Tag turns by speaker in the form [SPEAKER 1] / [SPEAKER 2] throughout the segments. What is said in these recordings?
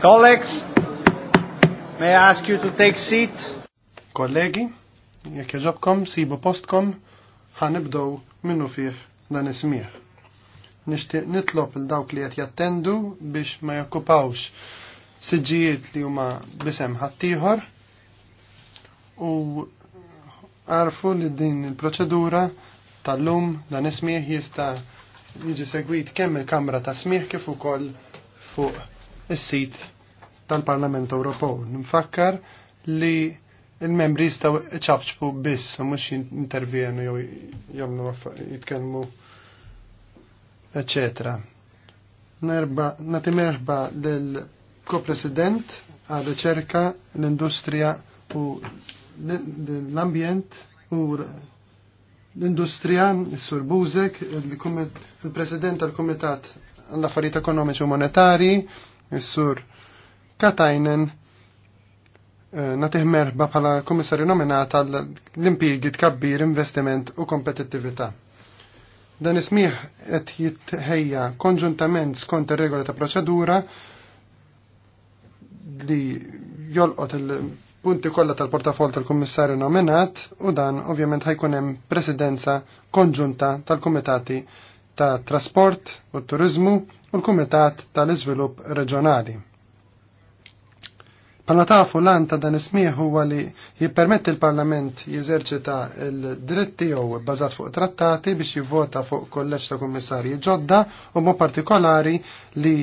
[SPEAKER 1] Colleagues, may I ask you to take seat? Kollegi, jekk jeġobkom, sibu postkom, ħanibdow minnu fih dan ismiħ. Nishtiq nitlob il dawk li qed jattendu biex ma jokkupawx siġijiet li huma bisem ħaddieħor u għarfu li din il-proċedura tal-lum dan ismiħ jista' jiġi segwit kemm il-kamra ta' smiħ kif ukoll fuq is-sit tal-Parlament Ewropew. Nfakkar li il-membri jistgħu ċabċbu biss, u mhux jintervjenu jew jagħmlu jitkellmu eccetera. Nerba, nati merħba l-ko-president għal riċerka l-industrija u l-ambjent u l-industrija, s-sur Buzek, il-president tal-komitat għall-affarijiet ekonomiċi u monetari, s-sur Katajnen eh, natih merħba bħala komissarju nominata l-impigi tkabbir investiment u kompetittività. Dan ismiħ qed jitħejja konġuntament skont ir-regola ta' proċedura li jolqot il-punti kollha tal-portafol tal-kummissarju nominat u dan ovvjament ħajkun hemm presidenza konġunta tal-kumitati ta' trasport u turizmu u l-kumitat tal-iżvilupp reġjonali Għanna tafu lan ta' dan ismiħ huwa li jippermetti l-Parlament jeżerċita l-dritti jew bazat fuq trattati biex jivvota fuq kolleġġ ta' kummissarji ġodda u mo partikolari li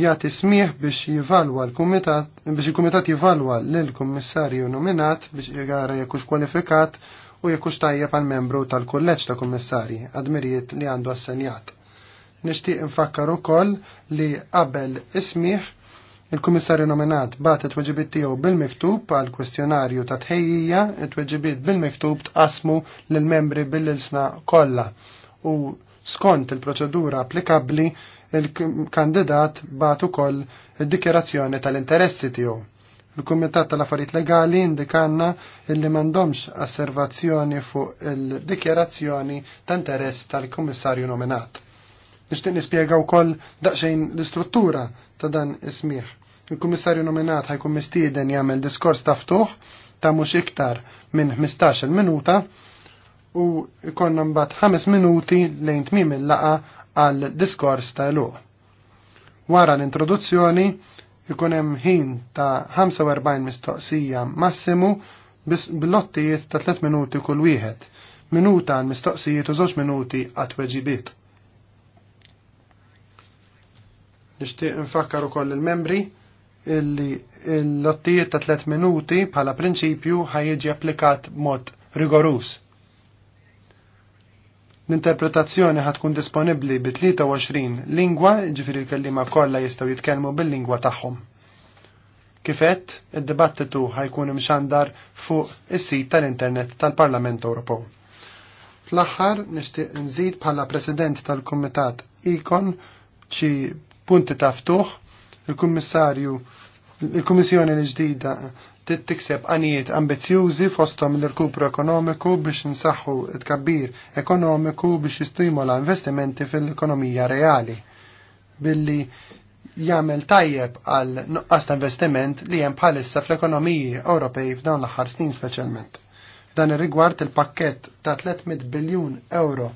[SPEAKER 1] jgħat ismiħ biex jivalwa l-kumitat biex il-kumitat jivalwa lil kummissarju nominat biex jgħara jekux kwalifikat u jekux tajjeb għal membru tal kolleċ ta' kummissarji għadmirijiet li għandu assenjat. Nixtieq infakkar ukoll li qabel ismiħ Il-Kummissarju nominat bat it-tweġibit tiegħu bil-miktub għal kwestjonarju ta' tħejjija, it-tweġibit bil-miktub tqasmu lill-membri bil-ilsna kollha u skont il-proċedura applikabbli il-kandidat bat ukoll id-dikjerazzjoni tal-interessi tiegħu. Il-Kumitat tal-Affarijiet Legali indikanna illi m'għandhomx osservazzjoni fuq il-dikjerazzjoni ta' interess tal-Kummissarju nominat. Nixtieq nispjega wkoll daqsxejn l-istruttura ta' dan ismiħ. Il-Kummissarju nominat ħajkun mistieden jagħmel diskors taftuħ ta' mhux iktar minn 15-il minuta u ikonna mbagħad 5 minuti lejn tmiem il-laqa għal diskors ta' luq. Wara l-introduzzjoni ikun hemm ħin ta' 45 mistoqsija massimu bil-lottijiet ta' 3 minuti kull wieħed, minuta għal mistoqsijiet u 2 minuti għat weġibiet. Nixtieq nfakkar ukoll il-membri illi l-lottijiet ta' 3 minuti bħala prinċipju ħajjiġi applikat mod rigorus. L-interpretazzjoni ħatkun disponibbli bi 23 lingwa, ġifiri l-kellima kollha jistgħu jitkellmu bil-lingwa tagħhom. Kifet, id-dibattitu ħajkun imxandar fuq is-sit tal-Internet tal-Parlament Ewropew. Fl-aħħar nixtieq nżid bħala President tal-Kumitat Ikon ċi punti ta' ftuħ, il-Kummissarju, il-Kummissjoni l-ġdida tikseb għanijiet ambizjużi fostom l-irkupru ekonomiku biex nsaħħu tkabbir ekonomiku biex jistimola investimenti fil-ekonomija reali billi jagħmel tajjeb għal nuqqas ta' investiment li hemm bħalissa fl-ekonomiji Ewropej f'dawn l-aħħar snin speċjalment. Dan ir-rigward il-pakkett ta' 300 biljun euro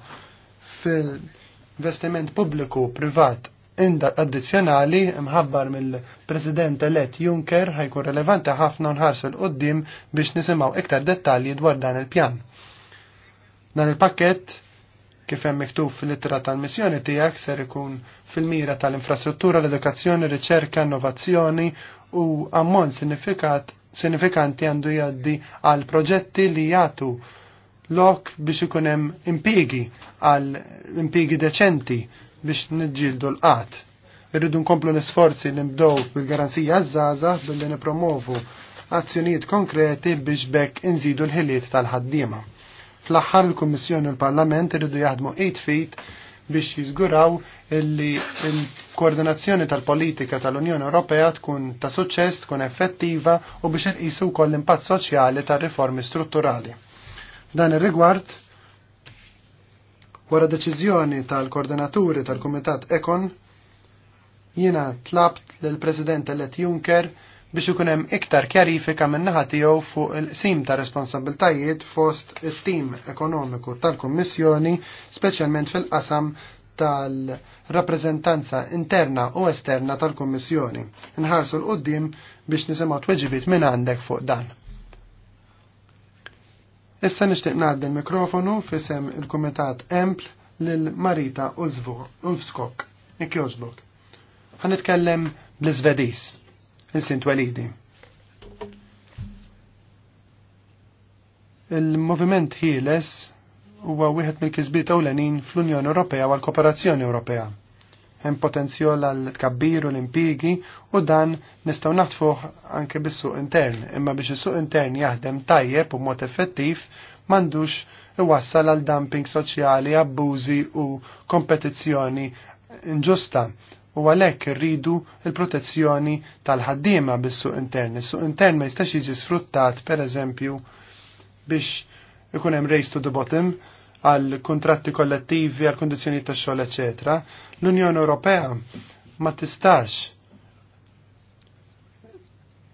[SPEAKER 1] fil-investiment pubbliku privat inda addizzjonali mħabbar mill-President elett Juncker ħajkun relevanti ħafna nħarsu l-qoddim biex nisimgħu iktar dettalji dwar dan il-pjan. Dan il-pakket kif hemm miktub fil-ittra tal-missjoni tiegħek ser ikun fil-mira tal-infrastruttura, l-edukazzjoni, riċerka, innovazzjoni u ammont sinifikanti għandu jgħaddi għal proġetti li jagħtu lok biex ikun hemm impigi għal impigi deċenti biex nġildu l-qat. Irridu nkomplu nisforzi li nibdow bil-garanzija għazzaza billi nipromovu azzjonijiet konkreti biex bekk inżidu l-ħiliet tal-ħaddiema. Fl-aħħar il-Kummissjoni u l-Parlament irridu jaħdmu 8 fit biex jiżguraw li l-koordinazzjoni tal-politika tal-Unjoni Ewropea tkun ta' suċċess, tkun effettiva u biex irqisu wkoll l-impatt soċjali tal riformi strutturali. Dan ir-rigward Wara deċiżjoni tal-koordinaturi tal-Kumitat Ekon, jiena tlabt lill-President elett Juncker biex ikun hemm iktar kjarifika minn naħa tiegħu fuq il-qsim ta' responsabiltajiet fost it-tim ekonomiku tal-Kummissjoni, speċjalment fil-qasam tal-rappreżentanza interna u esterna tal-Kummissjoni. Inħarsu l-qoddim biex nisimgħu tweġibiet minn għandek fuq dan. Issa nixtieq ngħaddi l-mikrofonu fisem il-Kumitat Empl lil Marita Ulfskok. Nik joġbok. Ħanitkellem bl-Iżvedis, il-Sint Walidi. Il-moviment Hiles huwa wieħed mill-kisbiet ewlenin fl-Unjoni Ewropea u l-Kooperazzjoni Ewropea hemm potenzjol għal tkabbir u l-impigi u dan nistgħu naħtfuh anke bis-suq intern, imma biex is-suq intern jaħdem tajjeb u mod effettiv m'għandux iwassal għal dumping soċjali, abbużi u kompetizzjoni inġusta u għalhekk irridu il-protezzjoni tal-ħaddiema bis-suq intern. Is-suq intern ma jistax jiġi sfruttat pereżempju biex ikun hemm race to the bottom għal kontratti kollettivi, għal kondizjoni ta' xogħol, eċetera, l-Unjoni Ewropea ma tistax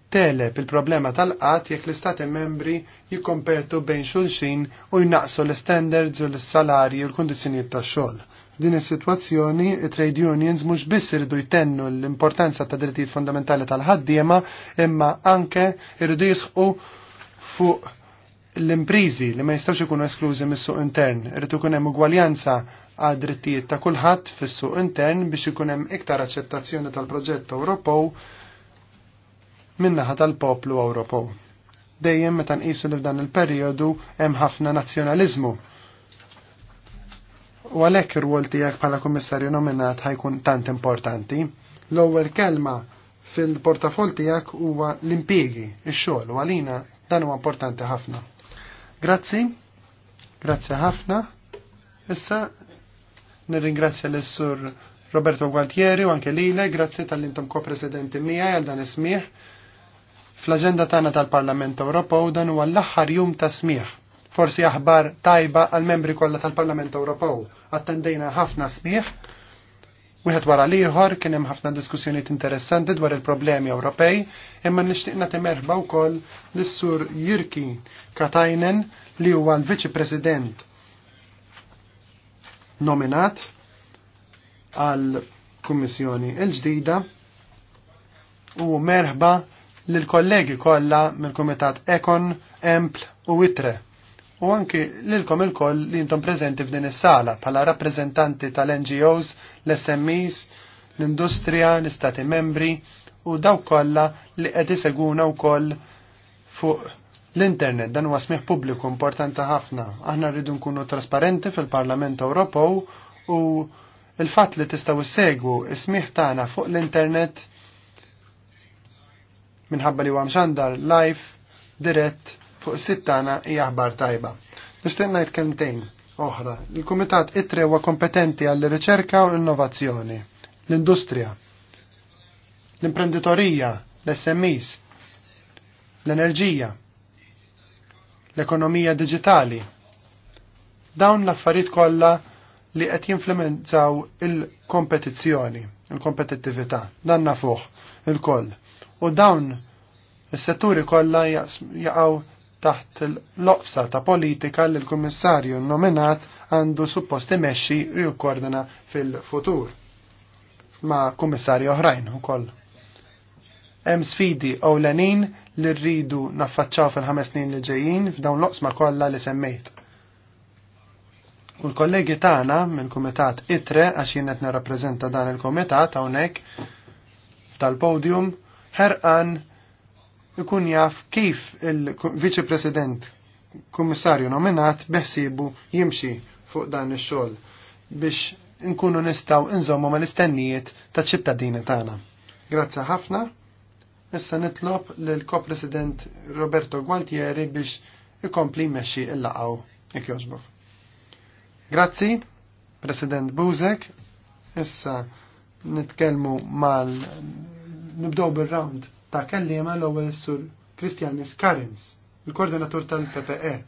[SPEAKER 1] teleb il-problema tal-qat jekk l-istati membri jikkompetu bejn xulxin u jnaqsu l-standards u l-salarji u l kondizjoni ta' xogħol. Din is-sitwazzjoni, trade unions mhux biss irridu jtennu l-importanza ta' drittijiet fondamentali tal-ħaddiema, imma anke irridu jisħu fuq l-imprizi li ma jistawx ikunu esklużi mis-suq intern, irid ikun hemm ugwaljanza għad drittijiet ta' kulħadd fis-suq intern biex ikun hemm iktar aċċettazzjoni tal-proġett Ewropew min-naħa tal-poplu Ewropew. Dejjem meta nqisu li f'dan il-perjodu hemm ħafna nazzjonaliżmu. U għalhekk ir-rwol tiegħek bħala kummissarju nominat ħajkun tant importanti. L-ewwel kelma fil-portafol tiegħek huwa l-impjiegi, ix-xogħol u għalina dan huwa importanti ħafna. Grazzi, grazzi ħafna. Issa nirringrazzja l-Sur Roberto Gualtieri u anke lile, grazzi tal-intom ko-presidenti miegħi għal dan ismieħ. Fl-aġenda tagħna tal-Parlament Ewropew dan huwa l-aħħar jum ta' smieħ. Forsi aħbar tajba għal membri kollha tal-Parlament Ewropew. Attendejna ħafna smieħ Wieħed wara l-ieħor kien hemm ħafna diskussjonijiet interessanti dwar il-problemi Ewropej, imma nixtieq nagħti merħba wkoll lis-sur Jirki Katajnen li huwa l-Viċi President nominat għall kummissjoni l-ġdida u merħba lill kollegi kollha mill-Kumitat Ekon, Empl u Itre u anki lilkom il-koll li jintom prezenti f'din is-sala bħala rappreżentanti tal-NGOs, l-SMEs, l-industrija, l-istati membri u daw kollha li qed iseguna wkoll fuq L-internet dan huwa smieħ pubbliku importanti ħafna. Aħna rridu nkunu trasparenti fil-Parlament Ewropew u il-fatt li tistgħu issegwu smieħ tagħna fuq l-internet minħabba li huwa mxandar live dirett fuq sittana hija tajba. Nixtieq ngħid oħra. Il-Kumitat ITRE huwa kompetenti għall riċerka u innovazzjoni, l-industrija, l-imprenditorija, l smis l-enerġija, l-ekonomija digitali. Dawn l-affarijiet kollha li qed jinfluenzaw il-kompetizzjoni, il-kompetittività, dan nafuh il-koll. U dawn is-setturi kollha jaqgħu taħt l-oqsa ta' politika li l-Kummissarju nominat għandu suppost imexxi u jikkordina fil-futur ma' kummissarju oħrajn ukoll. Hemm sfidi ewlenin li rridu naffaċċaw fil-ħames snin li ġejjin f'dawn l-oqsma kollha li semmejt. U l-kollegi tagħna mill-Kumitat ITRE għax jien qed nirrappreżenta dan il-Kumitat hawnhekk tal-podium ħerqan ikun jaf kif il-Viċi President Kummissarju nominat beħsibu jimxi fuq dan ix-xogħol biex nkunu nistgħu inżommu mal-istennijiet taċ ċittadini tagħna. Grazzi ħafna. Issa nitlob lil ko-President Roberto Gualtieri biex ikompli jmexxi il-laqgħu jekk Grazzi, President Buzek. Issa nitkellmu mal nibdew bir-round ta' kellima l-ewwel sur Kristjanis Karins, il-koordinatur tal-PPE.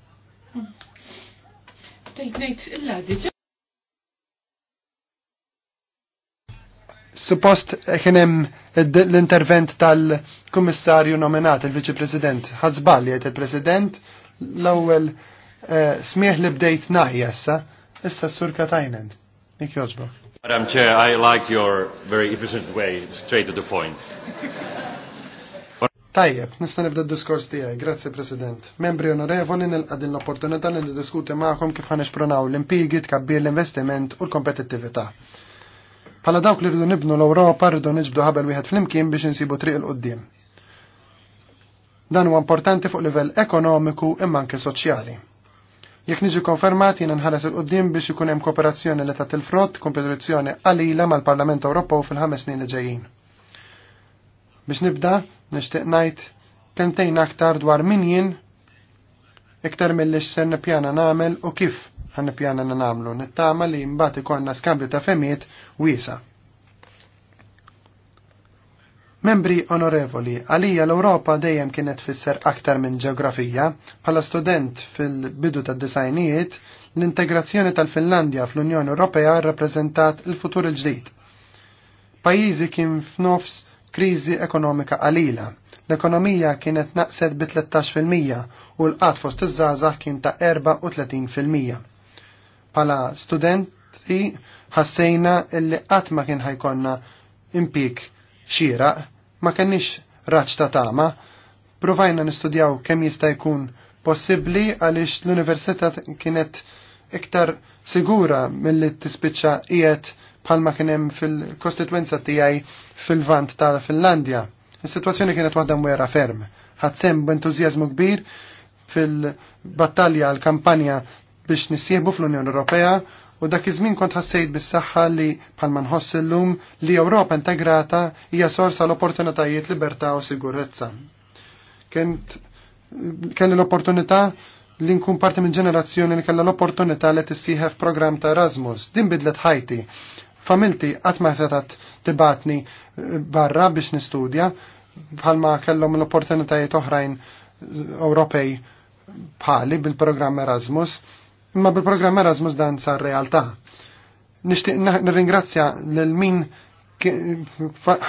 [SPEAKER 1] Suppost kien hemm l-intervent tal-kummissarju nominat il-Viċi President. Ħadżbal jgħid il-President l-ewwel eh, smieħ li bdejt naħi issa, issa sur tajnen. Nik joġbok.
[SPEAKER 2] Madam Chair, I like your very efficient way, straight to the point.
[SPEAKER 1] Tajjeb, nista' nibda d-diskors tiegħi, grazzi President. Membri onorevoli nilqa' din l-opportunità li niddiskuti magħkom kif pronaw l-impigi tkabbir l-investiment u l-kompetittività. Bħala dawk li rridu nibnu l-Ewropa rridu niġbdu ħabel wieħed flimkien biex insibu triq il qudiem Dan huwa importanti fuq livell ekonomiku imma anke soċjali. Jekk niġi konfermat jiena nħares il qudiem biex ikun hemm kooperazzjoni li tagħti il-frott kompetizzjoni qalila mal-Parlament Ewropew fil-ħames snin li ġejjin. Biex nibda, nishtiq najt tentejn aktar dwar min jien iktar mill-li x'ser nippjana nagħmel u kif ħan nippjana nagħmlu. Nittama li mbagħad ikollna skambju ta' femijiet wiesa. Membri onorevoli, għalija l-Europa dejjem kienet fisser aktar minn ġeografija, bħala student fil-bidu tad disajnijiet l-integrazzjoni tal-Finlandja fl-Unjoni Ewropea rappresentat il-futur il-ġdid. Pajjiżi kien f'nofs kriżi ekonomika qalila. L-ekonomija kienet naqset bi 13% u l-qat fost iż-żgħażagħ kien ta' 34%. Pala studenti ħassejna illi qatt ma kien ħajkonna impik xieraq, ma kenniex raġġ ta' tama, provajna nistudjaw kemm jista' jkun possibbli għaliex l-università kienet iktar sigura mill-li tispiċċa qiegħed bħalma kien hemm fil-kostitwenza tiegħi fil-vant ta' Finlandja. Is-sitwazzjoni kienet waħda mwera ferm. Ħadsem b'entużjażmu kbir fil-battalja għal-kampanja biex nissieħbu fl-Unjoni Ewropea u dak iż-żmien kont ħassejt bis-saħħa li bħalma nħoss illum li Ewropa integrata hija sorsa l-opportunitajiet libertà u sigurezza. Kien l-opportunità li nkun parti minn ġenerazzjoni li kellha l-opportunità li tissieħ f'programm ta' Erasmus. Din bidlet ħajti. Familti qatt ma setat tibatni eh, barra biex nistudja bħalma kellhom l-opportunitajiet oħrajn eh, Ewropej bħali bil-programm Erasmus, imma bil-programm Erasmus dan sar realtà. Nixtieq nirringrazzja lil min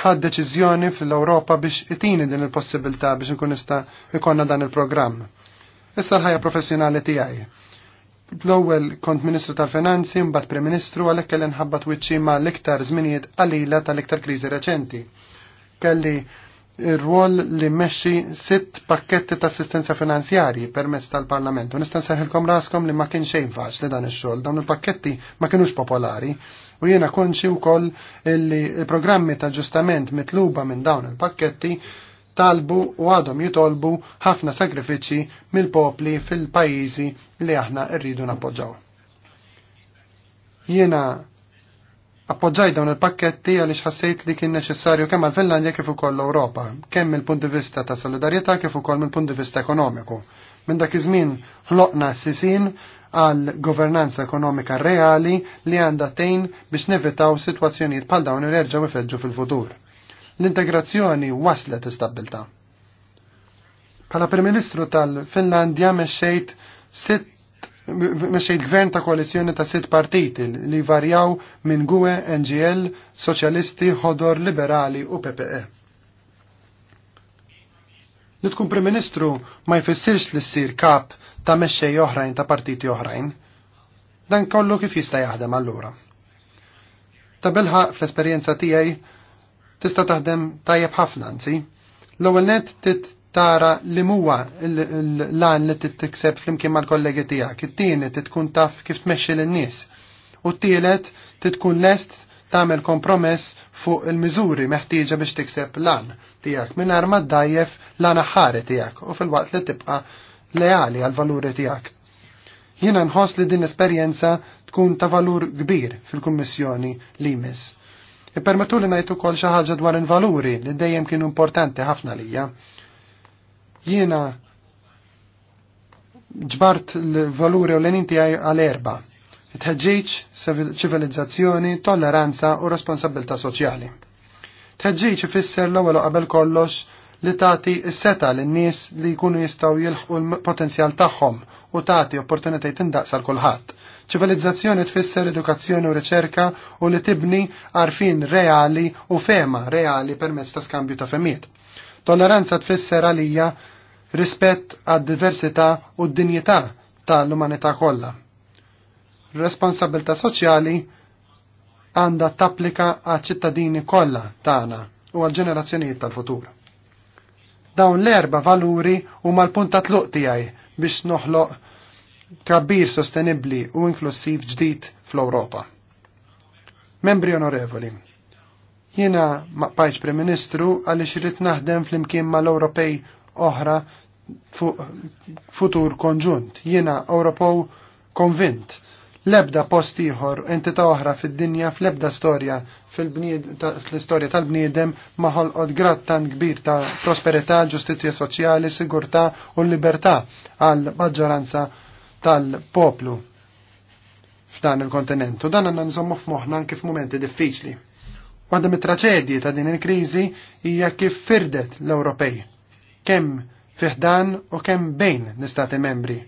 [SPEAKER 1] ħad deċiżjoni fl-Ewropa biex itini din il-possibilità biex nkun nista' ikonna dan il-programm. Issa l-ħajja professjonali tiegħi. L-ewwel kont Ministru tal-Finanzi mbagħad Prim Ministru għalhekk kelli nħabba twiċċi ma l-iktar żminijiet qalila tal-iktar kriżi reċenti. Kelli ir-rwol li mmexxi sitt pakketti ta' assistenza finanzjarji permezz tal-Parlamentu. Nista' nserħilkom raskom li ma kien xejn faċli dan ix-xogħol. Dawn il-pakketti ma kinux popolari u jiena konxi wkoll li l-programmi ta' ġustament mitluba minn dawn il-pakketti talbu u għadhom jitolbu ħafna sagrifiċi mill-popli fil-pajjiżi li aħna rridu nappoġġaw. Jiena appoġġaj dawn il-pakketti għaliex ħassejt li kien neċessarju kemm għal Finlandja kif ukoll l-Ewropa, kemm mill-punt di vista ta' solidarjetà kif ukoll mill-punt di vista ekonomiku. Minn dak iż-żmien ħloqna sisin għal governanza ekonomika reali li għandha tejn biex nevitaw sitwazzjonijiet bħal dawn irreġgħu ifeġġu fil-futur. L-integrazzjoni waslet istabilta. Pala Prim-Ministru tal-Finlandja meċċejt sit mexxejt gvern ta' koalizjoni ta' sitt partiti li varjaw minn GUE, NGL, Soċjalisti, Hodor, Liberali u PPE. Li tkun Prim-Ministru ma jfissirx li ssir kap ta' mexxej oħrajn ta' partiti oħrajn. Dan kollu kif jista' jaħdem allura. Ta' bilħaq fl-esperjenza tiegħi tista' taħdem tajjeb ħafna nsi. L-ewwel net tit tara li huwa l-lan li tittikseb flimkien mal-kollegi tiegħek. It-tieni titkun taf kif tmexxi lin-nies. U t-tielet titkun lest tagħmel kompromess fuq il-miżuri meħtieġa biex tikseb lan tiegħek mingħajr ma ddajjef lan aħħari tiegħek u fil-waqt li tibqa' leali għal-valuri tiegħek. Jiena nħoss li din esperjenza tkun ta' valur kbir fil-Kummissjoni li jmiss Ipermetu li najtu kol xaħġa dwar il-valuri li dejjem kienu importanti ħafna lija. Jiena ġbart l-valuri u l-eninti għal-erba. Tħedġiċ, ċivilizzazzjoni, tolleranza u responsabilta soċjali. Tħedġiċ ifisser l-ewwel qabel kollox li tagħti s-seta lin-nies li jkunu jistgħu jilħqu l-potenzjal tagħhom u tagħti opportunitajt indaqsa l kulħadd ċivilizzazzjoni tfisser edukazzjoni u riċerka u li tibni għarfin reali u fema reali permezz ta' skambju ta' femiet. Tolleranza tfisser għalija rispett għad diversità u d-dinjità tal-umanità kollha. Responsabilta soċjali għandha tapplika għal ċittadini kollha tagħna u għal ġenerazzjonijiet tal-futur. Dawn l-erba valuri huma l punta tluq tiegħi biex noħloq Kabbir sostenibli u inklusiv ġdid fl-Ewropa. Membri onorevoli, jiena maqbajċ Prim Ministru għaliex irid naħdem fl-imkien mal-Ewropej oħra fu futur konġunt. Jiena Ewropew konvint. Lebda post ieħor entità oħra fid-dinja fl-ebda storja fl-istorja tal-bniedem maħol od grad tan kbir ta' prosperità, ġustizzja soċjali, sigurtà u libertà għal maġġoranza tal-poplu f'dan il-kontinent. U dan għanna nżommu f'moħna anke f'momenti diffiċli. Waħda mit-traċedji ta' din il-kriżi hija kif firdet l-Ewropej. Kemm fiħdan u kemm bejn l-istati membri.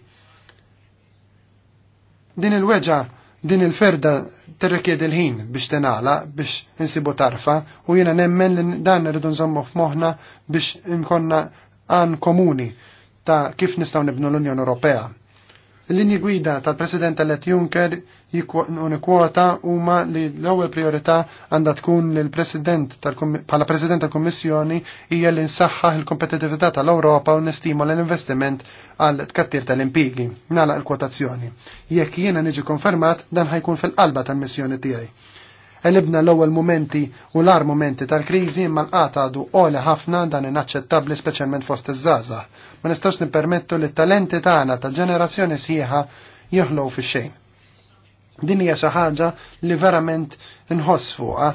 [SPEAKER 1] Din il-weġa, din il-ferda tirrikjed il-ħin biex tenala, biex insibu tarfa u jiena nemmen li dan irridu nżommu f'moħna biex imkonna għan komuni ta' kif nistaw nibnu l-Unjoni Ewropea L-linji gwida tal-President elett Juncker un-kwota huma li l-ewwel priorità għandha tkun li president bħala President tal-Kummissjoni hija li nsaħħaħ il-kompetitività tal-Ewropa u nestima l-investiment għal tkattir tal-impigi. Nagħlaq il-kwotazzjoni. Jekk jiena niġi konfermat dan ħajkun fil-qalba tal-missjoni tiegħi. Elibna l-ewwel momenti u l-ar momenti tal-kriżi imma l-qata għadu qoli ħafna dan inaċċettabbli speċjalment fost iż żaza Ma nistax nippermettu li t-talenti tagħna ta' ġenerazzjoni sħiħa jeħlow fi xejn Din hija xi ħaġa li verament inħoss fuqha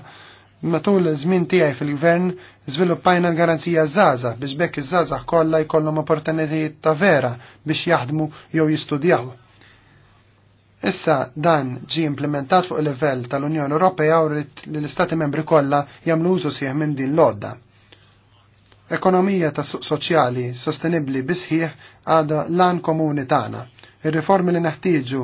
[SPEAKER 1] matul żmien tiegħi fil-gvern żviluppajna l-garanzija żgħażagħ biex bekk iż-żgħażagħ kollha jkollhom opportunitajiet ta' vera biex jaħdmu jew jistudjaw. Issa dan ġi implementat fuq il-level tal-Unjoni Ewropea u l-Istati membri kollha jagħmlu użu sieħ minn din l-odda. Ekonomija ta' suq soċjali sostenibbli bisħieħ għadha lan komuni tagħna. Ir-riformi li neħtieġu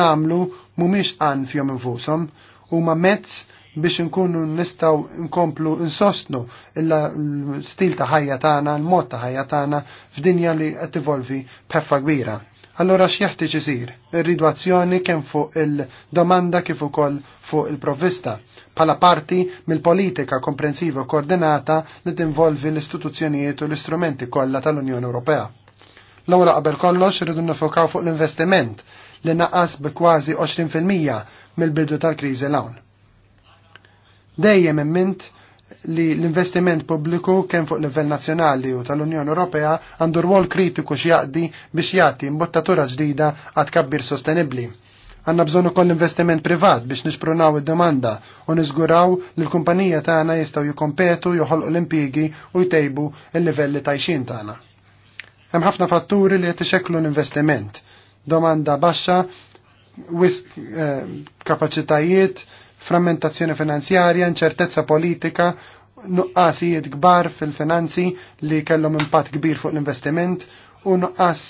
[SPEAKER 1] namlu mhumiex għan fihom infushom, huma mezz biex inkunu nistaw nkomplu nsostnu l-stil ta' ħajja tagħna, l-mod ta' ħajja tagħna f'dinja li qed tivolvi b'ħeffa kbira. Allora x'jeħtieġ isir? Irridu azzjoni kemm fuq il-domanda kif ukoll fuq il-provvista bħala parti mill-politika komprensiva koordinata li tinvolvi l-istituzzjonijiet u l-istrumenti kollha tal-Unjoni Ewropea. L-ewwel qabel kollox irridu nifokaw fuq l-investiment li naqas bi kważi 20% mill-bidu tal-kriżi l-hawn. Dejjem imment li l-investiment pubbliku kemm fuq livell nazzjonali u tal-Unjoni Ewropea għandu rwol kritiku x'jaqdi biex jagħti imbottatura ġdida għad kabbir sostenibbli. Għanna bżonn ukoll investiment privat biex nixprunaw id-domanda u niżguraw li l-kumpanija tagħna jistgħu jikkompetu joħolqu l-impjiegi u jtejbu l-livelli tajxin tagħna. Hemm ħafna fatturi li qed ixekklu l-investiment. Domanda baxxa, wisq eh, kapaċitajiet, frammentazzjoni finanzjarja, inċertezza politika, nuqqasijiet kbar fil-finanzi li kellhom impatt kbir fuq l-investiment u nuqqas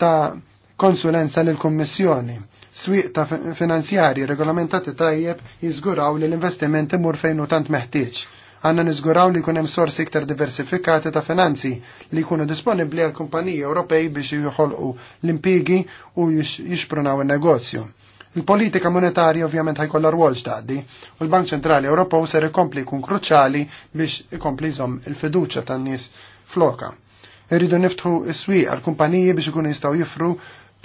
[SPEAKER 1] ta' konsulenza l kummissjoni Swieq ta' finanzjarji regolamentati tajjeb jiżguraw li l-investiment imur fejn u tant meħtieġ għanna nizguraw li kunem sorsi iktar diversifikati ta' finanzi li kunu disponibli għal kumpaniji Ewropej biex juħolqu l-impigi u jixprunaw il-negozju. Il-politika monetarja ovvjament ħajkollha rwol ġdaddi u l-Bank Ċentrali Ewropew ser ikompli jkun kruċjali biex ikompli jżomm il-fiduċja tan-nies floka. Irridu niftħu s-swieq għall-kumpaniji biex ikunu jistgħu jifru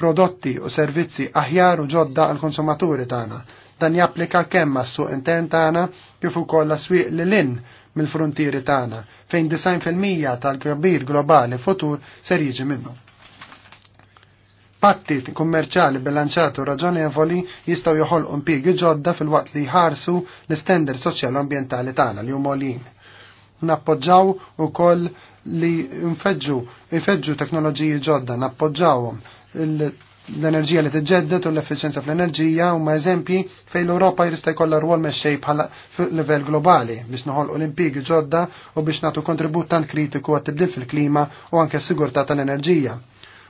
[SPEAKER 1] prodotti u servizzi aħjar u ġodda għall-konsumaturi tagħna. Dan japplika kemm għas-suq intern tagħna kif ukoll swieq li lin mill-frontieri tagħna fejn 90% tal-kabir globali futur ser jiġi minnu. Patti kummerċali bilanċatu raġonevoli jistaw joħolqu impjiegi ġodda fil-waqt li jħarsu l-istender soċjal ambjentali tagħna li jumolin. Nappoġġaw Nappoġġaw ukoll li nfeġġu ifeġġu teknoloġiji ġodda, nappoġġawhom l-enerġija li tiġġedded u l efficienza fl-enerġija huma eżempji fejn l europa jista' jkollha rwol mexxej bħala fil livell globali biex noħolqu l-impjiegi ġodda u biex nagħtu kontribut tant kritiku għat-tibdil fil-klima u anke s-sigurtà tal-enerġija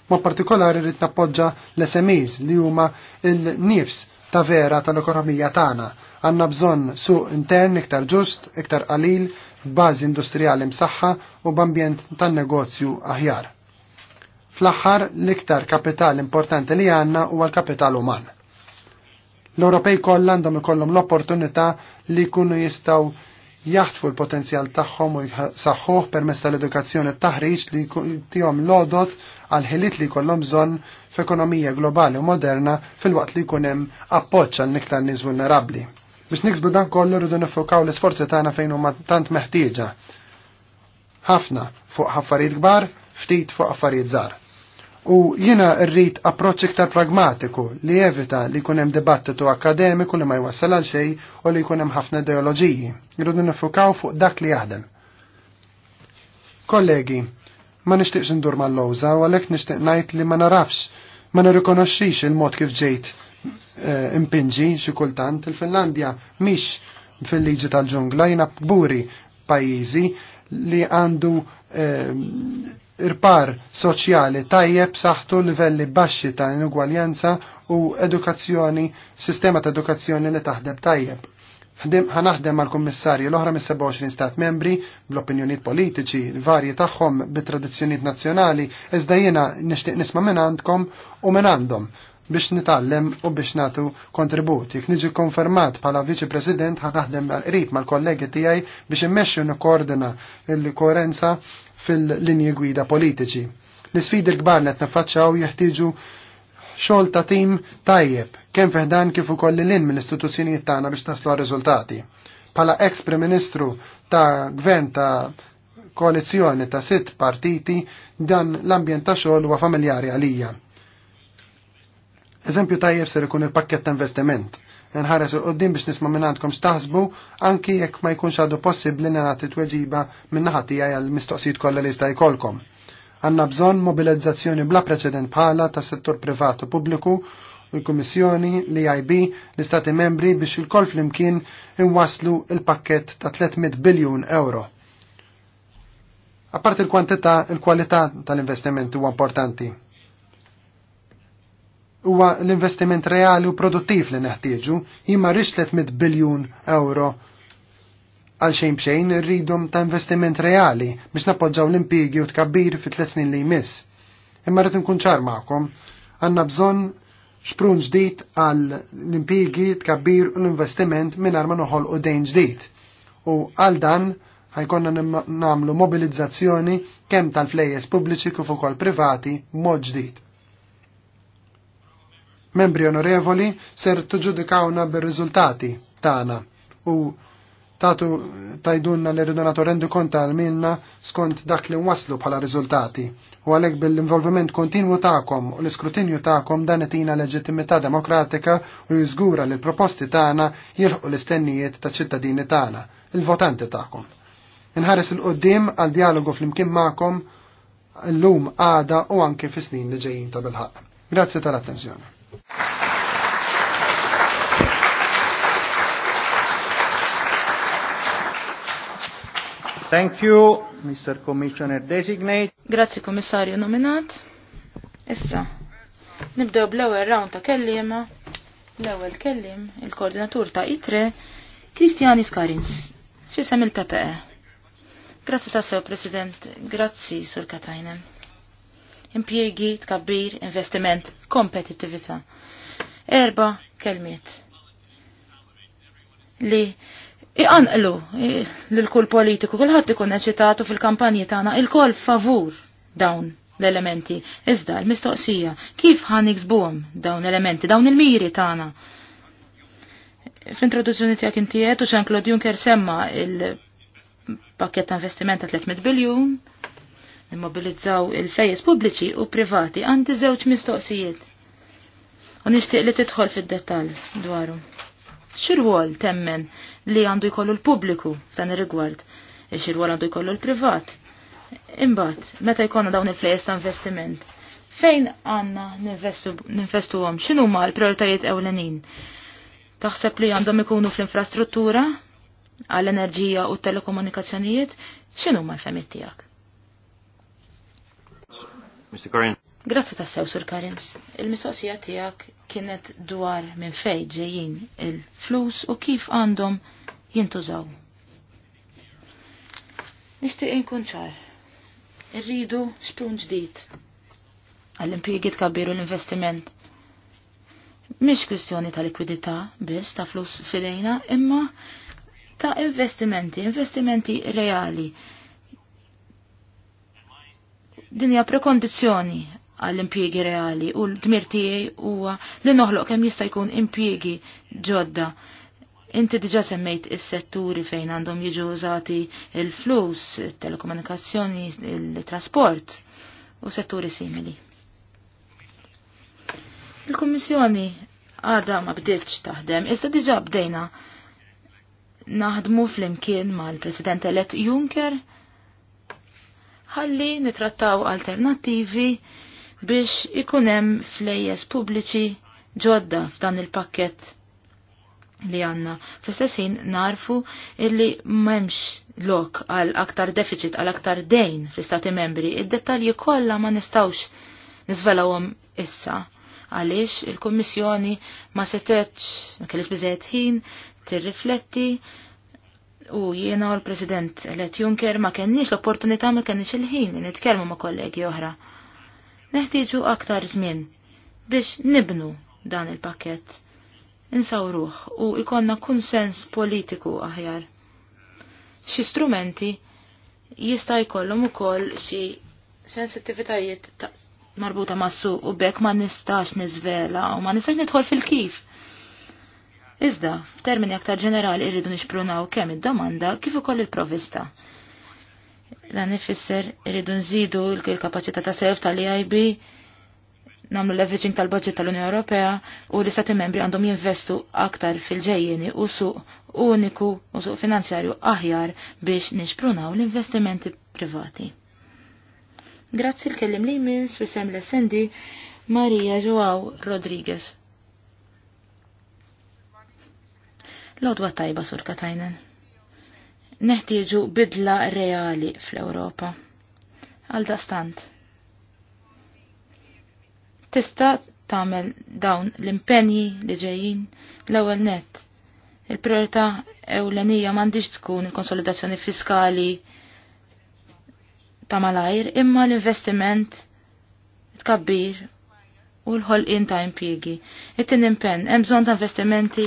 [SPEAKER 1] ma partikolari rrid nappoġġa l-SMEs li huma il-nifs ta' vera tal-ekonomija tagħna. Għanna bżonn suq intern iktar ġust, iktar qalil, b'bażi industrijali msaħħa u b'ambjent tan-negozju aħjar. Fl-aħħar l-iktar kapital importanti li għandna huwa l-kapital uman. L-Ewropej kollha għandhom ikollhom l-opportunità li jkunu jistgħu jaħtfu l-potenzjal tagħhom u jsaħħuh permezz tal-edukazzjoni t-taħriġ li tihom lodot għal ħiliet li jkollhom bżonn f'ekonomija globali u moderna fil-waqt li jkun hemm appoġġ għal niktar nies vulnerabbli. Biex niksbu dan kollu rridu nifokaw l-isforzi tagħna fejn huma tant meħtieġa. Ħafna fuq affarijiet kbar, ftit fuq affarijiet żgħar. U jiena rrid approċċ iktar pragmatiku li evita li jkun hemm dibattitu akademiku li ma jwassal għal xejn u li jkun hemm ħafna ideoloġiji. Irridu nifukaw fuq dak li jaħdem. Kollegi, ma nixtieqx indur mal-lowża u għalhekk nixtieq ngħid li ma narafx, ma nirrikonoxxix il-mod kif ġejt eh, impinġi xi kultant il-Finlandja mhix fil-liġi tal-ġungla jiena kburi pajjiżi li għandu eh, irpar soċjali tajjeb saħtu livelli baxxi ta' inugwaljanza u edukazzjoni, sistema ta' edukazzjoni li taħdeb tajjeb ħanaħdem mal kummissarji l-oħra mis 27 stat membri bl-opinjoniet politiċi varji tagħhom bit-tradizzjonijiet nazzjonali iżda jiena nixtieq nisma' minn għandkom u minn għandhom biex nitallem u biex natu kontribut. Jek niġi konfermat bħala viċi president ħanaħdem għal qrib mal-kollegi tiegħi biex immexxu nikkoordina l-koerenza fil-linji gwida politiċi. L-isfidi l-kbar net nifaċċaw jeħtieġu xogħol ta' tim tajjeb kemm fiħdan kif ukoll lil mill-istituzzjonijiet tagħna biex naslu riżultati Bħala ex Prim Ministru ta' Gvern ta' koalizzjoni ta' sitt partiti dan l-ambjent ta' xogħol huwa familjari għalija. Eżempju tajjeb ser ikun il-pakket ta' investiment. Nħares u qoddim biex nisma' minn għandkom x'taħsbu anki jekk ma jkunx għadu possibbli nagħti tweġiba minn naħa tiegħi għall-mistoqsijiet kollha li jista' jkollkom. Għanna bżon mobilizzazzjoni bla preċedent bħala ta' settur privatu pubbliku, l kummissjoni l-IIB, l-Istati membri biex il-kol flimkien inwaslu il-pakket ta' 300 biljun euro. Apart il-kwantità, il-kwalità tal-investiment huwa importanti. Huwa l-investiment reali u produttiv li neħtieġu jimma rix 300 biljun euro għal xejn bxejn rridum ta' investiment reali biex nappoġġaw l-impigi u tkabbir fit tliet snin li jmiss. Imma rrid nkun ċar magħkom, għandna bżonn xprun ġdid għal l-impigi, tkabbir u l-investiment mingħajr ma noħolqu dejn ġdid. U għal dan ħajkonna namlu mobilizzazzjoni kemm tal-flejjes pubbliċi kif ukoll privati mod ġdid. Membri onorevoli, ser tuġudikawna bir-riżultati tagħna u tatu tajdunna li rridu nagħtu rendu konta għal minna skont dak li waslu bħala riżultati. U għalhekk bil-involviment kontinu tagħkom u l-iskrutinju tagħkom dan itina leġittimità demokratika u jiżgura li l-proposti tagħna jilħqu l-istennijiet ta' ċittadini tagħna, il-votanti tagħkom. Inħares il-qoddim għal dialogu fl-imkien ma'kom l-lum għada u anke fis-snin li ġejjin ta' bil-ħaq. Grazzi tal-attenzjoni. Thank you, Mr. Commissioner Designate.
[SPEAKER 3] Grazzi Commissario nominat. Issa, nibdew bl-ewwel round ta' kellima. L-ewwel kellim il-koordinatur ta' ITRE, Kristjani Skarins, fisem il-PPE. Grazzi ta' sew, President. Grazzi, Sur Katajnen. Impjiegi, tkabbir, investiment, kompetitivita. Erba kelmiet li iqanqlu lil kull politiku, kulħadd ikun eċitatu fil-kampanji tagħna il-kol favur dawn l-elementi. Iżda l-mistoqsija, kif ħan iksbuhom dawn elementi, dawn il-miri tagħna? F'introduzzjoni tiegħek inti qed u Jean-Claude Juncker semma il-pakket ta' investiment ta' 300 biljun, immobilizzaw il fejjes pubbliċi u privati għandi żewġ mistoqsijiet. U nixtieq li tidħol fid-dettall dwarhom. Xirwol temmen li għandu jkollu l-pubbliku f'dan ir-rigward, xirwol għandu jkollu l-privat. Imbagħad, meta jkollna dawn il-flejes ta' investiment, fejn għandna ninvestu għom, xinu ma l-prioritajiet ewlenin? Taħseb li għandhom ikunu fl-infrastruttura, għall-enerġija u t-telekomunikazzjonijiet, xinu ma l femittijak tiegħek? Mr. Corinne. Grazzi ta' sew, Sur Karins. Il-mistoqsija tijak kienet dwar minn fej ġejjin il-flus u kif għandhom jintużaw. Nishtiq inkun ċar. Irridu sprun ġdid għall-impjiegi tkabbiru l-investiment. Mhix kwistjoni ta' likwidità biss ta' flus fidejna, imma ta' investimenti, investimenti reali. Dinja prekondizzjoni għall-impjiegi reali u l-dmir tiegħi huwa li noħloq kemm jista' jkun impjiegi ġodda. Inti diġa semmejt is-setturi fejn għandhom jiġu użati il-flus, il-telekomunikazzjoni, il-trasport u setturi simili. Il-Kummissjoni għada ma bdilx taħdem, iżda diġa bdejna naħdmu fl-imkien mal-President elett Juncker ħalli nitrattaw alternativi biex ikunem flejjes pubbliċi ġodda f'dan il-pakket li għanna. Fl-istess ħin narfu illi m'hemmx lok għal aktar deficit, għal aktar dejn fl-istati membri. Id-dettalji kollha ma nistawx nizvelawhom issa għaliex il-Kommissjoni ma setetx, ma kellix biżejjed ħin tirrifletti u jiena u l-President Let Juncker ma kenniex l-opportunità ma kenniex il-ħin nitkellmu ma kollegi oħra. Neħtieġu aktar żmien biex nibnu dan il-pakket. Insawruh u ikonna kunsens politiku aħjar. Xi strumenti jista' jkollhom ukoll xi sensittivitajiet marbuta ma' su u bekk ma nistax nizvela u ma nistax nidħol fil-kif. Iżda, f'termini aktar ġenerali irridu nixprunaw kemm id-domanda kif ukoll il-provista. Dan ifisser irridu nżidu l-kapacità ta' self tal-EIB, namlu leveraging tal-budget tal-Unjoni Ewropea u l-Istati membri għandhom jinvestu aktar fil-ġejjeni u suq uniku u suq finanzjarju aħjar biex nixprunaw l-investimenti privati. Grazzi l-kellim li jmiss fisem l-essendi Maria Joao Rodriguez. Lodwa tajba sur Katajnen. Neħtieġu bidla reali fl-Ewropa. Għal dastant. Tista' tagħmel dawn l-impenji li ġejjin l-ewwel nett. Il-priorità ewlenija m'għandix tkun il-konsolidazzjoni fiskali ta' malajr imma l-investiment tkabbir u l-ħolqin ta' impjiegi. It-tin impenn hemm bżonn ta' investimenti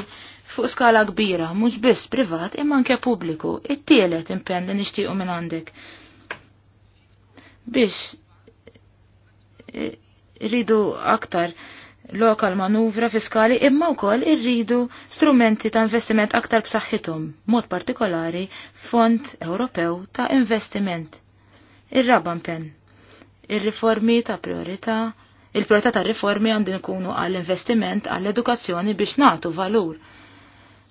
[SPEAKER 3] fuq skala kbira, mhux biss privat imma anke pubbliku. It-tielet impenn li nixtiequ minn għandek. Biex e, rridu aktar lokal manuvra fiskali imma wkoll irridu strumenti ta' investiment aktar b'saħħithom, mod partikolari Fond Ewropew ta' Investiment. ir raba pen. Ir-riformi ta' priorità, il-priorità ta' riformi għandin ikunu għall-investiment għall-edukazzjoni biex nagħtu valur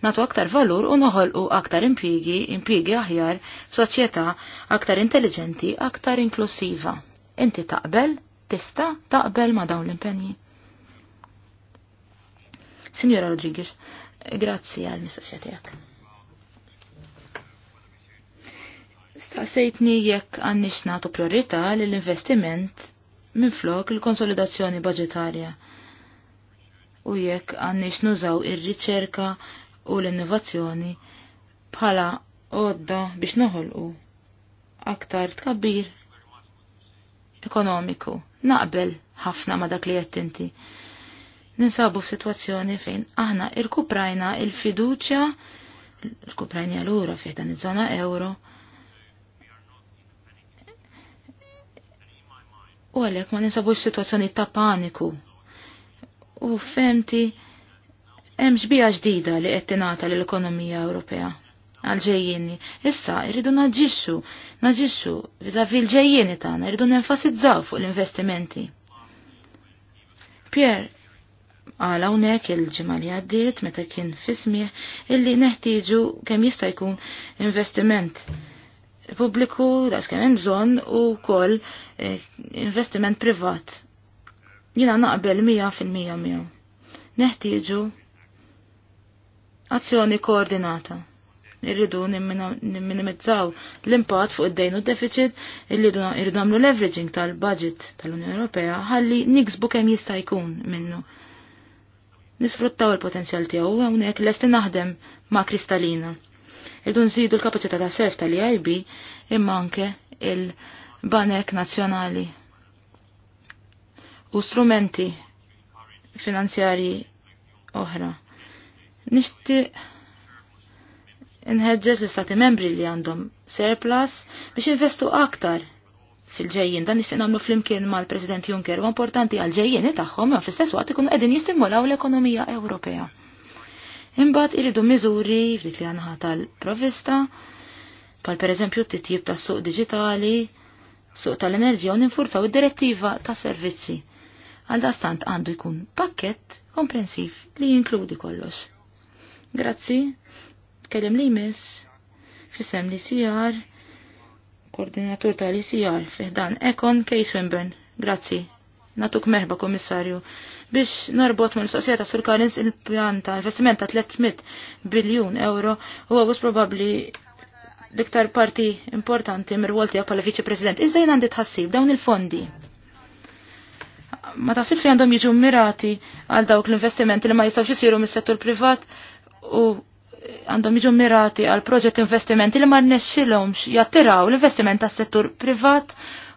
[SPEAKER 3] natu aktar valur u noħolqu aktar impigi, impigi aħjar, soċjetà aktar intelligenti, aktar inklusiva. Inti taqbel, tista taqbel ma dawn l-impenji. Signora Rodriguez, grazzi għal mistoqsija tiegħek. Staqsejtni jekk għandix nagħtu priorità lill-investiment minn flok l-konsolidazzjoni budgetarja u jekk għannix nużaw ir-riċerka u l-innovazzjoni bħala għodda biex noħolqu aktar tkabbir ekonomiku. Naqbel ħafna ma dak li qed inti. Ninsabu f'sitwazzjoni fejn aħna il-kuprajna il-fiduċja irkuprajna lura fih dan iż-żona euro. U għalhekk ma f f'sitwazzjoni ta' paniku. U femti Hemm xbija ġdida li qed tingħata lill-ekonomija Ewropea għal Issa, irridu naġixxu, naġixxu viżavi l ġejjini tagħna, irridu nenfasizzaw fuq l-investimenti. Pierre għal hawnhekk il-ġimgħa li għaddiet meta kien fismih illi neħtieġu kemm jista' jkun investiment pubbliku daqs kemm hemm bżonn u wkoll eh, investiment privat. Jiena naqbel mija fil-mija miegħu. Neħtieġu azzjoni koordinata. Irridu nimminimizzaw l-impatt fuq id-dejn u deficit irridu nagħmlu leveraging tal-budget tal-Unjoni Ewropea ħalli niksbu kemm jista' jkun minnu. Nisfruttaw il-potenzjal tiegħu hawnhekk lesti naħdem ma' Kristalina. Irridu nżidu l-kapaċità ta' self tal-IB imma anke il-banek nazzjonali u strumenti finanzjarji oħra Nixtieq inħeġġeġ l-istati membri li għandhom surplus biex investu aktar fil-ġejjin. Dan nixtieq nagħmlu flimkien mal-President Juncker u importanti għal ġejjini tagħhom ma fl-istess waqt ikun qegħdin jistimulaw l-ekonomija Ewropea. Imbagħad iridu miżuri f'dik li għandha tal-provista, per pereżempju t-titjib tas-suq diġitali, suq tal-enerġija u ninfurzaw id-direttiva tas servizzi. Għal dastant għandu jkun pakket komprensiv li jinkludi kollox. Grazzi, kellem li jmiss, fissem li sijar, koordinatur tal li sijar, fiħdan Ekon Kej Swinburne. Grazzi, natuk merba komissarju. Biex norbot mill mistoqsija ta' Sur Karins il-pjan ta' investiment ta' 300 biljun euro huwa għus probabli l-iktar parti importanti mir-rwol tiegħek bħala viċi president. Iżda jien għandi tħassib dawn il-fondi ma taħsibx li għandhom jiġu mirati għal dawk l-investimenti li ma jistawx jisiru mis-settur privat u għandhom jiġu mirati għal proġett investimenti li ma rnexxilhomx jattiraw l-investiment tas-settur privat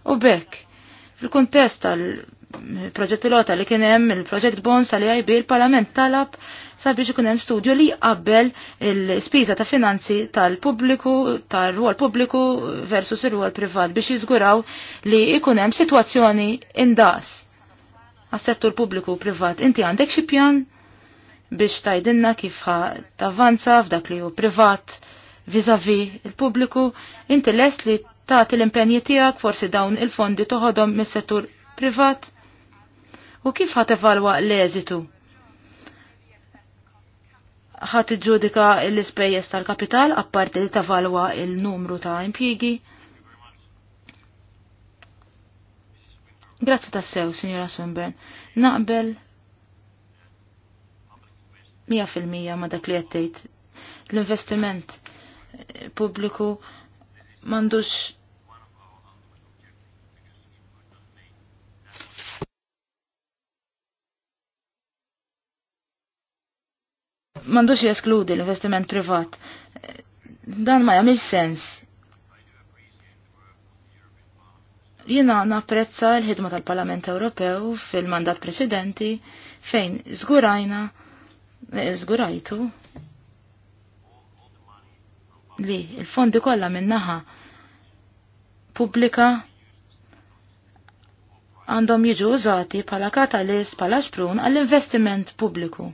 [SPEAKER 3] u bekk. Fil-kuntest tal proġett pilota li kien hemm il-proġett bonds għal IB il-Parlament talab sabiex ikun hemm studju li jqabbel il-spiża ta' finanzi tal-pubbliku, tar-rwol pubbliku versus ir-rwol privat biex jiżguraw li ikun hemm sitwazzjoni indas għas-settur pubbliku u privat. Inti għandek xi pjan? biex tajdinna kif ħa tavanza f'dak li hu privat vizavi il-pubbliku, inti lest li tagħti l-impenji tiegħek forsi dawn il-fondi toħodhom mis-settur privat u kif ħat evalwa l-eżitu ħat iġġudika l-ispejjeż tal-kapital apparti li tavalwa il-numru ta' impjigi. Grazzi tassew, Signora Swinburne. Naqbel Mija fil-mija ma dak li jattejt. L-investiment eh, pubbliku mandux mandux jeskludi l-investiment privat. Eh, dan ma jamil sens. Jina napprezza l-ħidma tal-Parlament Ewropew fil-mandat preċedenti fejn zgurajna zgurajtu li il-fondi kollha minnaħa pubblika għandhom jiġu użati pala katalist pala xprun għall-investiment pubbliku.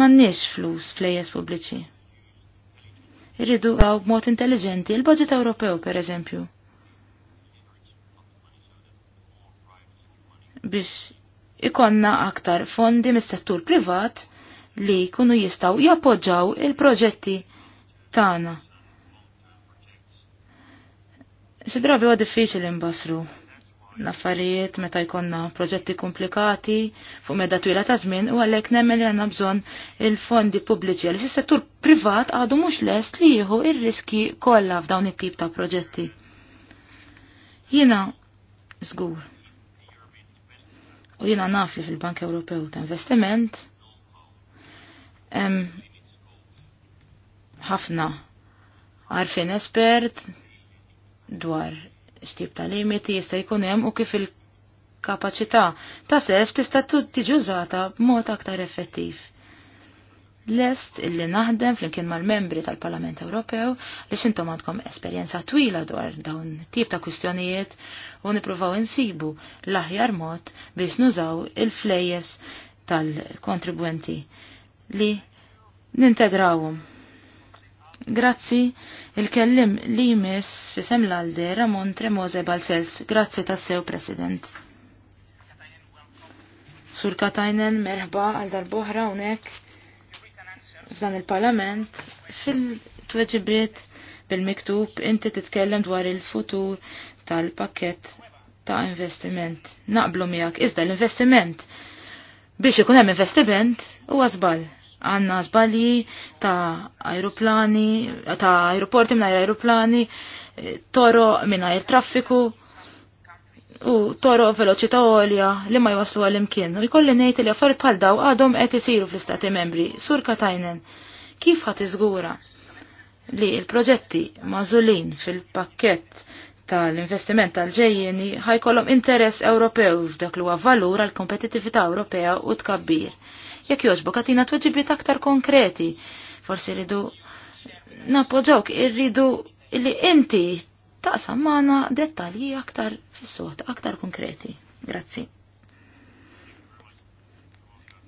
[SPEAKER 3] Mannix flus flejes pubbliċi. Irridu għaw b'mod intelligenti il-budget Ewropew, per eżempju. Biex ikonna aktar fondi mis-settur privat li kunu jistaw jappoġġaw il-proġetti tagħna. Xi drabi huwa diffiċli nbassru l-affarijiet meta jkonna proġetti komplikati fuq medda twila ta' żmien u għalhekk nemmen li għandna bżonn il-fondi pubbliċi għal is-settur privat għadu mhux lest li jieħu ir-riski kollha f'dawn it-tip ta' proġetti. Jiena żgur U jina naf li fil-Bank Ewropew ta' investiment ħafna għarfin espert dwar x'tip ta' limiti jista' jkun hemm u kif il-kapaċità ta' self tista' tiġi użata b'mod aktar effettiv lest illi naħdem flimkien mal-membri tal-Parlament Ewropew li xintom għandkom esperjenza twila dwar dawn tip ta' kwistjonijiet u nipruvaw insibu l-aħjar mod biex nużaw il-flejjes tal-kontribwenti li nintegrawhom. Grazzi il-kellim li jmiss fi sem l-alde Ramon Tremose Balsels. Grazzi tassew, President. Sur Katajnen, merħba għal darboħra unek f'dan il-Parlament fil-tweġibiet bil-miktub inti titkellem dwar il-futur tal-pakket ta' investiment. Naqblu miegħek iżda l-investiment biex ikun hemm investiment huwa żball. Għanna żbalji ta' aeroplani, ta' aeroporti minn aeroplani, toro minn traffiku, u toro veloċità għolja li ma jwaslu għal-imkien. U jkolli ngħid li affarijiet bħal daw għadhom qed isiru fl-istati membri. Sur Katajnen, kif ħadd iżgura li l-proġetti mażulin fil-pakkett tal-investiment tal-ġejjeni ħajkollhom interess Ewropew f'dak li huwa valur għal kompetittività Ewropea u tkabbir. Jekk jogħġbok katina tweġibiet aktar konkreti, forsi rridu napoġawk irridu li inti taqsam maħna dettalji aktar fis aktar konkreti. Grazzi.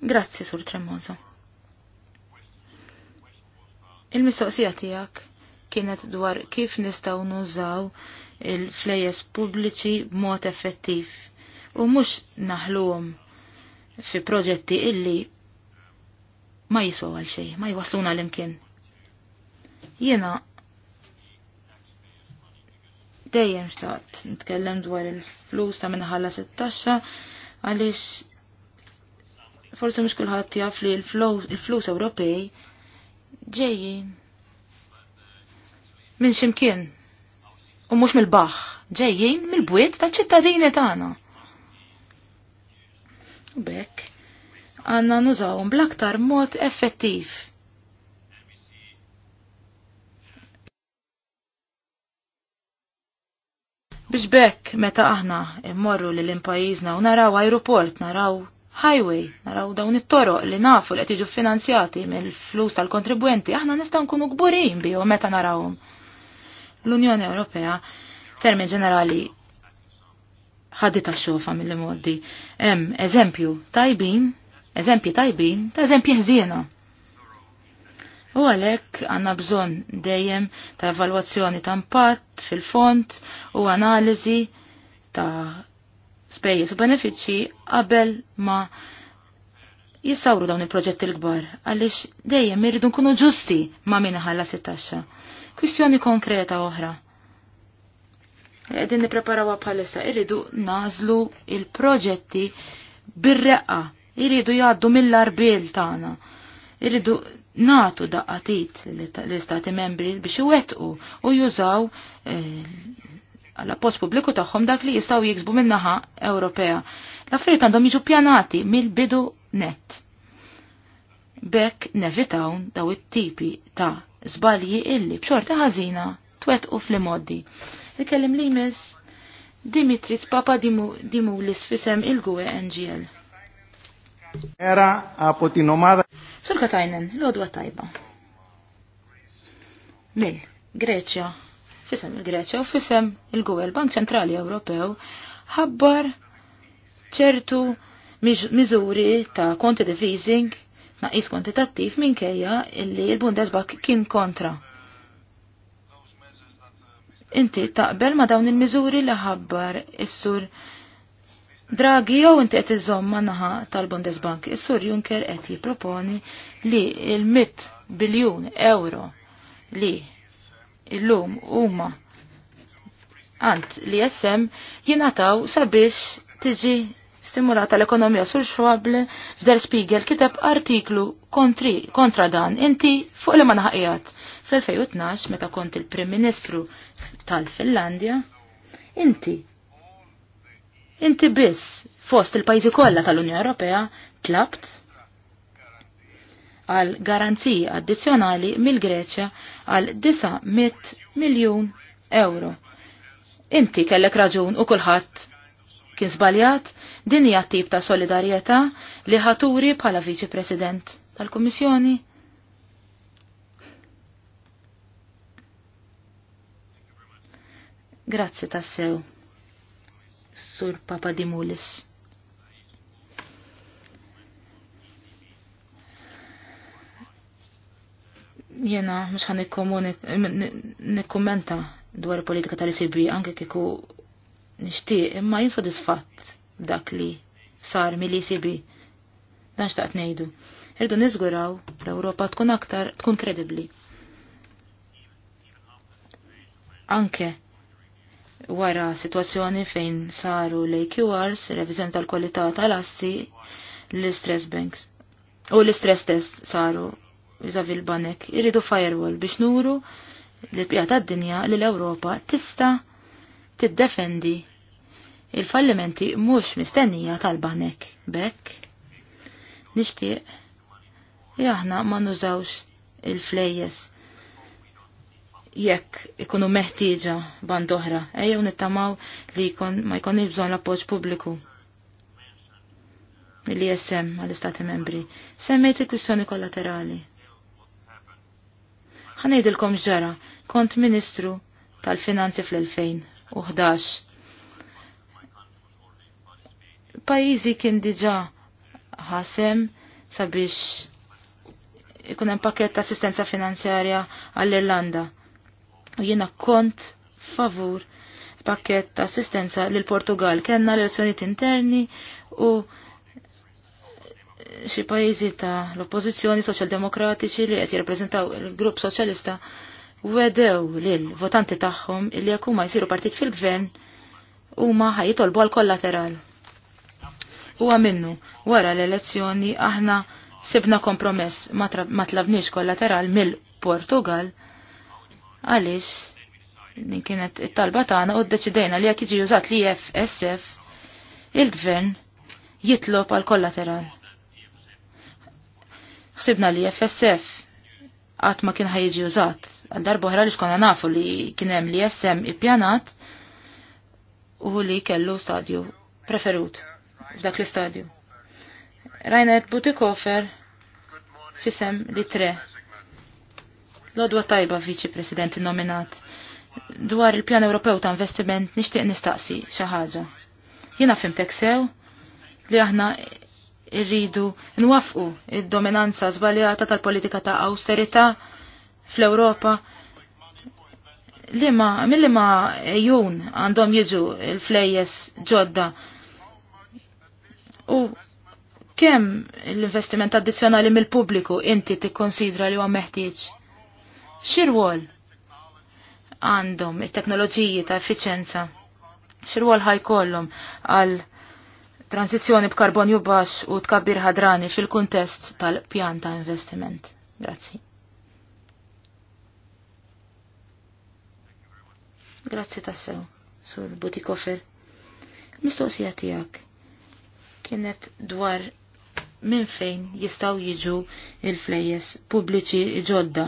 [SPEAKER 3] Grazzi, Sur Tremosa. Il-mistoqsija tiegħek kienet dwar kif nistaw nużaw il-flejes pubbliċi b'mod effettiv u mhux naħluhom fi proġetti illi ma jiswaw għal xejn, ma jwasluna l-imkien. Jena dejjem xtaqt nitkellem dwar il-flus ta' minħalla 16 għaliex forsi mhux kulħadd jaf li l-flus Ewropej ġeji minn ximkien u mhux mill-baħħ, ġejjin mill-bwiet ta' ċittadini tagħna. U bekk għandna nużawhom bl-aktar mod effettiv Biex bekk meta aħna immorru li l-impajizna u naraw aeroport, naraw highway, naraw dawn it toro li nafu li qed jiġu finanzjati mill-flus tal-kontribwenti, aħna nistgħu nkunu gburin bihom meta narawhom. L-Unjoni Ewropea, termin ġenerali, ħaddita xofa mill-modi. Hemm eżempju tajbin, eżempji tajbin, ta' eżempji ħżiena U għalek għanna bżon dejjem ta' evalwazzjoni ta' impatt fil-font u analizi ta' spejjeż u benefiċċji qabel ma jistawru dawn il-proġetti l-kbar, għaliex dejjem irridu nkunu ġusti ma' minna ħalla sit Kwistjoni konkreta oħra. Għedin nippreparawha bħalissa irridu nażlu il-proġetti bir-reqqa, irridu jgħaddu mill-arbil tagħna. Irridu natu daqqatit l-istati membri biex iwettqu u jużaw eh, għal post pubbliku tagħhom dak li jistgħu jiksbu min-naħa Ewropea. L-affarijiet għandhom jiġu pjanati mill-bidu net. Bekk nevitaw daw it-tipi ta' żbalji illi b'xorta ħażina twettqu fl moddi Il-kellim li jmiss Dimitris Papa Dimulis fisem il-Gwe NGL.
[SPEAKER 4] Era apotinomada.
[SPEAKER 3] Sur Katajnen, l-odwa tajba. Mill, Greċja, fisem il-Greċja u fisem il-Gwel Bank Centrali Ewropew ħabbar ċertu miżuri ta' konti easing naqis kwantitattiv minkejja illi il-Bundesbank kien kontra. Inti taqbel ma dawn il-miżuri li ħabbar is-sur Draghi jew inti qed iżomm naħa tal-Bundesbank, is-Sur Juncker qed jipproponi li il-100 biljun euro li illum huma għand li jessem jinataw sabiex tiġi stimulata l-ekonomija sur xwabli f'Der Spiegel kiteb artiklu kontri, kontra dan inti fuq li ma naħqijat. Fl-2012 meta kont il-Prim Ministru tal-Finlandja, inti Inti biss fost il-pajzi kollha tal-Unjoni Ewropea tlabt għal garanzija addizzjonali mill-Greċja għal 900 miljun euro. Inti kellek raġun u kulħadd kien żbaljat din hija tip ta' solidarjetà li ħaturi bħala Viċi President tal-Kummissjoni. Grazzi tassew. Sur Papadimulis. Jena, mux ħan nikkommenta dwar politika tal-ICB anke kiku nishti, imma jinsodisfatt dak li sar mill-ICB. Dan xtaqt nejdu. Irdu nizguraw l-Europa tkun aktar tkun kredibli. Anke wara situazzjoni fejn saru l-AQRs, revizjoni tal-kwalità tal-assi, l-stress banks. U l-stress test saru vizavi l-banek irridu firewall biex nuru l-bqija tad-dinja li l-Ewropa tista' tiddefendi il-fallimenti mhux mistennija tal-banek. Bekk nixtieq li aħna ma nużawx il-flejjes jekk ikunu meħtieġa band oħra, ejjew nittamaw li jkun ma jkun bżonn l-appoġġ pubbliku. Li jessem għall-Istati Membri. Semmejt il-kwistjoni kollaterali. Ħanejdilkom ġara, kont Ministru tal-Finanzi fl-2011. Pajizi kien diġa ħasem sabiex ikun hemm pakket ta' assistenza finanzjarja għall-Irlanda U jiena kont favur pakket ta' assistenza lil Portugal. Kenna relazzjoniet interni u xi pajjiżi ta' l-oppożizzjoni soċjaldemokratiċi li qed jirrappreżentaw il-grupp soċjalista wedew lil votanti tagħhom li jekk huma jsiru partit fil-gvern huma ħajjitolbu għal kollateral. Huwa minnu wara l-elezzjoni aħna sibna kompromess ma tlabniex kollateral mill-Portugal għaliex kienet it-talba tagħna u ddeċidejna li jekk jiġi użat li FSF il-gvern jitlob għal kollateral. Ħsibna li FSF qatt ma kien ħajġi użat għal darba oħra li xkonna nafu li kien hemm li SM ippjanat u li kellu stadju preferut f'dak l-istadju. Rajna Butikofer fisem li tre Lodwa tajba viċi presidenti nominat. Dwar il-pjan Ewropew ta' investiment nixtieq nistaqsi xi ħaġa. Jiena fimtek sew li aħna irridu nwafqu id-dominanza żbaljata tal-politika ta' austerità fl-Ewropa Liema, ma mill ma ejjun għandhom jiġu il-flejjes ġodda u kemm l-investiment addizzjonali mill-pubbliku inti tikkonsidra li huwa meħtieġ xirwol għandhom it-teknoloġiji ta' effiċenza, xirwol ħajkollhom għal transizjoni b'karbonju baxx u tkabbir ħadrani fil-kuntest tal-pjan ta' investiment. Grazzi. Grazzi tassew, sur Butikofer. Mistoqsija tiegħek kienet dwar minn fejn jistaw jiġu il flejes pubbliċi ġodda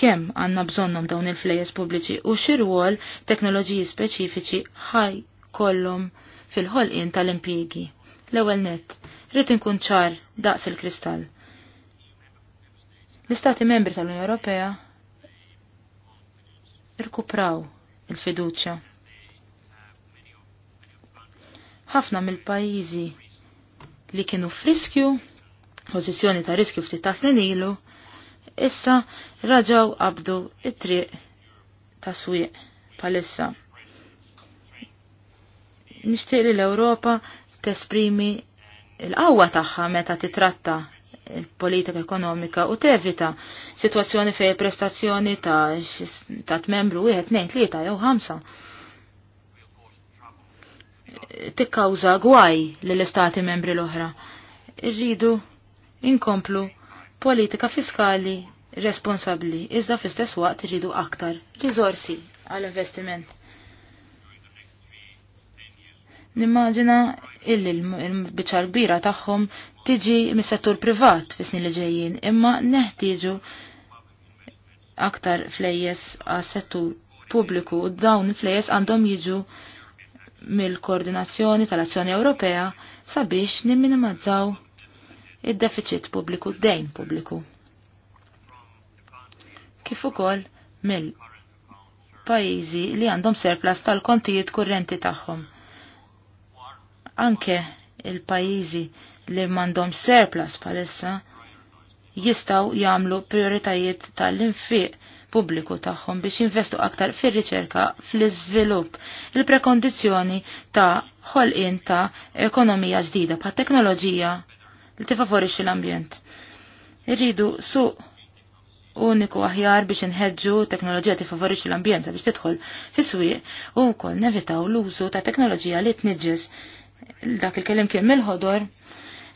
[SPEAKER 3] kemm għandna bżonnhom dawn il-flejes pubbliċi u xirwol teknoloġiji speċifiċi ħaj kollhom fil-ħolqien tal-impjiegi. L-ewwel nett, rrid inkun ċar daqs il-kristall. L-Istati membri tal-Unjoni Ewropea irkupraw il-fiduċja. Ħafna mill-pajjiżi li kienu friskju, pożizzjoni ta' riskju ftit tas snin ilu, issa raġaw qabdu it-triq taswiq swieq palissa. Nixtieq li l-Ewropa tesprimi l-qawwa tagħha meta titratta il-politika ekonomika u tevita situazzjoni fej prestazzjoni ta' ta' membru wieħed nejn tlieta jew ħamsa. Tikkawża gwaj lill istati membri l-oħra. Irridu inkomplu politika fiskali responsabbli iżda fl-istess waqt iridu aktar rizorsi għal-investiment. Nimmaġina illi l-biċa kbira tagħhom tiġi mis-settur privat fis-snin li ġejjin, imma neħtieġu aktar flejjes għas-settur pubbliku u dawn flejjes għandhom jiġu mill-koordinazzjoni tal-azzjoni Ewropea sabiex nimminimazzaw id-deficit pubbliku, d-dejn pubbliku. Kif ukoll mill pajjiżi li għandhom surplus tal-kontijiet kurrenti tagħhom. Anke il-pajjiżi li m'għandhom surplus palissa jistaw jagħmlu prioritajiet tal-infiq pubbliku tagħhom biex jinvestu aktar fir-riċerka fl-iżvilupp il-prekondizzjoni ta' ħolqien ta' ekonomija ġdida pa' teknoloġija li tifavorixxi l-ambjent. Irridu suq uniku aħjar biex inħeġġu teknoloġija tifavorixxi l-ambjent biex tidħol fis-swieq u wkoll nevitaw l-użu ta' teknoloġija li tniġġes dak il-kelim kien mill-ħodor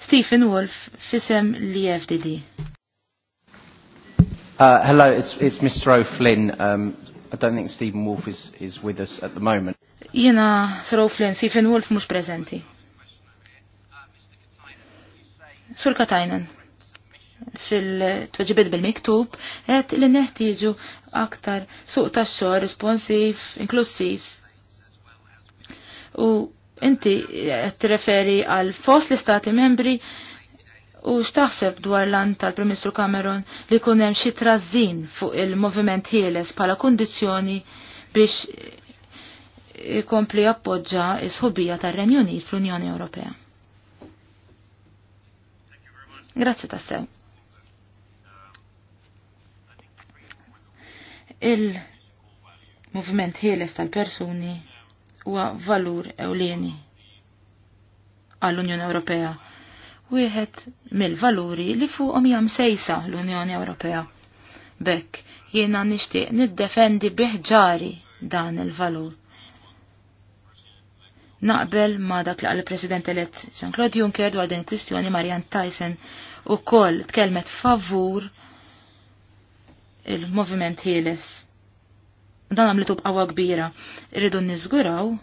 [SPEAKER 3] Stephen Wolf fisem li FDD.
[SPEAKER 4] Uh, hello, it's, it's Mr. O'Flynn. Um, I don't think Stephen Wolf is, is with us at the moment.
[SPEAKER 3] Jena, Sir O'Flynn, Stephen Wolf mux prezenti. Sur Katajnen, fil-tweġibet bil-miktub, għed li neħtiġu aktar suq taxxor, responsiv, inklusiv. U inti għed referi għal fost l-istati membri u xtaħseb dwar lan tal-Premistru Cameron li kunem xi trażin fuq il-moviment ħieles pala kondizjoni biex ikompli appoġġa is-ħubija tar-Renju Unit fl-Unjoni Ewropea. Grazzi tassew. Il-movement ħieles tal-persuni huwa valur ewlieni għall-Unjoni Ewropea. Wieħed mill-valuri li fuqhom hija msejsa l-Unjoni Ewropea. Bekk jiena nixtieq niddefendi ġari dan il-valur naqbel ma dak li għal president elett Jean-Claude Juncker dwar din kwistjoni Marian Tyson u koll tkelmet favur il-moviment hieles. Dan għamlitu b'qawa kbira. Irridu nizguraw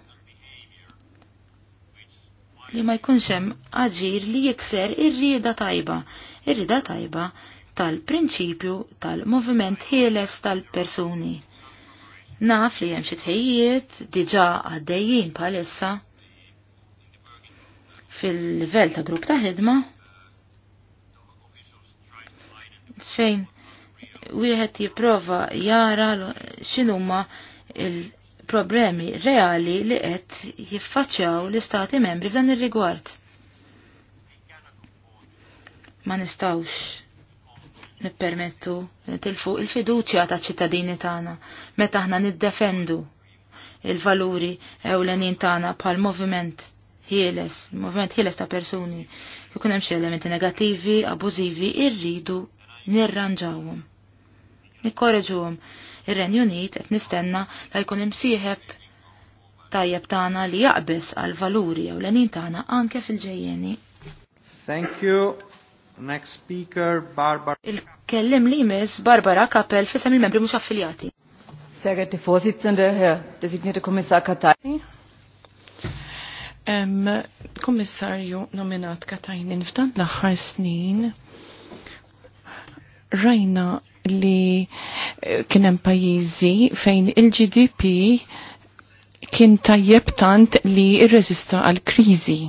[SPEAKER 3] li ma jkunx hemm aġir li jikser ir rida tajba, ir rida tajba tal-prinċipju tal-moviment ħieles tal-persuni. Naf li hemm xi tħejjiet diġà għaddejjin bħalissa fil-livell ta' grupp ta' ħidma fejn wieħed jipprova jara x'inhuma il-problemi reali li qed jiffaċċjaw l-istati membri f'dan ir-rigward. Ma nistawx nippermettu tilfu il-fiduċja ta' ċittadini tagħna meta aħna niddefendu il-valuri ewlenin tagħna bħal moviment ħieles, movement ħieles ta' persuni. Jkun hemm xi elementi negattivi, abużivi, irridu nirranġawhom. Nikkoreġuhom. Ir-Renju Unit qed nistenna la jkun sieħeb tajjeb tagħna li jaqbes għal valuri jew lenin tagħna anke fil-ġejjeni.
[SPEAKER 2] Thank you. Next speaker, Barbara.
[SPEAKER 3] Il-kellim li jmiss Barbara Kappel fisem il-membri mhux affiljati. Sehr geehrte Vorsitzende, Herr designierte Kommissar Katani. Kommissarju nominat
[SPEAKER 5] Katajnin f'dan l-aħħar snin rajna li eh, kienem pajizi fejn il-GDP kien tajjeb tant li irreżista għal kriżi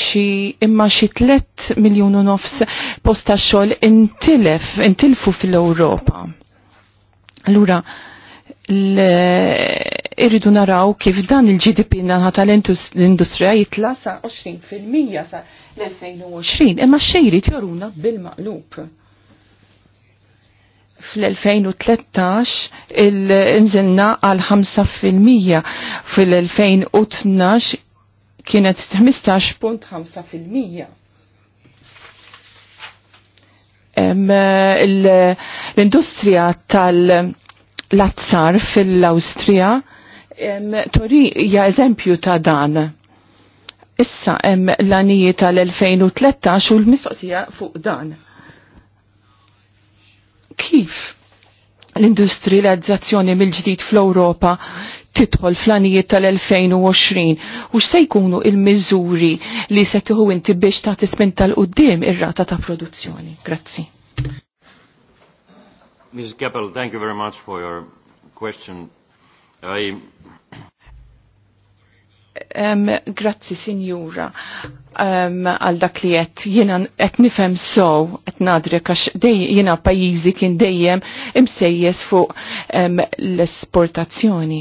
[SPEAKER 5] xi imma xi 3 miljun u nofs posta xogħol intilef intilfu fil-Ewropa. Allura irridu naraw kif dan il-GDP nanħata l-industrija jitla sa 20% sa l-2020, imma xejri joruna bil-maqlub. Fl-2013 il nżenna għal 5% fil-2012 kienet 15.5%. L-industrija tal- lazzar azzar fil-Austria Tori hija eżempju ta' dan. Issa hemm l-anijiet tal-2013 u l-mistoqsija fuq dan. Kif l-industrializzazzjoni mill-ġdid fl-Ewropa titħol flanijiet tal-2020 u se jkunu il-miżuri li se tieħu inti biex ta' tismin tal-qudiem ir-rata ta' produzzjoni. Grazzi.
[SPEAKER 2] Ms. Keppel, thank you very much for your question. I
[SPEAKER 5] Um, grazzi, sinjura, għal dak li qed jena qed nifhem so qed nadri għax jiena pajjiżi kien dejjem imsejjes fuq um, l-esportazzjoni.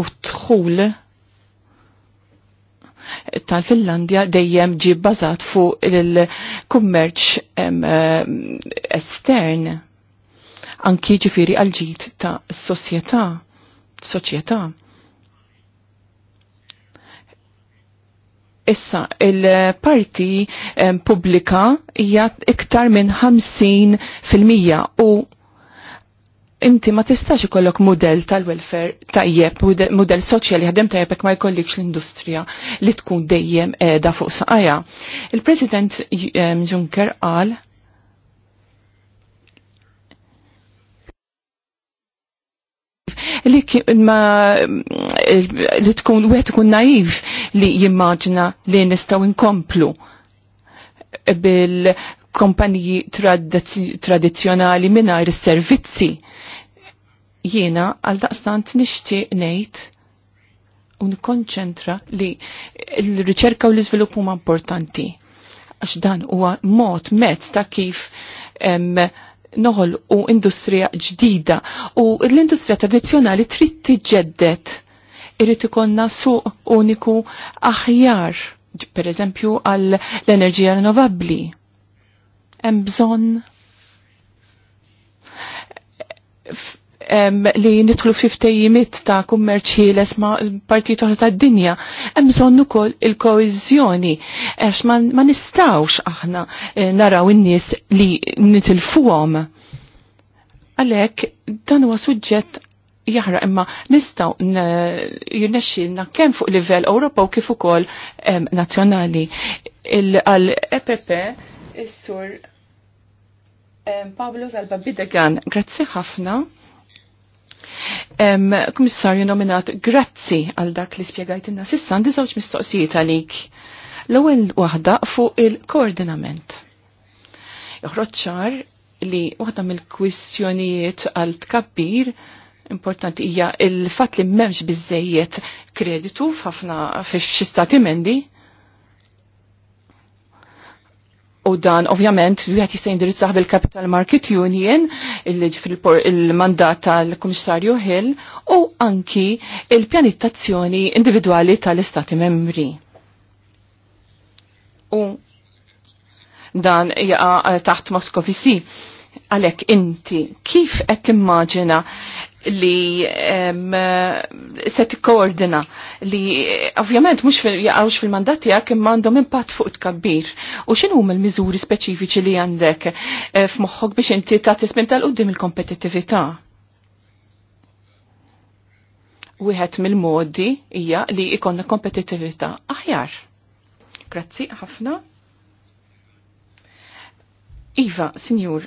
[SPEAKER 5] U tħul tal-Finlandja dejjem ġi bbażat fuq il-kummerċ estern anki ġifiri għal-ġid ta' s-sosjetà soċjetà. Issa, il-parti eh, pubblika hija iktar minn 50% u inti ma tistax ikollok model tal-welfare tajjeb, model soċjali ħadem tajjeb ma jkollikx l-industrija li tkun dejjem da fuq saqajja. Il-President eh, Juncker qal li ma li tkun wieħed ikun naiv li jimmaġna li nistgħu nkomplu bil kompanji tradizjonali minar servizzi. Jiena għal daqstant nixtieq ngħid u li l-riċerka u l-iżvilupp huma importanti għax dan huwa mod mezz ta' kif noħol u industrija ġdida u l-industrija tradizjonali trid tiġġeddet irid ikonna suq uniku aħjar per eżempju għall enerġija rinnovabbli. Hemm bżonn li nidħlu f'tiftejjimiet ta' kummerċ ħieles ma' partit oħra tad-dinja, hemm bżonn ukoll il-koeżjoni għax ma nistawx aħna eh, naraw in-nies li nitilfuhom. Għalhekk dan huwa suġġett jahra imma nistaw jirnexxilna kemm fuq livell Ewropa u kif ukoll nazzjonali. Għal EPP is-sur Pablo Zalba Bidegan, grazzi ħafna. Komissarju nominat, grazzi għal dak li spiegajt inna sissa għandi żewġ mistoqsijiet għalik. L-ewwel waħda fuq il-koordinament. Joħroġ ċar li waħda mill-kwistjonijiet għal tkabbir importanti hija il-fatt li m'hemmx biżejjed kreditu f'ħafna fix-xistati mendi U dan ovvjament wieħed jista' jindirizzaħ bil-Capital Market Union il-mandat tal-Kummissarju Hill u anki il-pjanittazzjoni individwali tal-Istati membri. U dan jaqa taħt Moskovisi. Għalek inti kif qed timmaġina li um, se tikkoordina li ovvjament mhux jaqawx fil-mandat tiegħek imma għandhom impatt fuq tkabbir. U xin huma l-miżuri speċifiċi li għandek eh, f'moħħok biex inti tagħti spinta tal-qoddim il-kompetittività? Wieħed mill-modi hija li ikonna kompetittività aħjar. Grazzi ħafna. Iva, sinjur,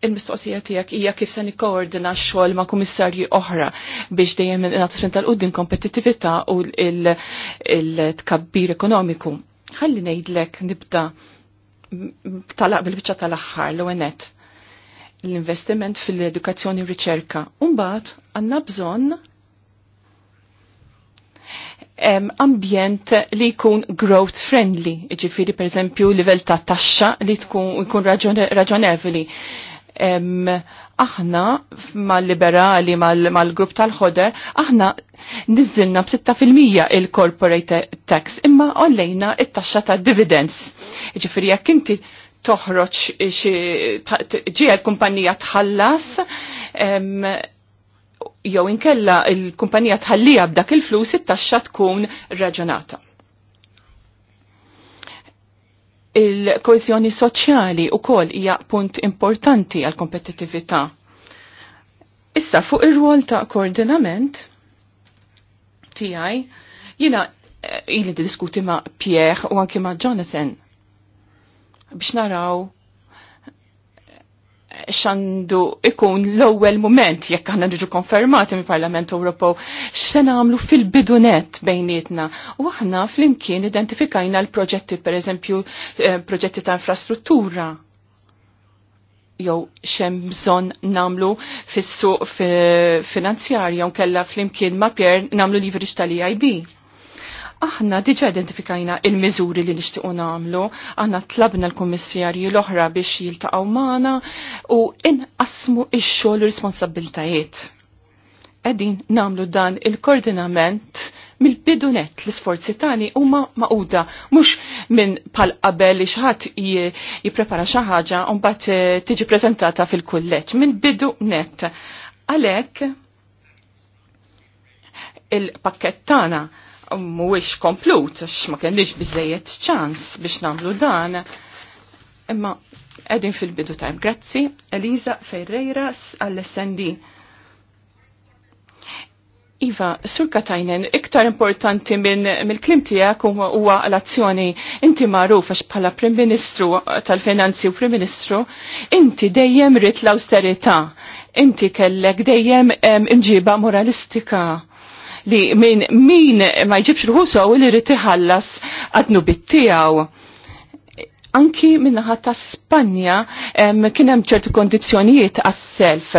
[SPEAKER 5] il-mistoqsija tiegħek hija kif se nikkoordina x-xogħol ma' kummissarji oħra biex dejjem nagħtu fin tal-qudiem kompetittività u l-tkabbir ekonomiku. Ħalli ngħidlek nibda talaq bil-biċċa tal-aħħar l net l-investiment fil-edukazzjoni u riċerka. Umbagħad għandna bżonn ambjent li jkun growth friendly, ġifiri per esempio livell ta' taxxa li tkun jkun raġonevoli aħna mal-liberali, mal-grupp tal-ħoder, aħna nizzilna b-6% il-corporate tax, imma ollejna il taxxa ta' dividends. Ġifiri, jekk inti toħroċ ġie l-kumpanija tħallas, jew inkella l-kumpanija tħallija b'dak il-flus it-taxxa tkun raġunata. Il-kohezjoni soċjali u kol hija punt importanti għal kompetittività. Issa fuq ir-rwol ta' koordinament tiegħi jiena eh, ili diskuti ma' Pierre u anke ma' Jonathan biex naraw xandu ikun l-ewwel moment jekk aħna niġu konfermati mill-Parlament Ewropew x'se nagħmlu fil-bidunet bejnietna. U aħna flimkien identifikajna l-proġetti pereżempju eh, proġetti ta' infrastruttura jew xem bżon namlu fis-suq finanzjarja u kella flimkien ma' Pier namlu liveriġ tal-EIB Aħna diġa identifikajna il-miżuri li nixtiqu namlu, aħna tlabna l-kommissjarju l-oħra biex jiltaqgħu maħna u inqasmu ix-xogħol responsabiltajiet. Qegħdin namlu dan il-koordinament mill-bidunet l-isforzi tani huma maquda mhux minn pal qabel li xi ħadd jipprepara xi ħaġa eh, tiġi preżentata fil-kulleġġ minn bidu Għalek Għalhekk il-pakkettana tagħna mhuwiex komplut x'ma ma kellix bizzejiet ċans biex nagħmlu dan. Imma qegħdin fil-bidu ta' Grazzi, Eliza Ferreira għall-SND. Iva, sur Katajnen, iktar importanti minn mill-klim tijak huwa l-azzjoni inti magħruf għax bħala Prim Ministru tal-Finanzi u Prim Ministru, inti dejjem rit l-austerità, inti kellek dejjem imġiba moralistika li min min ma jġibx ruħusu li rrit iħallas għadnu bittijaw. Anki minnaħa ta' Spanja kienem ċertu kondizjonijiet għas-self.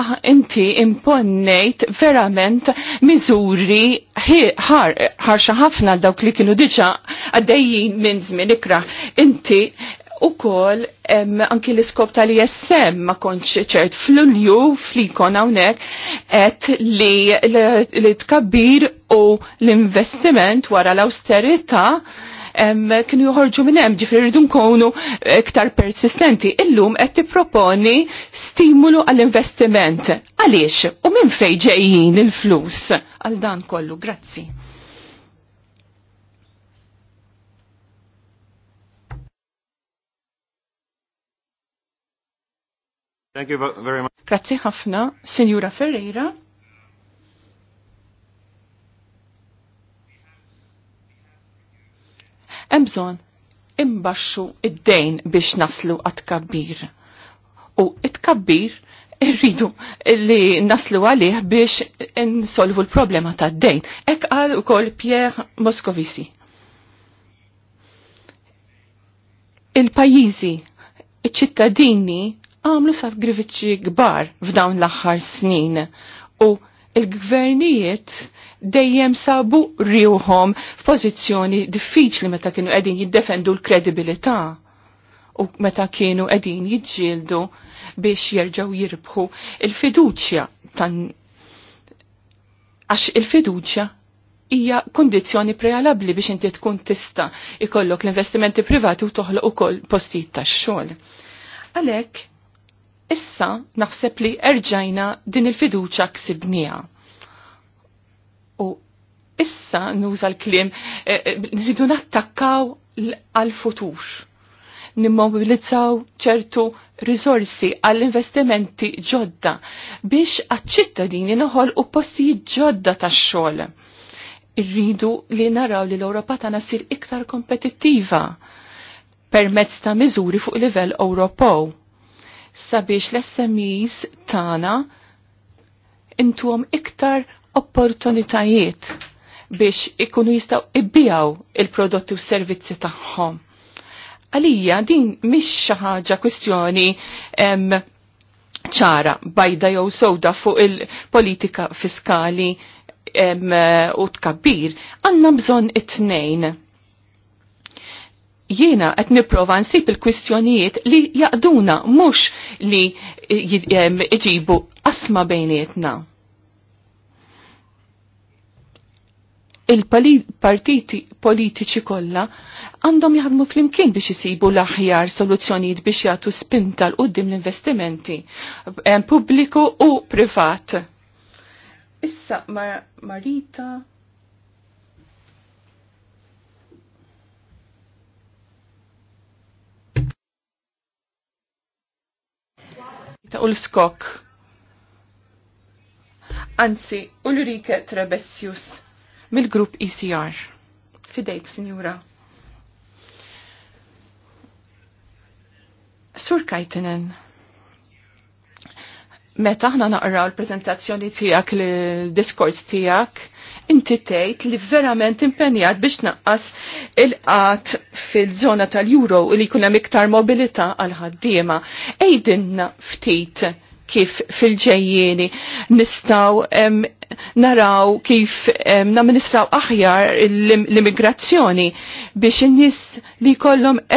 [SPEAKER 5] Ah, inti imponnejt verament miżuri ħarxa ħafna dawk li kienu diġa għaddejjin minn żmien ikra. Inti U kol, em, anki l-iskop tal-ISM ma konċ ċert fl-ulju fl-ikon għawnek, et li l-tkabbir u l-investiment wara l-austerita kienu joħorġu minn hemm ġifri rridu nkunu iktar persistenti. Illum qed tipproponi stimulu għall-investiment. Għaliex? U minn fejn ġejjin il-flus għal dan kollu? Grazzi.
[SPEAKER 2] Thank you very much.
[SPEAKER 5] Grazzi ħafna, Sinjura Ferreira. Emżon, imbaxxu id-dejn biex naslu għat-kabbir. U id kabbir irridu li naslu għalih biex insolvu l-problema ta' d-dejn. Ek għal u kol Pierre Moscovici. Il-pajizi, il-ċittadini għamlu sar griviċi gbar f'dawn l-aħħar snin u il-gvernijiet dejjem sabu riuħom f'pożizzjoni diffiċli meta kienu qegħdin jiddefendu l-kredibilità u meta kienu qegħdin jiġġieldu biex jerġgħu jirbħu il-fiduċja tan għax il-fiduċja hija kondizzjoni prealabli biex inti tkun tista' ikollok l-investimenti privati u toħloq ukoll postijiet tax-xogħol. Għalhekk Issa naħseb li erġajna din il-fiduċa ksibnija. U issa nuża l-kliem eh, eh, nridu nattakkaw għal-futur. Nimmobilizzaw ċertu risorsi għall-investimenti ġodda biex għacċittadini ċittadini noħol u postijiet ġodda tax-xogħol. Irridu li naraw li l-Ewropa tagħna sir iktar kompetittiva permezz ta' miżuri fuq livell Ewropew sabiex l-SMEs tana intuhom iktar opportunitajiet biex ikunu jistaw ibbijaw il-prodotti u servizzi tagħhom. Għalija din mhix xi ħaġa kwistjoni ċara bajda jew sowda fuq il-politika fiskali u tkabbir, għanna bżon it-tnejn jiena qed nipprova nsib il-kwistjonijiet li jaqduna mhux li eh, iġibu asma bejnietna. il-partiti politiċi kollha għandhom jaħdmu fl-imkien biex isibu l-aħjar soluzzjonijiet biex jagħtu spinta l qudiem l-investimenti eh, pubbliku u privat. Issa Marita ta' Ulskok. Anzi, Ulrike Trebessius mill-grupp ECR. Fidejk, signora. Sur Kajtenen meta aħna naqra l-prezentazzjoni tiegħek l-diskors tiegħek, inti tgħid li verament impenjat biex naqqas il-qat fil zona tal-Euro li jkun hemm iktar mobilità għal ħaddiema. Ejdinna ftit kif fil-ġejjieni nistaw em, naraw kif namministraw aħjar l-immigrazzjoni biex in-nies li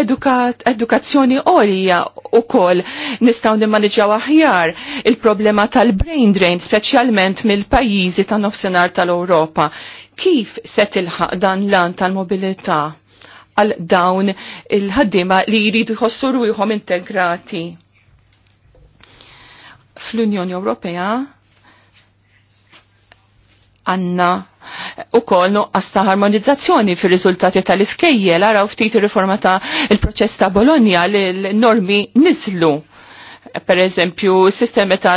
[SPEAKER 5] edukat, edukazzjoni għolja u koll nistaw nimmanġaw aħjar il-problema tal-brain drain, speċjalment mill-pajjiżi ta' nofsinhar tal-Ewropa. Kif se tilħaq dan lan tal-mobilità għal dawn il-ħaddima li jridu jħossu jħom integrati? fl-Unjoni Ewropea għanna u koll nuqqas ta' harmonizzazzjoni fir riżultati tal-iskejjel għaraw ftit riforma ta' il-proċess ta' Bologna li l-normi nizlu. Per eżempju, sistemi ta'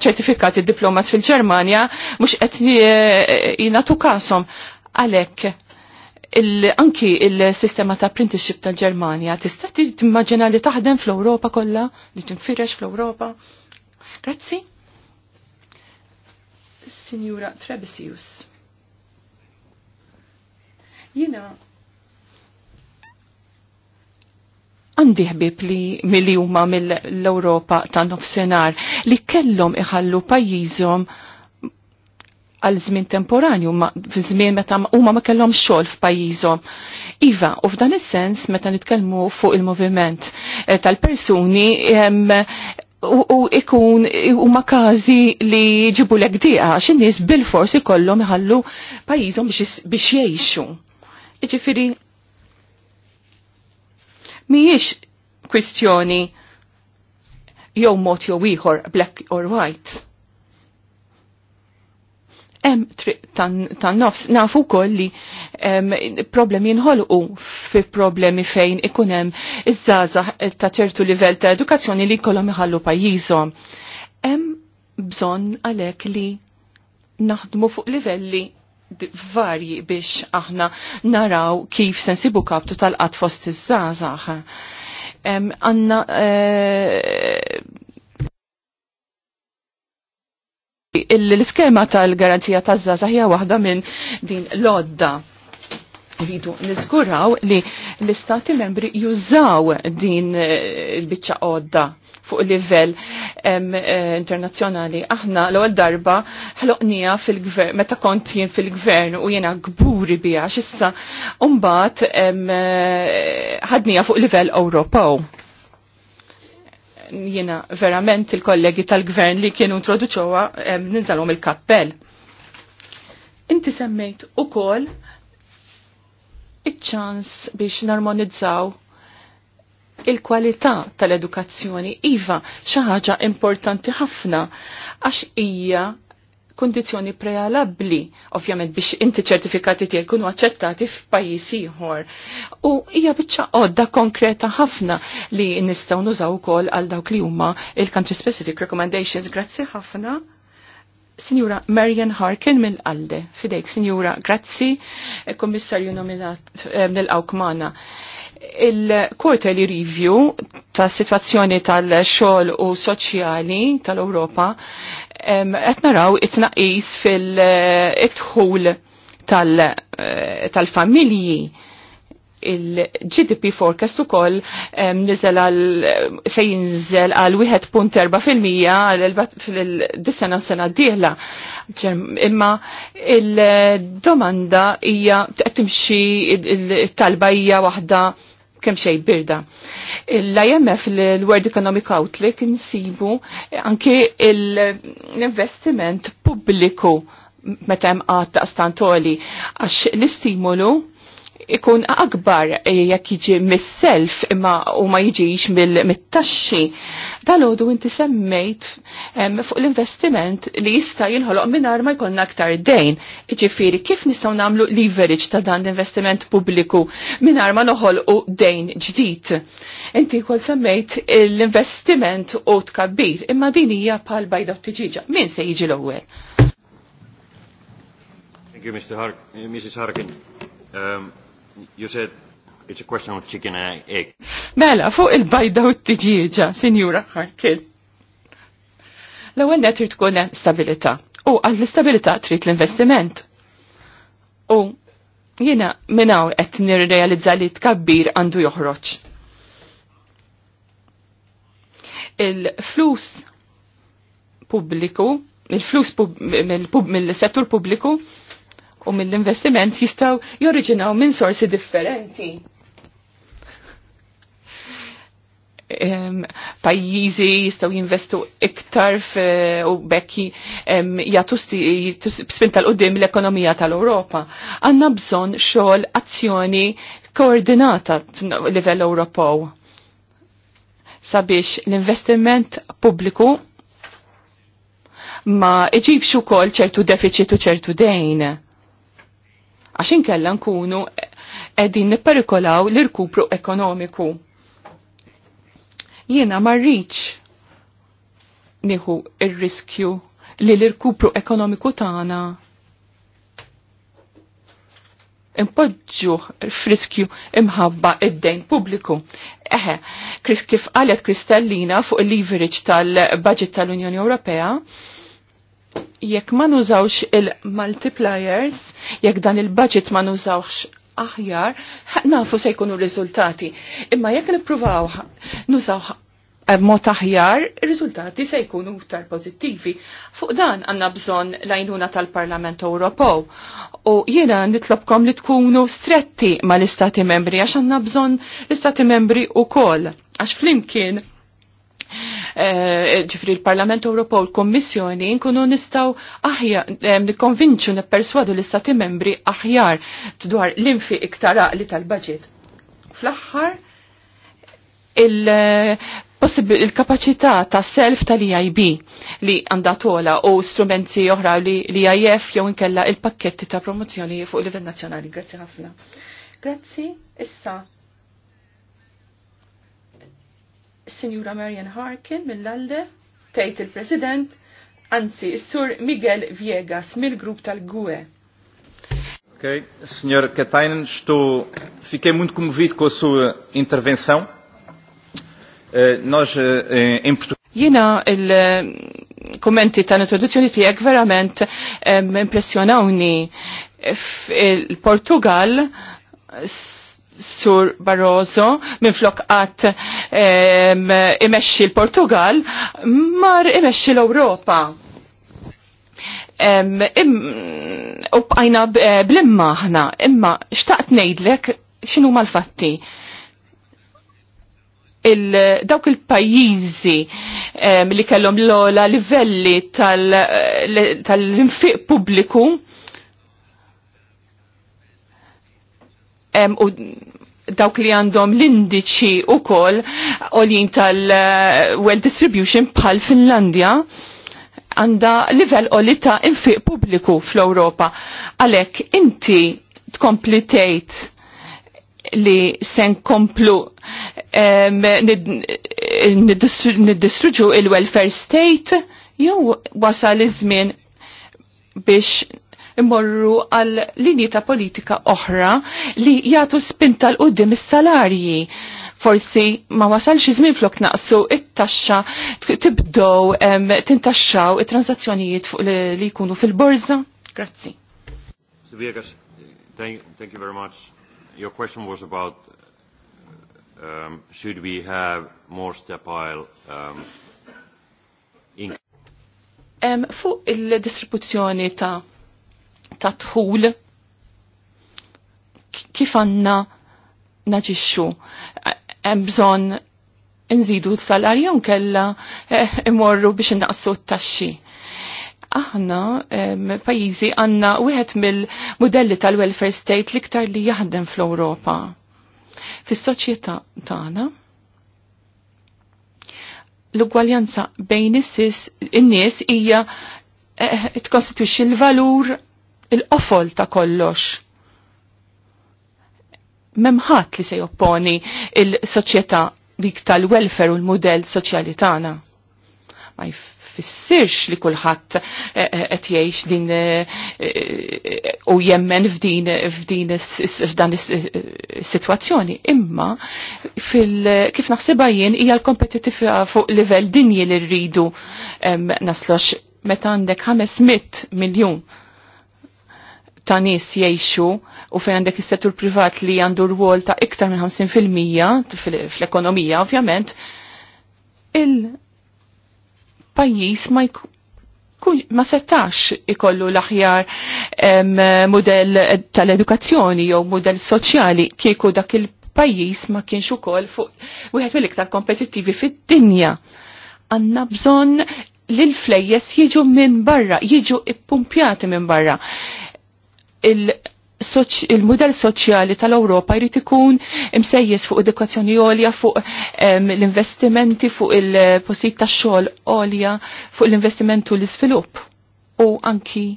[SPEAKER 5] ċertifikati diplomas fil-Ġermanja mux qed eh, jinatu kasom għalek anki il-sistema ta' apprenticeship tal-Ġermanja tista' timmaġina li taħdem fl-Ewropa kollha, li tinfirex fl-Ewropa. Grazzi. Signora Trebesius. Jina għandi ħbib li milli huma mill-Ewropa ta' nofsenar li kellhom iħallu pajjiżhom għal żmien temporanju fi żmien meta huma ma kellhom xogħol f'pajjiżhom. Iva, u f'dan is-sens meta nitkellmu fuq il-moviment eh, tal-persuni u ikun u makazi li ġibu l għdija, xin nis bil forsi ikollom iħallu pajizom biex jiexu. Iġifiri, miex kwistjoni jew mod jew ieħor black or white hemm tan-nofs nafu wkoll li problemi jinħolqu fi problemi fejn ikun hemm iż-żgħażagħ eh, ta' ċertu livell ta' edukazzjoni li jkollhom iħallu pajjiżhom. Hemm bżonn għalhekk li naħdmu fuq livelli varji biex aħna naraw kif sensibu kaptu tal qatfost fost iż-żgħażagħ għanna eh, l-iskema tal-garanzija ta' żaza hija waħda minn din l-odda. Ridu niżguraw li l-istati membri jużaw din eh, il-biċċa odda fuq livell eh, internazzjonali. Aħna l-ewwel darba ħloqnija fil-gvern meta kont jien fil-gvern u jiena gburi biha x'issa mbagħad eh, ħadnija fuq livell Ewropew Jiena verament il-kollegi tal-gvern li kienu introduċowa ninżalhom il-kappell. Inti semmejt ukoll iċ-ċans biex narmonizzaw il-kwalità tal-edukazzjoni iva xi ħaġa importanti ħafna għax hija kondizjoni prealabbli, ovvjament biex inti ċertifikati tiegħek kunu aċċettati f'pajjiż ieħor. U hija biċċa għodda konkreta ħafna li nistgħu nużaw ukoll għal dawk li huma il-country specific recommendations. Grazzi ħafna. Signora Marian Harkin mill alde fidejk Signora, grazzi, eh, kommissarju nominat eh, mill-Awkmana. Il-quarterly review ta' situazzjoni tal-xol u soċjali tal-Europa qed naraw it-tnaqqis fil-idħul eh, tal-familji. Tal familji il gdp forecast u koll nizel għal se jinżel għal 1.4% fil-dissena sena diħla. Imma il-domanda hija timxi il-talba hija waħda kemm xej birda. L-IMF, l-World Economic Outlook, insibu anki l-investiment pubbliku meta hemm għad għax l-istimolu ikun akbar eh, jekk jiġi mis-self imma u ma jiġix mit-taxxi. Dalodu inti semmejt fuq l-investiment li jista' jinħoloq mingħajr ma jkollna aktar dejn. Ġifieri kif nistgħu nagħmlu leverage ta' dan l-investiment pubbliku mingħajr ma noħolqu dejn ġdid. Inti kol semmejt l-investiment u tkabbir imma din hija bħal bajda tiġiġa. Min se jiġi l-ewwel?
[SPEAKER 2] Thank you, Mr. Eh, Harkin. Mrs. Harkin. Um, you said it's a question of chicken and egg.
[SPEAKER 5] Mela, fuq il-bajda u t-tġieġa, Sinjura Harkin. L-ewwel trid tkun hemm stabilità. U għall-istabilità trid l-investiment. U jiena minn hawn qed nirrealizza li tkabbir għandu joħroġ. Il-flus pubbliku, il-flus mill-settur pubbliku, il u mill-investiment jistaw joriġinaw minn sorsi differenti. Um, pajjiżi jistaw jinvestu iktar u bekki um, jatu spinta l-qoddim l-ekonomija tal-Europa. Għanna bżon xogħol azzjoni koordinata livell Ewropew sabiex l-investiment pubbliku ma iġibx ukoll ċertu deficit u ċertu dejn għax inkella nkunu qegħdin nipperikolaw l-irkupru ekonomiku. Jiena marriċ nieħu il riskju li l-irkupru ekonomiku tagħna impoġġu friskju imħabba id-dejn pubbliku. Eħe, kif qalet Kristallina fuq il-leverage tal-budget tal-Unjoni Ewropea, jekk ma nużawx il-multipliers, jekk dan il-budget ma nużawx aħjar, nafu se jkunu riżultati. Imma jekk nippruvaw nużaw eh, mod aħjar, riżultati se jkunu iktar pozittivi. Fuq dan għandna bżonn l-għajnuna tal-Parlament Ewropew. U jiena nitlobkom li tkunu stretti mal istati membri għax għandna bżonn l-Istati membri wkoll għax flimkien Eh, ġifri l-Parlament Ewropew u l-Kommissjoni nkunu nistgħu aħjar eh, nikkonvinċu nipperswadu l-istati membri aħjar dwar l-infi iktar li tal-baġit. Fl-aħħar il- il-kapacità ta' self tal-EIB li għandatola u strumenti oħra li l-EIF jew inkella il-pakketti ta' promozzjoni fuq livell nazzjonali. Grazzi ħafna. Grazzi, issa Signora Marian Harkin mill-Alde, tgħid il-President, anzi, Sur Miguel Viegas mill-grupp tal-GUE.
[SPEAKER 4] Ok, Sr. Katainen, estou... fiquei muito comovido com a sua intervenção. Uh, nós, uh, em Portugal...
[SPEAKER 5] Jina il-kommenti eh, tal-introduzzjoni tiegħek verament impressjonawni. Il-Portugal Sur Barroso minn flok għat imexxi l-Portugal mar imexxi l-Europa. U bqajna eh, blimma ħna, imma xtaqt ngħidlek x'inhu mal-fatti. dawk il-pajjiżi li kellhom l-ola livelli eh, tal-infiq tal pubbliku u dawk li għandhom l-indiċi u kol li tal-well distribution bħal Finlandja għanda livell oli ta' infiq publiku fl-Europa. Għalek, inti tkomplitejt li sen komplu um, nid-distruġu il-welfare state jew wasal iż-żmien biex imorru għal linji ta' politika oħra li jagħtu spinta l qudiem is-salarji. Forsi ma wasalx iż-żmien flok naqsu it-taxxa tibdow tintaxxaw it-transazzjonijiet li jkunu fil-borża.
[SPEAKER 2] Grazzi. Thank, you very much. Your question was about um, should we have more stepile um,
[SPEAKER 5] um, fuq il-distribuzzjoni ta' ta' tħul kif għanna naġixxu. Hemm bżonn nżidu l-salarju nkella eh, imorru biex naqsu t-taxxi. Aħna pajjiżi għandna wieħed mill-modelli tal-welfare state liktar li jaħdem fl-Ewropa. Fis-soċjetà tagħna l-ugwaljanza bejn is-nies hija eh, tkostitwixxi l-valur il-qofol ta' kollox. Memħat li se jopponi il-soċjetà dik tal-welfare u l-modell soċjali tagħna. Ma jfissirx li kulħadd eh, eh, qed jgħix din eh, u jemmen f'din f'din f'dan is-sitwazzjoni, imma kif naħsibha jien hija l kompetittiva fuq livell dinji li rridu naslox meta għandek 500 miljun ta' nies jgħixu u fejn għandek is-settur privat li għandu rwol ta' iktar minn 50% fl-ekonomija, ovvjament, il-pajjiż ma ma setax ikollu l-aħjar model tal-edukazzjoni jew model soċjali kieku dak il-pajjiż ma kienx ukoll fuq wieħed mill-iktar kompetittivi fid-dinja. Għandna bżonn l-flejjes jiġu minn barra, jiġu ippumpjati minn barra il- il model soċjali tal-Ewropa jrid ikun imsejjes fuq edukazzjoni għolja, fuq l-investimenti, fuq il-posit ta' xogħol għolja, fuq l-investimentu l-iżvilupp u anki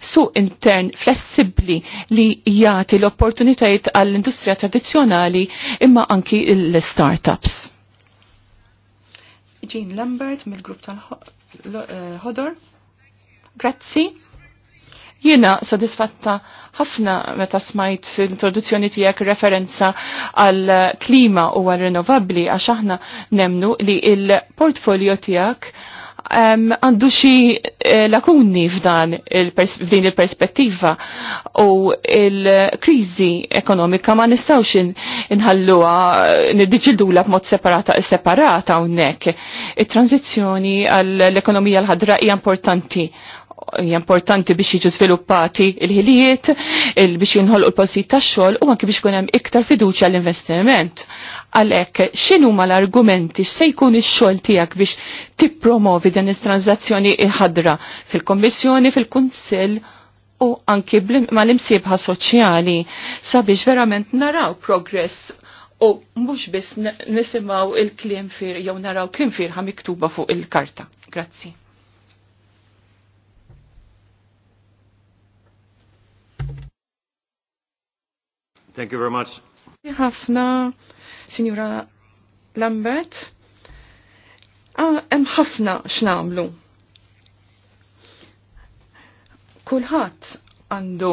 [SPEAKER 5] suq intern flessibbli li jagħti l-opportunitajiet għall-industrija tradizzjonali imma anki l-startups. Jean Lambert mill-grupp tal-ħodor. Eh, Grazzi. Jiena sodisfatta ħafna meta smajt l-introduzzjoni tiegħek referenza għal klima u għal rinnovabbli għax aħna nemnu li il-portfolio tiegħek għandu xi eh, lakuni f'dan f'din il-perspettiva u il-kriżi ekonomika ma nistgħux inħalluha niddiċidula b'mod separata separata hawnhekk. It-tranzizzjoni għall-ekonomija l-ħadra hija importanti importanti biex jiġu sviluppati il-ħilijiet, il biex jinħolqu l-postijiet tax-xogħol u anki biex kunem hemm iktar fiduċja l-investiment. Għalhekk x'inhuma l-argumenti x'se jkun ix-xogħol tiegħek biex tippromovi din is-tranzazzjoni ħadra fil-Kommissjoni, fil-Kunsill u anki mal imsibħa soċjali sabiex verament naraw progress u mhux biss nisimaw il-klim fir jew naraw klim firħa miktuba fuq il-karta. Grazzi. Thank you very much. Ħafna, Signora Lambert. Ah, hemm ħafna x'namlu. Kulħadd għandu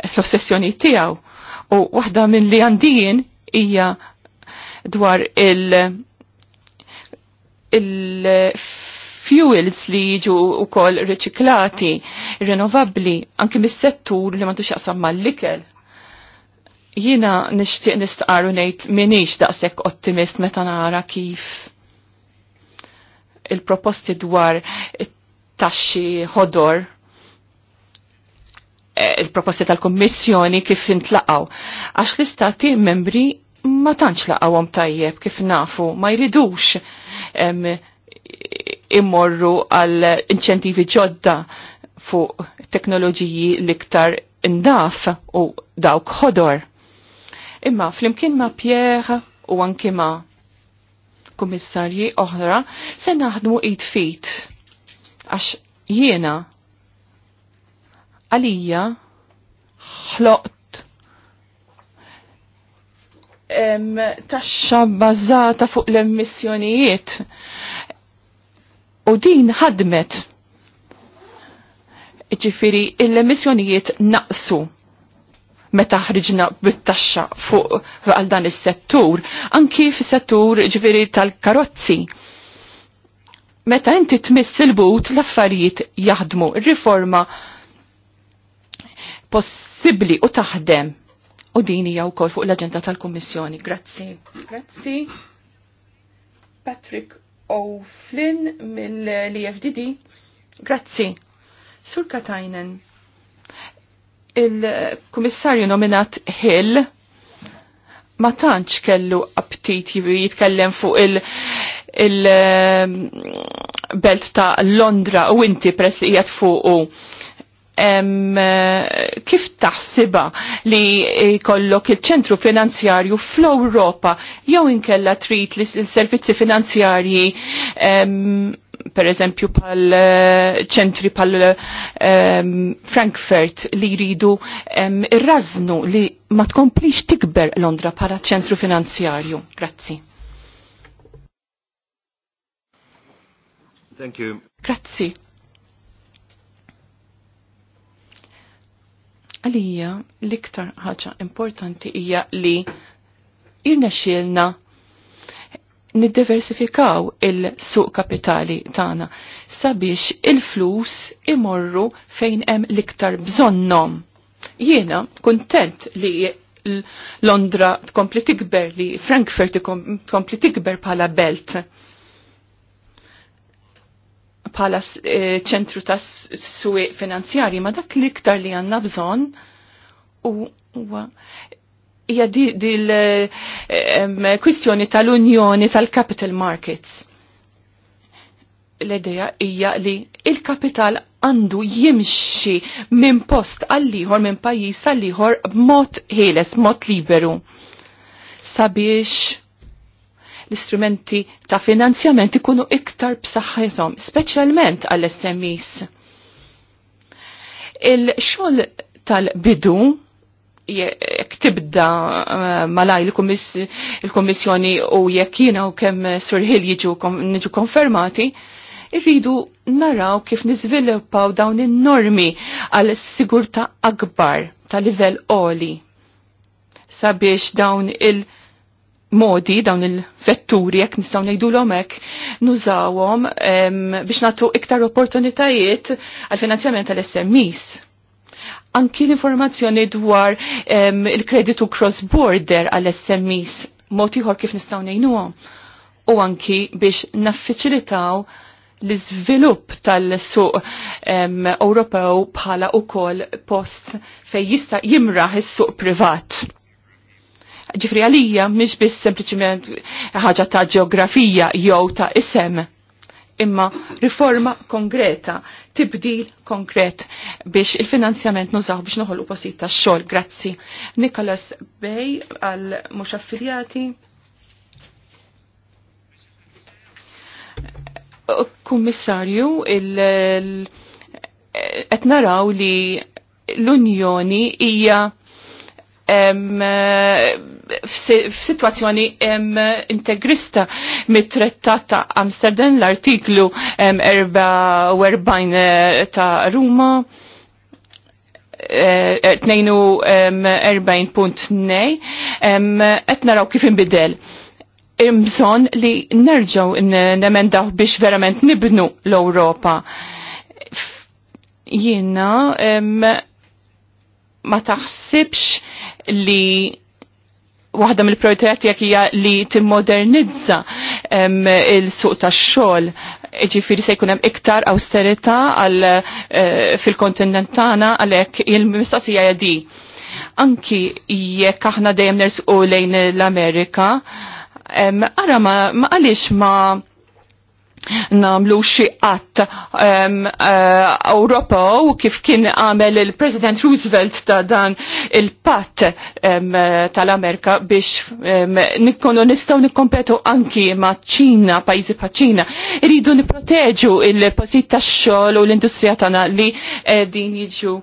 [SPEAKER 5] l-ossessjoni tiegħu u waħda minn li għandijin hija dwar il- il-fuels li jiġu u kol reċiklati, rinnovabli, anki mis-settur li ma tuxaqsam mal-likel. Jina nishtiq nistqaru nejt minix daqsek ottimist meta nara kif il-proposti dwar taxxi ħodor e, il-proposti tal-Kommissjoni kif intlaqaw. Għax l-istati membri ma tantx laqawhom tajjeb kif nafu, ma jridux immorru għal inċentivi ġodda fuq teknoloġiji liktar indaf u dawk ħodor. Imma flimkien ma' Pierre u anki ma' kummissarji oħra se naħdmu id fit għax jiena għalija ħloqt taxxa bazzata fuq l-emissjonijiet u din ħadmet ġifiri l-emissjonijiet naqsu meta ħriġna bit-taxxa fuq għal dan is-settur, anki fis-settur ġifieri tal-karozzi. Meta inti tmiss il-but l-affarijiet jaħdmu, ir-riforma possibbli u taħdem. U din hija wkoll fuq l-aġenda tal-Kummissjoni. Grazzi. Grazzi. Patrick O'Flynn mill-EFDD. Grazzi. Sur Katajnen il-Kummissarju nominat Hill ma tantx kellu aptit jitkellem fuq il- il-belt um, ta' Londra u inti pres li jgħat u uh, Kif taħsiba li kollok il-ċentru finanzjarju fl-Europa jew inkella trit li s-servizzi finanzjarji per eżempju pal eh, ċentri pal ehm, Frankfurt li jridu ehm, irraznu li ma tkomplix tikber Londra pala ċentru finanzjarju. Grazzi. Thank you. Grazzi. Għalija, l-iktar ħaġa importanti hija li irnexxielna niddiversifikaw il-suq kapitali tagħna sabiex il-flus imorru fejn hemm l-iktar bżonnhom. Jiena kuntent li Londra tkompli tikber, li Frankfurt tkompli tikber bħala belt bħala eh, ċentru ta' suq finanzjari, ma dak l-iktar li għanna bżon u huwa hija di, di l-kwistjoni tal-Unjoni tal-Capital Markets. L-idea hija li il-kapital għandu jimxi minn post għall-ieħor minn pajjiż għall-ieħor b'mod ħieles, mod liberu. Sabiex l-istrumenti ta' finanzjament ikunu iktar b'saħħithom, speċjalment għall-SMEs. Il-xogħol tal-bidu tibda eh, malaj il-Kommissjoni u jekk jiena u kemm Sir Hill jiġu konfermati, irridu naraw kif niżviluppaw dawn in-normi għal sigurta akbar ta' livell oli sabiex dawn il- modi dawn il-vetturi, jek nistaw nejdu l-omek, nużawom biex natu iktar opportunitajiet għal-finanzjament tal-SMIs anki l-informazzjoni dwar il-kreditu cross-border għal-SMEs, mod ieħor kif nistgħu ngħinuhom. U anki biex naffiċilitaw l-iżvilupp tal-suq Ewropew bħala kol post fejn jista' jimraħ is-suq privat ġifri għalija mhix biss sempliciment ħaġa ta' ġeografija jew ta' isem imma riforma konkreta, tibdil konkret biex il-finanzjament nużaw biex noħolqu posit posita xogħol. Grazzi. Nikolas Bej għal mhux affiljati. Kummissarju, qed naraw li l-Unjoni hija f'sitwazzjoni integrista mit-trettat ta' Amsterdam l-artiklu 44 eh, ta' Ruma 42.9 eh, qed er, naraw kif inbidel. Imson li nerġaw nemendaw biex verament nibnu l-Ewropa. Jiena ma taħsibx li waħda mill-prioritajat jek hija li timmodernizza il-suq tax-xogħol ġifiri se jkunem iktar austerita eh, fil-kontinent tagħna għalhekk il-mistoqsija di. Anki jekk aħna dejjem nersqu lejn l-Amerika, ara ma għaliex ma namlu xi qatt u eh, kif kien għamel il-President Roosevelt ta' dan il-patt tal-Amerika biex nikkonu nistaw nikkompetu anki ma' Ċina, pajjiżi pa' Ċina. Rridu nipproteġu il posit tax-xogħol u l-industrija tagħna li din jiġu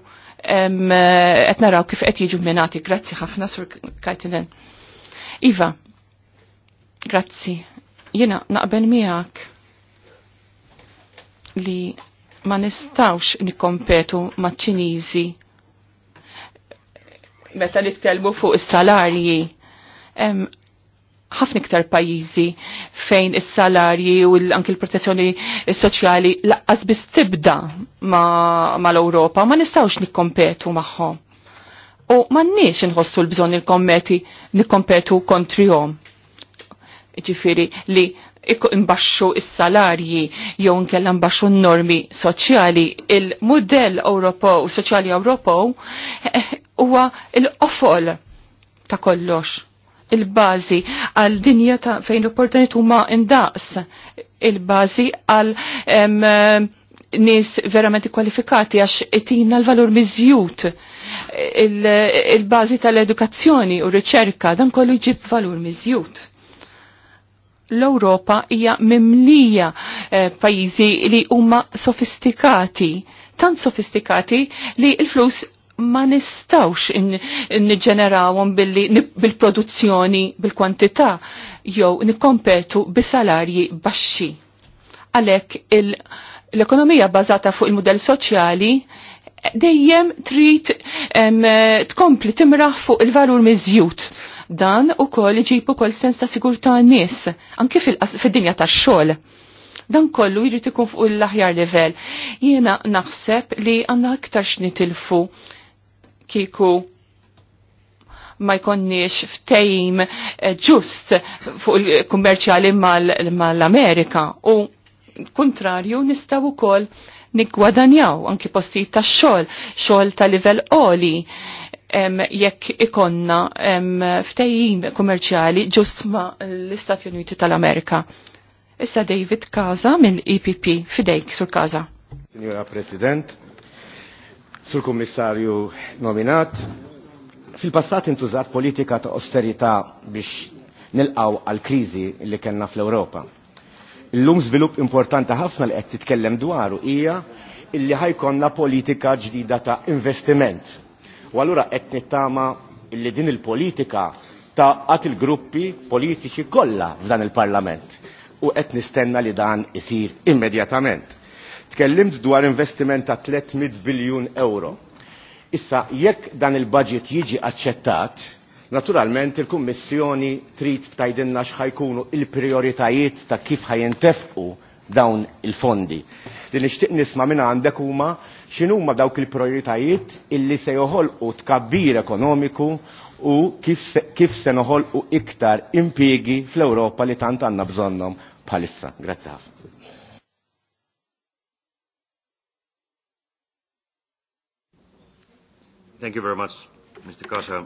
[SPEAKER 5] qed naraw kif qed jiġu minati. Grazzi ħafna sur Kajtinen. Iva, grazzi. Jiena naqbel miegħek li ma nistawx nikompetu ma' ċiniżi meta nitkellmu fuq is-salarji. ħafna iktar pajjiżi fejn is-salarji u anki l-protezzjoni soċjali laqqas biss tibda mal-Ewropa, ma, ma nistawx nikkompetu magħhom. U m'għandniex inħossu l-bżonn il-kommeti nikkompetu kontrihom. Ġifieri li imbaxxu is-salarji jew nkella mbaxxu n-normi soċjali. Il-modell Ewropew, soċjali Ewropew eh, huwa l-qofol ta' kollox il-bazi għal dinja ta' fejn opportunit huma indaqs il-bazi għal nis verament kwalifikati għax itina l-valur miżjut il-bazi tal edukazzjoni u riċerka dan kollu ġib valur miżjut l-Europa hija mimlija eh, pajjiżi li huma sofistikati, tant sofistikati li l-flus ma nistawx niġġenerawhom bil-produzzjoni bil-kwantità jew nikkompetu bi salarji baxxi. Għalhekk l-ekonomija bażata fuq il-mudell soċjali eh, dejjem trid eh, tkompli timraħ fuq il-valur miżjud Dan u koll iġibu kol sens ta' sigurta' nis, anki fil-dinja ta' xol. Dan kollu jrid ikun fuq l-aħjar level. Jiena naħseb li għandna aktar xnitilfu kiku ma jkonniex ftejm eh, ġust fuq il-kummerċjali mal-Amerika u kontrarju nistawu ukoll nikwadanjaw anki postijiet tax-xogħol, xogħol ta' livell qoli jekk ikonna ftejjim kummerċjali ġust ma l-Istati Uniti tal-Amerika. Issa David Kaza mill-EPP, fidejk sur Kaza.
[SPEAKER 4] Signora President, sur Kommissarju nominat, fil-passat intużat politika ta' austerità biex nilqaw għal-krizi li kellna fl-Europa. Illum żvilupp importanti ħafna li qed titkellem dwaru hija illi ħajkonna politika ġdida ta' investiment U allura qed nittama illi din il-politika ta' għat il-gruppi politiċi kollha f'dan il-Parlament u qed nistenna li dan isir immedjatament. Tkellimt dwar investiment ta' 300 biljun euro. Issa, jekk dan il-budget jiġi aċċettat, naturalment il-Kummissjoni trid tajdinna x'ħajkunu il-prioritajiet ta' kif ħajintefqu dawn il-fondi. Li nixtieq nisma' minn għandek huma x'inhuma dawk il-prioritajiet illi se joħolqu tkabbir ekonomiku u kif se, kif se noħolqu iktar impjiegi fl-Ewropa li tant għandna bżonnhom bħalissa. Grazzi ħafna.
[SPEAKER 2] Thank you very much, Mr. Kaza.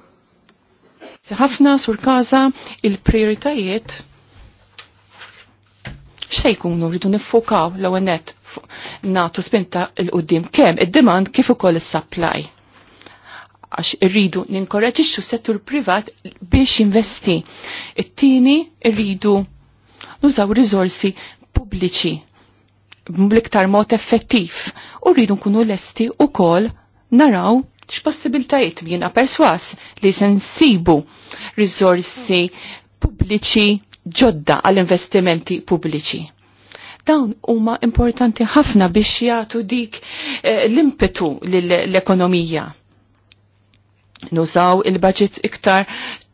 [SPEAKER 5] ħafna sur Kasa, il-prioritajiet x'se jkunu rridu niffokaw l-ewwel natu spinta l qoddim kemm id-demand kif ukoll is-supply. Għax irridu ninkoraġixxu settur privat biex investi. It-tieni irridu nużaw riżorsi pubbliċi bl-iktar mod effettiv u rridu nkunu lesti ukoll naraw x'possibiltajiet jiena perswas li se nsibu riżorsi pubbliċi ġodda għall-investimenti pubbliċi Dawn huma importanti ħafna biex jagħtu dik eh, l-impetu l-ekonomija. Nużaw il-budget iktar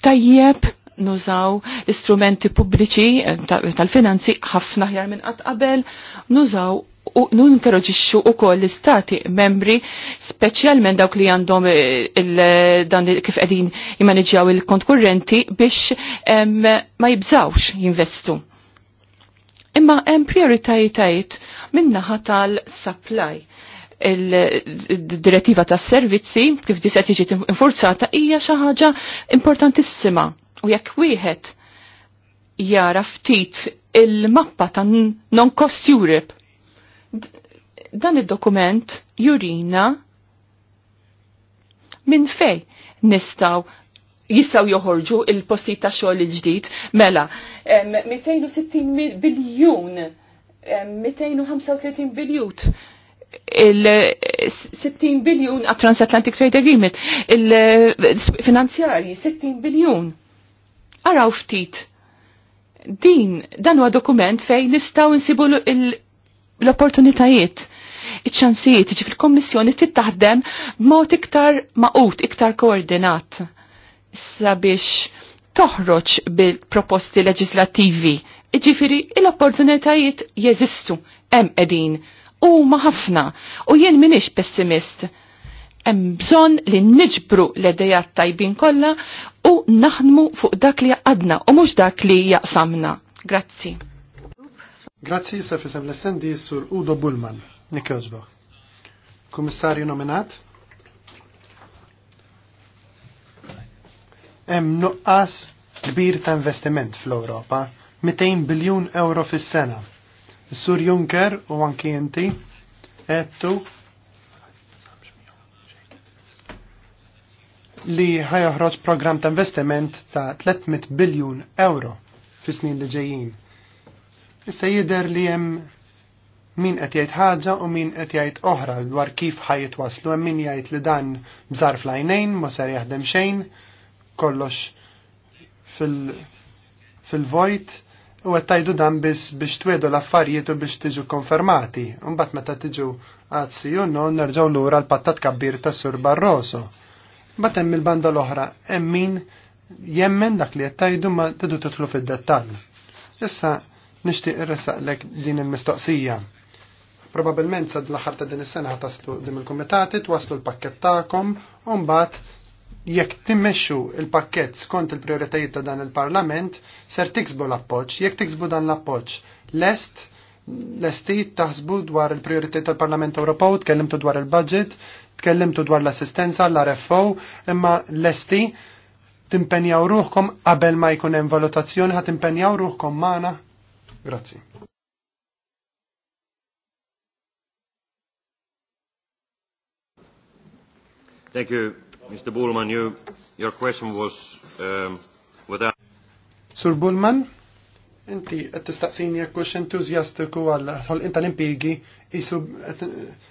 [SPEAKER 5] tajjeb nużaw istrumenti pubbliċi eh, tal-finanzi ħafna ħjar minn qatt qabel, nużaw u ninkoraġixxu ukoll l-istati membri speċjalment dawk li għandhom eh, dan kif qegħdin jimmaniġjaw il-kont kurrenti biex ma jibżawx jinvestu. Imma hemm prioritajiet minna tal-supply il-direttiva tas servizzi kif di seti tiġi infurzata hija xi ħaġa importantissima u jekk wieħed jara ftit il-mappa ta' non-cost Europe dan id-dokument jurina minn fej nistaw jistaw joħorġu il-postijiet ta' xogħol il-ġdid. Mela, 260 biljun, 235 biljut il-60 biljun għat Transatlantic Trade Agreement, il-finanzjarji 60 biljun. Araw ftit. Din, dan huwa dokument fej nistaw nsibu l-opportunitajiet iċ-ċansijiet, ġi fil-kommissjoni tittaħdem mod iktar maqut, iktar koordinat sabiex toħroġ bil-proposti leġislativi. Iġifiri, il-opportunitajiet jeżistu, hemm edin, u ħafna, u jien minix pessimist. Hemm bżonn li niġbru l-idejat tajbin kollha u naħdmu fuq dak li jaqadna u mhux dak li jaqsamna. Grazzi.
[SPEAKER 1] Grazzi sa Lessendi, l-essendi sur Udo Bullman, Nikkeġbach. Kummissarju nominat? Hemm nuqqas kbir ta' investiment fl-Ewropa, 200 biljun euro fis-sena. Sur Juncker u anki inti għettu li ħajoħroġ program ta' investiment ta' 300 biljun euro fis snin li ġejjin. Issa jider li hemm min qed jgħid ħaġa u min qed jgħid oħra dwar kif waslu hemm min jgħid li dan bżar fl-għajnejn ma ser jaħdem xejn kollox fil-vojt u qed tajdu dan biss biex twedu l-affarijiet u biex tiġu konfermati. Mbagħad meta tiġu għazzi u nerġaw nerġgħu lura l-pattat kabbir ta' Sur Barroso. Mbagħad hemm il-banda l-oħra hemm min jemmen dak li qed tajdu ma tidu titlu fid-dettall. Issa nixtieq irresaqlek din il-mistoqsija. Probabilment sad l ħarta ta' din is-sena ħataslu din il-kumitati twaslu l-pakket tagħkom u mbagħad jekk timmexxu il-pakkett skont il-prioritajiet ta' dan il-Parlament, ser tiksbu l-appoġġ, jekk tiksbu dan l-appoġġ lest l-estit taħsbu dwar il-prioritajiet tal-Parlament Ewropew, tkellimtu dwar il-budget, tkellimtu dwar l-assistenza, l-RFO, imma lesti timpenjaw ruħkom qabel ma jkun hemm valutazzjoni ħad timpenjaw ruħkom magħna. Grazzi.
[SPEAKER 2] Thank you. Mr. Bullman, you, your question was um,
[SPEAKER 1] without. Sur Bullman, inti qed tistaqsini jekk hux entużjastiku għal ħolqien tal-impjiegi isu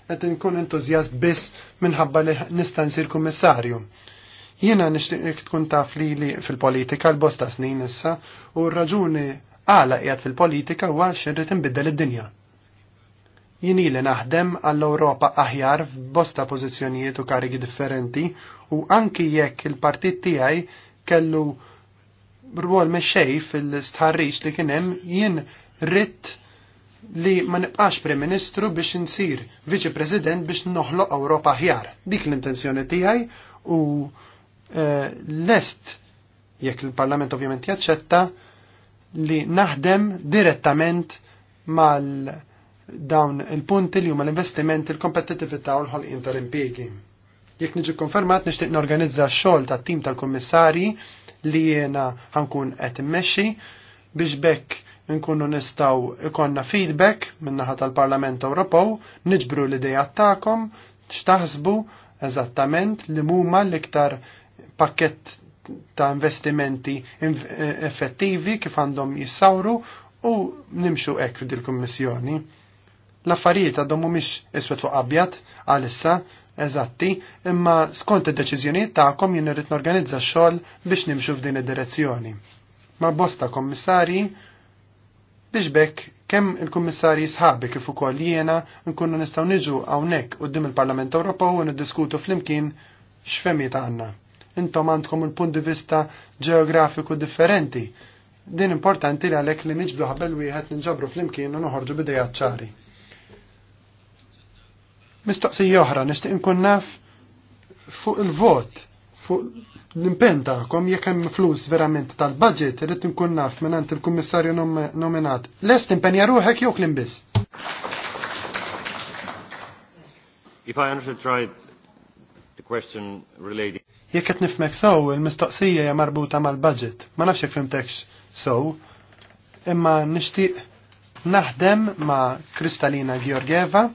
[SPEAKER 1] qed inkun entużjast biss minħabba li nista' nsir kummissarju. Jiena nixtieq tkun taf li li fil-politika l-bosta snin issa u r-raġuni għala qiegħed fil-politika huwa xirrid inbiddel id-dinja jini li naħdem għall-Europa aħjar f'bosta pożizzjonijiet u karigi differenti u anki jekk il-partit tiegħi kellu rwol mexxej fil-stħarriġ li kien hemm jien ritt li ma nibqax Prim Ministru biex insir Viċi President biex noħloq Ewropa aħjar. Dik l-intenzjoni tiegħi u uh, lest jekk il-Parlament ovvjament jaċċetta li naħdem direttament mal- dawn il-punti li huma l-investimenti, il-kompetitività u l-ħolqien tal-impjegi. Jekk niġi konfermat nixtieq norganizza xogħol tat-tim tal-kummissarji li jiena ħankun qed immexxi biex bekk nkunu nistgħu ikonna feedback min-naħa tal-Parlament Ewropew, niġbru l-idea tagħkom x'taħsbu eżattament li huma l-iktar pakket ta' investimenti eh, effettivi kif għandhom jissawru u nimxu hekk fid-dil-Kummissjoni. L-affarijiet għadhom mhumiex iswed fuq abjad għalissa eżatti, imma skont id-deċiżjonijiet tagħkom jien irrid norganizza x-xogħol biex nimxu f'din id-direzzjoni. Ma bosta kommissarji biex bekk kemm il-kummissarji sħabi kif ukoll jiena nkunu nistgħu niġu hawnhekk quddiem il-Parlament Ewropew u niddiskutu flimkien x'femijiet għandna. Intom għandkom il-punt di vista ġeografiku differenti. Din importanti li għalhekk li niġbdu ħabel wieħed ninġabru flimkien u noħorġu bidejja ċari. Mistoqsija oħra, nixtieq nkun naf fuq il-vot, fuq l impenta kom jekk hemm flus verament tal-budget irid nkun naf mingħand il-kummissarju nominat. Lest impenja ruħek jew klim biss.
[SPEAKER 2] If I understood the question relating
[SPEAKER 1] jekk qed nifmek sew il-mistoqsija hija marbuta mal-budget. Ma nafx jekk fimtekx sew, imma nixtieq naħdem ma' Kristalina Georgieva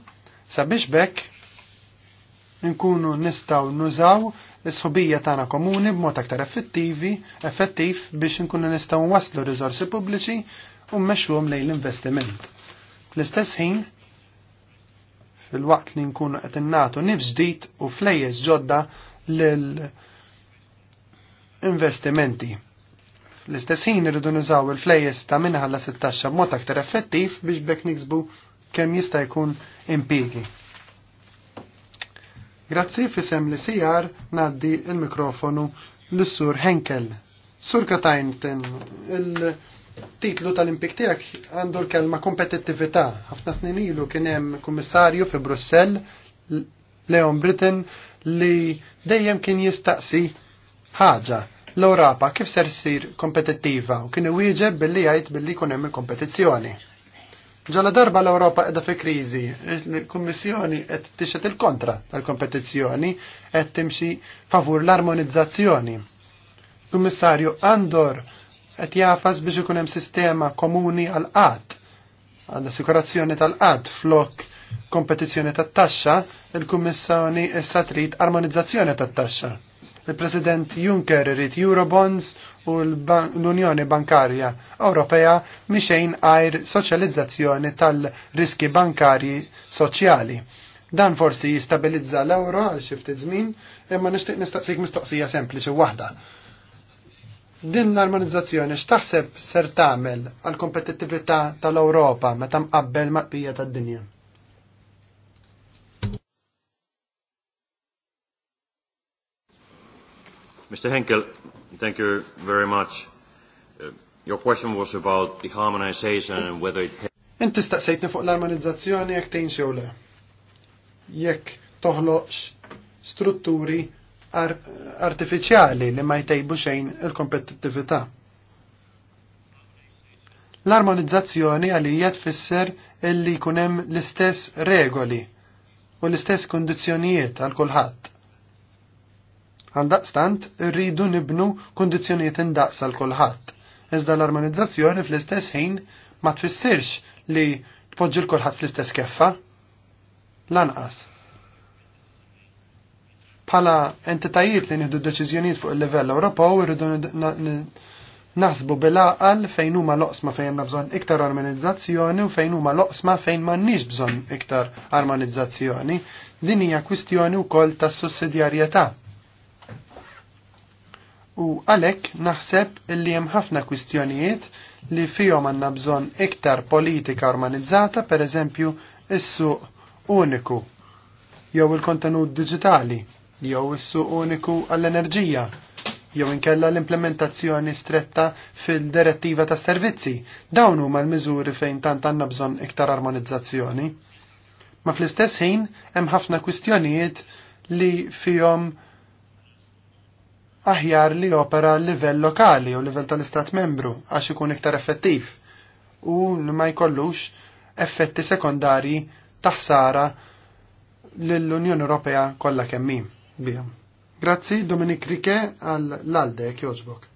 [SPEAKER 1] Sabiex bekk nkunu nistaw nużaw is-sħubija tagħna komuni b'mod aktar effettivi, effettiv biex nkunu nistaw waslu riżorsi pubbliċi u mmexxuhom lejn l-investiment. Fl-istess ħin, fil-waqt li nkunu qed innagħtu nif ġdid u flejjes ġodda lil investimenti. L-istess ħin irridu nużaw il-flejjes ta' minħalla 16 b'mod aktar effettiv biex bekk niksbu kemm jista' jkun impigi. Grazzi fisem li sijar naddi il-mikrofonu l-sur Henkel. Sur Katajnten, il-titlu tal-impik tijak għandu l-kelma kompetittivita. ħafna snin ilu kienem kummissarju fi Brussell, Leon Britain, li dejjem kien jistaqsi ħaġa l-Europa kif ser sir kompetittiva u kien iwieġeb billi jgħid billi kunem il-kompetizzjoni. Ġala darba l-Europa edha fi krizi, il-Kummissjoni qed tixet il-kontra tal-kompetizzjoni qed timxi favur l-armonizzazzjoni. Kummissarju Andor qed jafas biex ikun hemm sistema komuni għal qatt għall-assikurazzjoni tal qat flok kompetizzjoni tat-taxxa, il-Kummissjoni issa trid armonizzazzjoni tat-taxxa Il-President Juncker irid Eurobonds u l-Unjoni Bankarja Ewropea mixejn għajr soċjalizzazzjoni tal-riski bankarji soċjali. Dan forsi jistabilizza l-euro għal xi ftit żmien, imma nixtieq nistaqsik mistoqsija sempliċi waħda. Din l-armonizzazzjoni x'taħseb ser tagħmel għall kompetittività tal-Ewropa meta mqabbel maqbija tad-dinja?
[SPEAKER 2] Mr. Henkel, thank you very much. Uh, your question was about the harmonization and whether it...
[SPEAKER 1] Inti staqsejtni fuq l-armonizzazzjoni jekk tgħin xew le. Jekk toħloqx strutturi ar artifiċjali li ma jtejbu xejn il-kompetittività. L-armonizzazzjoni għalija tfisser illi jkun hemm l-istess regoli u l-istess kundizzjonijiet għal kulħadd Għaldaqstant, rridu nibnu kondizjoniet indaqsa l-kolħat. Iżda l-armonizzazzjoni fl-istess ħin ma tfissirx li tpoġġi l-kolħat fl-istess keffa. Lanqas. Bħala entitajiet li nieħdu deċiżjonijiet fuq il-livell Ewropew irridu naħsbu bil-aqal fejn huma loqsma fejn għandna bżonn iktar armonizzazzjoni u fejn huma loqsma fejn m'għandniex bżonn iktar armonizzazzjoni. Din hija kwistjoni wkoll tas sussidjarjetà U għalek naħseb li hemm ħafna kwistjonijiet li fihom għandna bżonn iktar politika organizzata, per eżempju is-suq uniku, jew il-kontenut digitali jew is-suq uniku għall-enerġija, jew inkella l-implementazzjoni stretta fil-direttiva ta' servizzi. Dawn huma l-miżuri fejn tant għandna bżonn iktar armonizzazzjoni. Ma fl-istess ħin hemm ħafna kwistjonijiet li fihom aħjar li opera livell lokali u livell tal-istat membru għax ikun iktar effettiv u li ma jkollux effetti sekondari taħsara l-Unjoni Ewropea kollha kemm bihom. Grazzi Dominik Rike għall-Alde jogħġbok.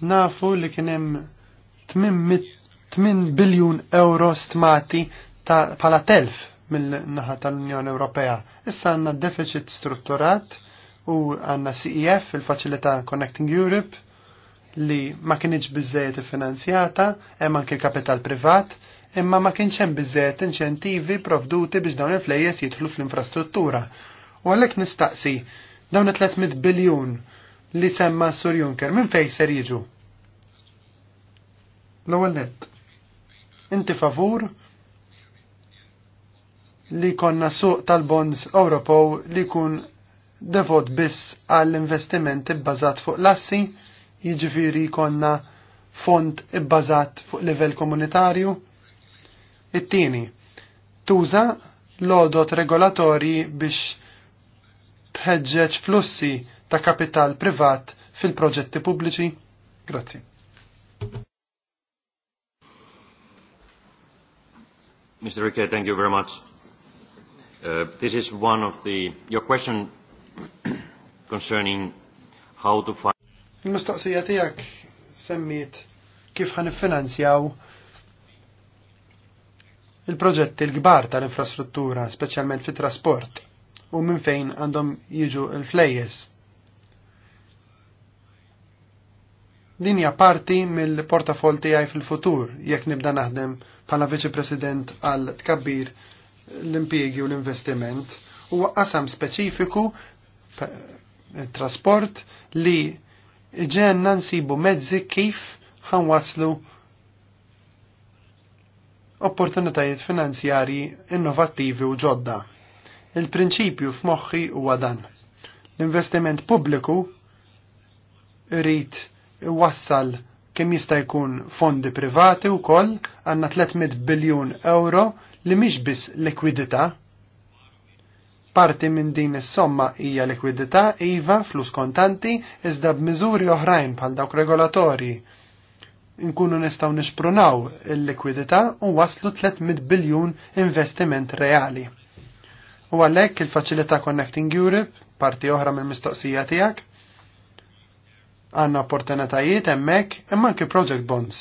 [SPEAKER 1] nafu li kienem 8 biljun euro stmati pala telf mill-naħa tal-Unjoni Ewropea. Issa għanna deficit strutturat u għanna CEF, il-Facilità Connecting Europe, li ma kienieċ bizzejet finanzjata, hemm anke kapital privat, imma ma kienx hemm biżżejjed inċentivi provduti biex dawn il-flejjes jidħlu fl-infrastruttura. U għalhekk nistaqsi dawn it-300 biljun li semma Sur Juncker. Minn fej ser jiġu? L-ewwel nett. Inti favur li konna suq tal-bonds Ewropew li kun devot biss għall-investimenti bbażat fuq lassi, jiġifieri konna fond ibbażat fuq livell komunitarju. It-tieni, tuża l-odot regolatorji biex tħeġġeġ flussi ta' kapital privat fil-proġetti pubbliċi? Grazzi.
[SPEAKER 2] Mr. Ricke, thank you very much. Uh, this is one of the, your question concerning how to find...
[SPEAKER 1] Il-mistoqsija tijak semmit kif ħan finanzjaw il-proġetti l-gbar tal-infrastruttura, specialment fit trasport u minn fejn għandhom jiġu il-flejjes Din hija parti mill-portafol tiegħi fil-futur jekk nibda naħdem bħala Viċi President għal tkabbir l-impjiegi u l-investiment huwa qasam speċifiku trasport li ġenna nsibu mezzi kif ħanwaslu opportunitajiet finanzjarji innovattivi u ġodda. Il-prinċipju f'moħħi huwa dan. L-investiment pubbliku rrit wassal kem jista' jkun fondi privati wkoll għandna 300 biljun euro li mhix biss likwidità. Parti minn din is-somma hija likwidità iva flus kontanti iżda b'miżuri oħrajn bħal dawk regolatorji nkunu nistaw nixprunaw il-likwidità u waslu 300 biljun investiment reali. U għalhekk il-Faċilità Connecting Europe, parti oħra mill-mistoqsija tiegħek, Għanna opportunitajiet hemmhekk imma anke project bonds.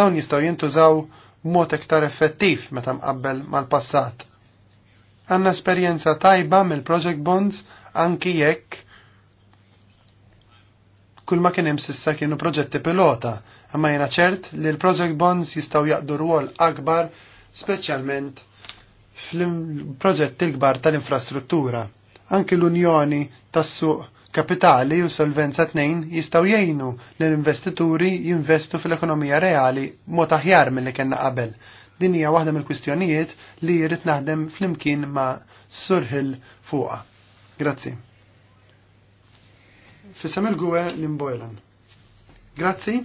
[SPEAKER 1] Dawn jistgħu jintużaw b'mod iktar effettiv meta mqabbel mal-passat. Għanna esperjenza tajba mill-project bonds anki jekk kull ma kien hemm sissa kienu proġetti pilota, imma jiena ċert li l-project bonds jistgħu jaqdu rwol akbar speċjalment fl proġett il-kbar tal-infrastruttura. Anki l-Unjoni tas-suq kapitali u solvenza tnejn jistaw jgħinu li l-investituri jinvestu fil-ekonomija reali mod aħjar mill-li kena qabel. Din hija waħda mill-kwistjonijiet li jrid naħdem flimkien ma' Surhil fuqa. Grazzi. Fissam il-gwe l-imbojlan. Grazzi.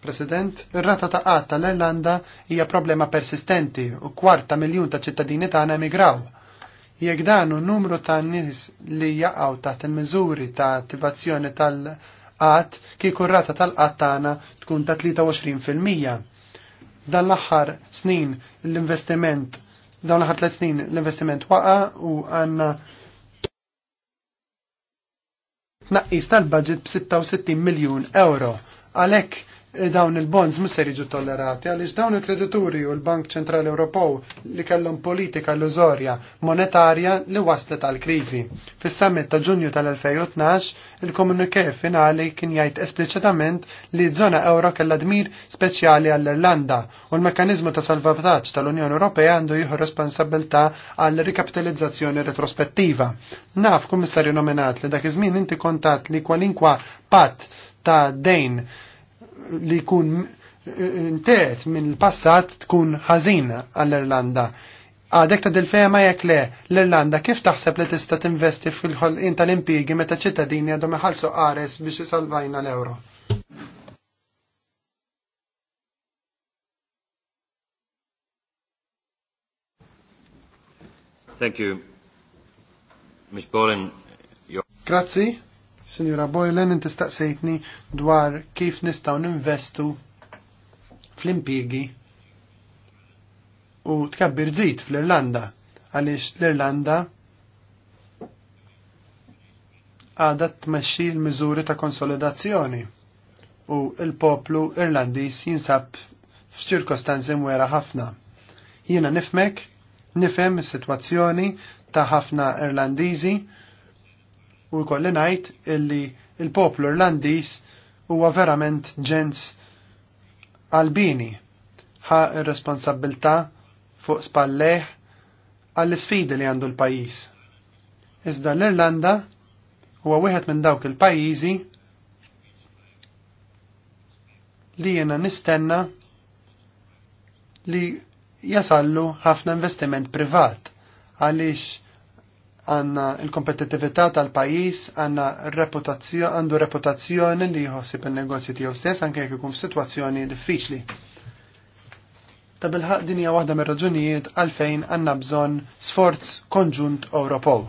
[SPEAKER 1] President, ir-rata ta' qatt tal-Irlanda hija problema persistenti u kwarta ta' miljun ta' ċittadini tagħna emigraw Jekk dan hu numru ta' nies li jaqgħu taħt il-miżuri ta' attivazzjoni tal-qatt kieku rata tal-qatt tagħna tkun ta' 23%. Dan l-aħħar snin l-investiment dawn l-aħħar tliet snin l-investiment waqa' u għandna tnaqqis tal-budget b'66 miljun euro. Għalhekk E, dawn il-bonds misser jiġu tollerati għaliex dawn il-kredituri u l-Bank Ċentrali Ewropew li kellhom politika illużorja monetarja li waslet għal kriżi. Fis-summit ta' Ġunju tal-2012 il-komuniké finali kien jgħid espliċitament li żona euro kellha dmir speċjali għall-Irlanda u l-mekkaniżmu ta' salvataġġ tal-Unjoni Ewropea għandu jieħu responsabilità għall rikapitalizzazzjoni retrospettiva. Naf kummissarju nominat li dak iż-żmien inti kontat li kwalinkwa patt ta' dejn li jkun eh, ntet minn passat tkun ħażin għall-Irlanda. Għadek ta' dil-fema jekk le, l-Irlanda kif taħseb li tista' tinvesti fil-ħolqien tal-impjiegi meta ċittadini għadhom iħallsu qares biex isalvajna l-euro? Thank
[SPEAKER 2] you. Miss Bolin,
[SPEAKER 1] Grazzi. Sinjura Boylan, inti staqsejtni dwar kif nistaw ninvestu fl-impjigi u tkabbir żid fl-Irlanda għaliex l-Irlanda għada tmexxi l-miżuri ta' konsolidazzjoni u il-poplu Irlandiż jinsab f'ċirkostanzi mwera ħafna. Jiena nifmek, nifhem is-sitwazzjoni ta' ħafna Irlandiżi u jkolli ngħid illi il-poplu Irlandiż huwa verament ġens albini ħa ir-responsabbiltà fuq spalleħ għall-isfidi li għandu l-pajjiż. Iżda l-Irlanda huwa wieħed minn dawk il-pajjiżi li jena nistenna li jasallu ħafna investiment privat għaliex għanna il-kompetitività tal-pajis, għanna reputazzjoni, għandu reputazzjoni li jħossib il-negozju tiegħu stess anke jekk ikun f'sitwazzjoni diffiċli. Ta' bilħaq din hija waħda mir-raġunijiet għalfejn għandna bżonn sforz konġunt Europol.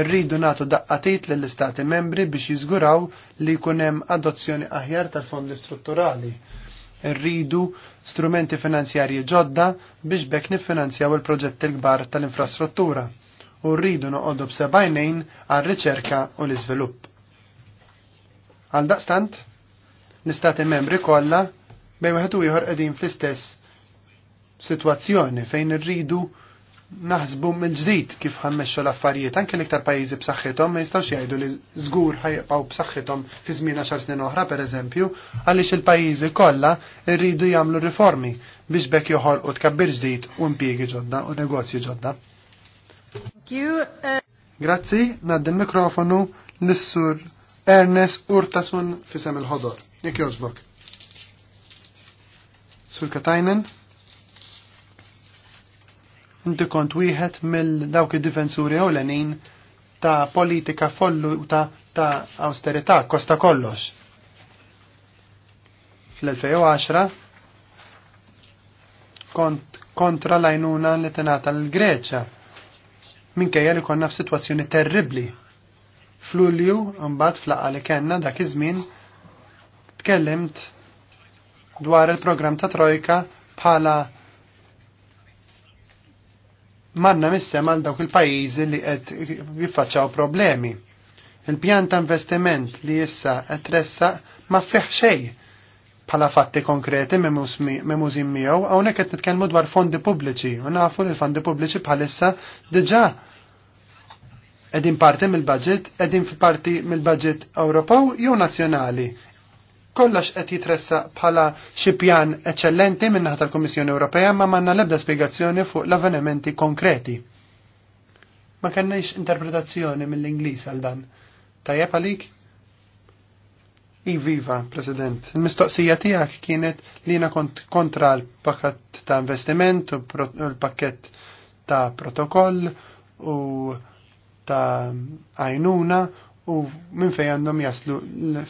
[SPEAKER 1] Irridu nagħtu daqqatit lill-Istati membri biex jiżguraw li jkun hemm adozzjoni aħjar tal-fondi strutturali. Irridu strumenti finanzjarji ġodda biex bekni niffinanzjaw il-proġetti l-kbar tal-infrastruttura u rridu noqogħdu b'sebajnejn għal riċerka u l-iżvilupp. Għal daqstant, l-istati membri kollha bejn wieħed u ieħor qegħdin fl-istess sitwazzjoni fejn irridu naħsbu mill-ġdid kif ħammexxu l-affarijiet anke l-iktar pajjiżi b'saħħithom ma jistgħux jgħidu li żgur ħajqgħu b'saħħithom fi żmien għaxar snin oħra pereżempju għaliex il-pajjiżi kollha rridu jagħmlu riformi biex bekk joħolqu tkabbir ġdid u impjiegi ġodda u negozji ġodda.
[SPEAKER 2] Uh,
[SPEAKER 1] Grazzi, nad il-mikrofonu l-sur Ernest Urtasun fisem il-ħodor. Jek jozbok. Sur Katajnen, inti kont wieħed mill-dawk id-difensuri ewlenin ta' politika follu ta', ta austerità kosta kollox. Fl-2010 kont kontra lajnuna li tenata l-Greċa minkejja li konna f'sitwazzjoni terribli. F'Lulju mbagħad flaqqa li kellna dak iż-żmien tkellimt dwar il-programm ta' Trojka bħala manna missem għal dawk il-pajjiżi li qed jiffaċċaw problemi. Il-pjan ta' investiment li issa qed ma fih xejn bħala fatti konkreti memużin miegħu hawnhekk qed nitkellmu dwar fondi pubbliċi u nafu li l-fondi pubbliċi bħalissa diġà qegħdin parti mill-budget, qegħdin parti mill-budget Ewropew jew nazzjonali kollox qed jitressa bħala xi pjan eċċellenti minn naħa tal-Kummissjoni Ewropea ma manna l-ebda spjegazzjoni fuq l-avvenimenti konkreti. Ma kenniex interpretazzjoni mill-Ingliż għal dan. Tajjeb għalik? Iviva, President, il-mistoqsija tijak kienet li jiena kont kontra l-pakket ta' investiment u l-pakket ta' protokoll u ta' għajnuna u minn fej għandhom jaslu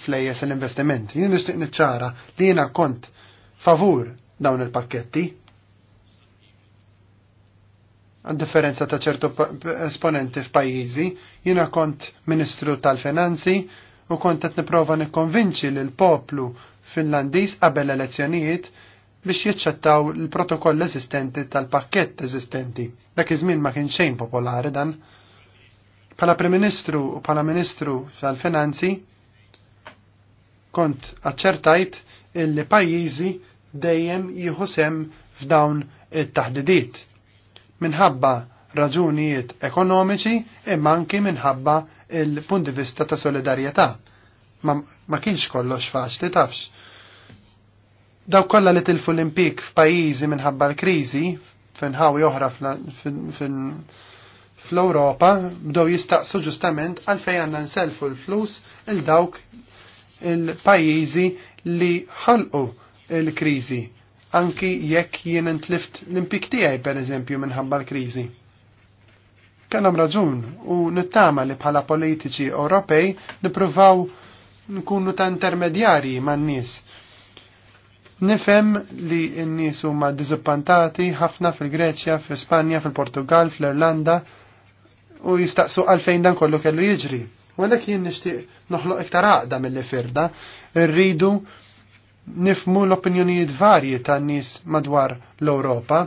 [SPEAKER 1] flejjes l investiment Jien nishtiq niċċara li jiena kont favur dawn il-pakketti. Għad differenza ta' ċertu esponenti f'pajjiżi, jiena kont Ministru tal-Finanzi, u kont qed nipprova nikkonvinċi lil poplu Finlandiż qabel elezzjonijiet biex jiċċettaw il-protokoll eżistenti tal-pakkett eżistenti. Dak iż-żmien ma kien xejn popolari dan. Pala Prim-Ministru u pala Ministru tal-Finanzi kont aċċertajt illi pajjiżi dejjem jieħu sem f'dawn it-taħdidiet. Minħabba raġunijiet ekonomiċi imma anki minħabba il-punt di vista ta' solidarjetà ma, ma kienx kollox faċli tafx. Daw kollha li tilfu l-impik f'pajjiżi minħabba l-kriżi finħawi oħra fl-Ewropa bdew jistaqsu ġustament għalfejn għandna nselfu l-flus il dawk il-pajjiżi li ħalqu l-kriżi anki jekk jien intlift l-impik tiegħi pereżempju minħabba l-kriżi kellhom raġun u nittama li bħala politiċi Ewropej nippruvaw nkunu ta' intermedjari man nies. Nifem li n-nies huma dizuppantati ħafna fil-Greċja, fil-Spanja, fil-Portugal, fil-Irlanda u jistaqsu għalfejn dan kollu kellu jiġri. Walek jien nixtieq noħloq iktar għaqda mill firda, rridu nifmu l-opinjonijiet varji ta' nies madwar l-Ewropa.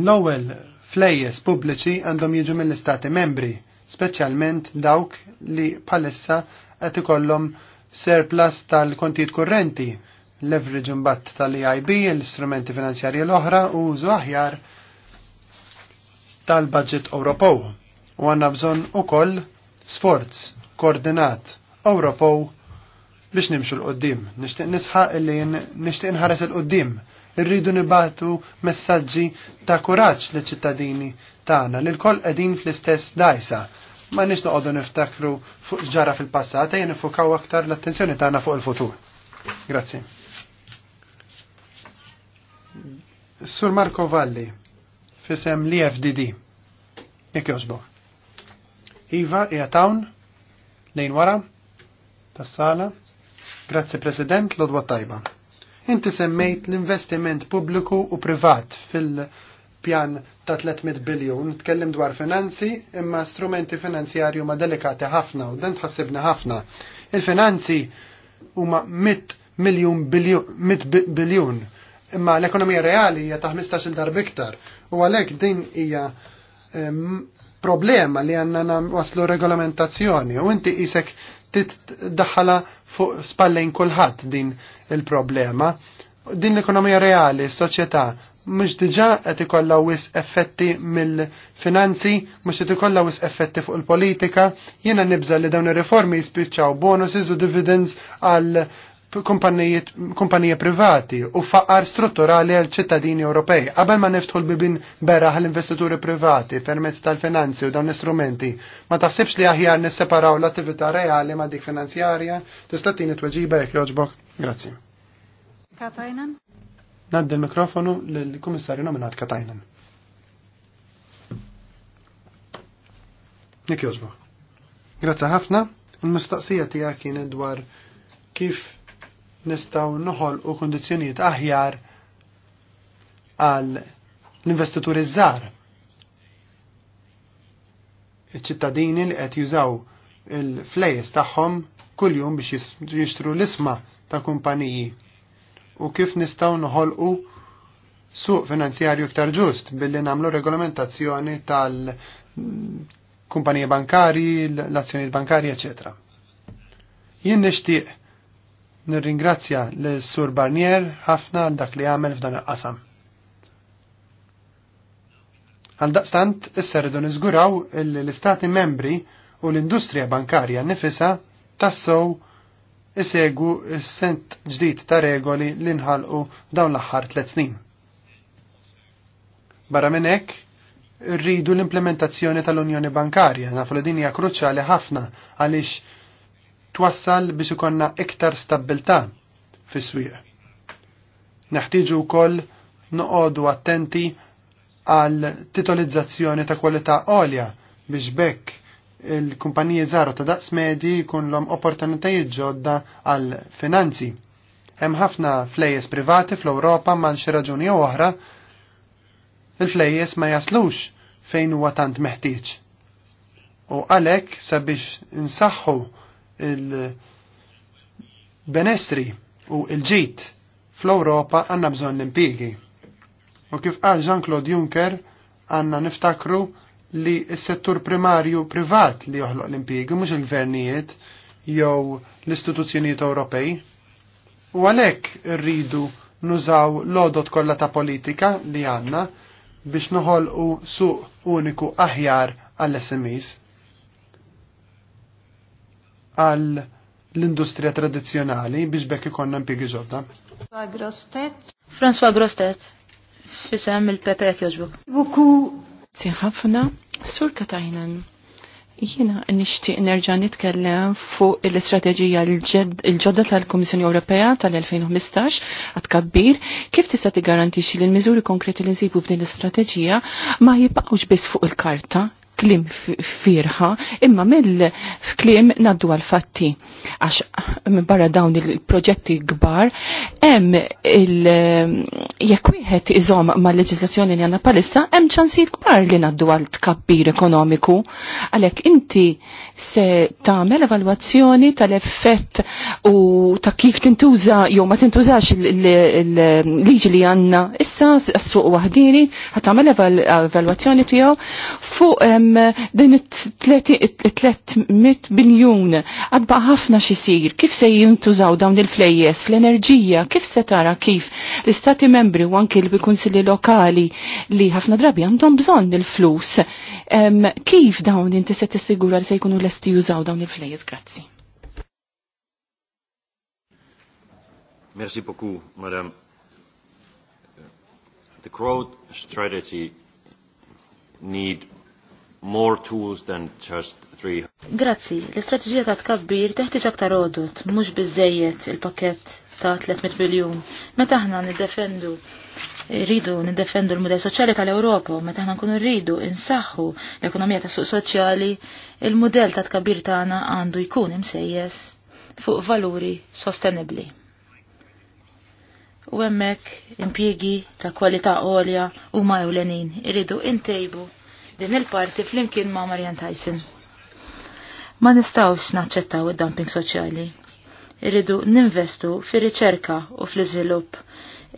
[SPEAKER 1] L-ewwel flejjes pubbliċi għandhom jiġu mill-istati membri speċjalment dawk li palissa qed ikollhom surplus tal-kontijiet kurrenti, leverage imbatt tal-EIB, l-istrumenti finanzjarji l-oħra u użu aħjar tal-budget Ewropew. U għandna bżonn ukoll sforz koordinat Ewropew biex nimxu l-qoddim. Nixtieq nisħaq li nixtieq nħares l qoddim irridu nibatu messaġġi ta' kuraġġ li ċittadini tagħna li l-koll qegħdin fl-istess dajsa. Ma nix noqogħdu niftakru fuq ġara fil-passat ejja nifukaw aktar l-attenzjoni tagħna fuq il-futur. Grazzi. Sur Marco Valli, fisem li FDD, jek joġbo. Iva, ija tawn, lejn wara, tas-sala. Grazzi President, l-odwa tajba. Inti semmejt l-investiment pubbliku u privat fil-pjan ta' 300 biljun. Tkellim dwar finanzi imma strumenti finanzjarju ma' delikati ħafna u dan tħassibna ħafna. Il-finanzi huma 100 miljon biljun imma l-ekonomija reali hija ta' 15 darb iktar u għalhekk din hija problema li għanna waslu regolamentazzjoni u inti isek titdaħħala fuq spallejn kulħadd din il-problema. Din l-ekonomija reali, s-soċjetà, mhux diġà qed ikollha wis effetti mill-finanzi, mhux qed ikollha wis effetti fuq il-politika, jiena nibża li dawn ir-riformi jispiċċaw bonuses u dividends għal kumpanija privati u faqar strutturali għal ċittadini Ewropej. Qabel ma neftħu l-bibin berraħ l-investituri privati permezz tal-finanzi u dawn l-istrumenti, ma taħsibx li aħjar nisseparaw l-attività reali ma dik finanzjarja, tista' tini weġiba jekk joġbok. Grazzi. Katajnan? Naddi l-mikrofonu l-Kummissarju nominat Katajnan. Nik joġbok. Grazzi ħafna. Il-mistaqsija tijak kienet dwar kif nistaw noħol u kondizjoniet aħjar għal l-investituri żar. Iċ-ċittadini li qed jużaw il-flejes tagħhom kuljum biex jixtru l-isma ta' kumpaniji u kif nistaw noħolqu suq finanzjarju iktar ġust billi namlu regolamentazzjoni tal-kumpaniji bankari, l-azzjonijiet bankari, eccetera. Jien nixtieq Nirringrazzja l-Sur Barnier ħafna għal dak li għamel f'dan il-qasam. Għal daqstant, issa rridu niżguraw l-Istati membri u l-industrija bankarja nifisa tassow isegu s-sent ġdid ta' regoli li nħalqu dawn l-aħħar tliet snin. Barra minn hekk, rridu l-implementazzjoni tal-Unjoni Bankarja, nafu li din hija kruċjali ħafna għaliex twassal biex ikonna iktar stabilta fis-swieq. Neħtieġu wkoll noqogħdu attenti għal titolizzazzjoni ta' kwalità għolja biex bekk il-kumpaniji żgħar ta' daqs medji jkunlhom opportunitajiet ġodda għal finanzi. Hemm ħafna flejjes privati fl-Ewropa ma' xi raġuni oħra il-flejjes ma jaslux fejn huwa tant meħtieġ. U għalhekk sabiex insaħħu il-benessri u il-ġit fl-Europa għanna bżon l-impigi. U kif qal Jean-Claude Juncker għanna niftakru li s-settur primarju privat li joħloq l-impigi, mux il-gvernijiet jew l-istituzzjonijiet Ewropej. U għalek rridu nużaw l-odot kollha ta' politika li għanna biex noħolqu suq uniku aħjar għall-SMEs għal l-industrija tradizjonali biex bekk ikonna mpigi ġodda.
[SPEAKER 3] François Grostet, fisem il-Pepe Kjoġbuk. Buku. Ħafna, Sur
[SPEAKER 5] Katajnan, jiena nixtieq nerġa' nitkellem fuq l-istrateġija l-ġodda tal-Kummissjoni Ewropea tal-2015 għad kabbir kif tista' tigarantixxi li l-miżuri konkreti li nsibu f'din l-istrateġija ma jibqgħux biss fuq il-karta tlim firħa, imma mill-klim naddu għal-fatti. Għax minn barra dawn il-proġetti gbar, hemm il-jekk wieħed iżom ma' leġislazzjoni li għandna palissa, hemm ċansijiet kbar li naddu għal tkabbir ekonomiku. Għalhekk inti se tagħmel evalwazzjoni tal-effett u ta' kif tintuża jew ma tintużax il-liġi li għandna issa s-suq waħdini, tagħmel evalwazzjoni tiegħu fuq din it-300 biljun għadba ħafna xisir, kif se jintużaw dawn il-flejjes fl-enerġija, kif se tara kif l-istati membri u anki l-kunsilli lokali li ħafna drabi għandhom bżonn il-flus, kif dawn inti se tissigura li se jkunu lesti jużaw dawn il-flejjes, grazzi.
[SPEAKER 2] Merci beaucoup, madame. The growth strategy need more tools than just three. Grazzi,
[SPEAKER 3] l-istrateġija ta' tkabbir teħtieġ aktar għodot, mhux biżejjed il-pakett ta' 300 biljun. Meta aħna niddefendu rridu niddefendu l-mudell soċjali tal-Ewropa, meta aħna nkunu rridu insaħħu l-ekonomija tas suq soċjali, il-mudell ta' tkabbir tagħna għandu jkun imsejjes fuq valuri sostenibbli. U hemmhekk impjiegi ta' kwalità għolja huma ewlenin, irridu intejbu din il-parti flimkien ma' Marian Tyson. Ma nistawx naċċettaw id-dumping soċjali. Irridu ninvestu fir-riċerka u fl-iżvilupp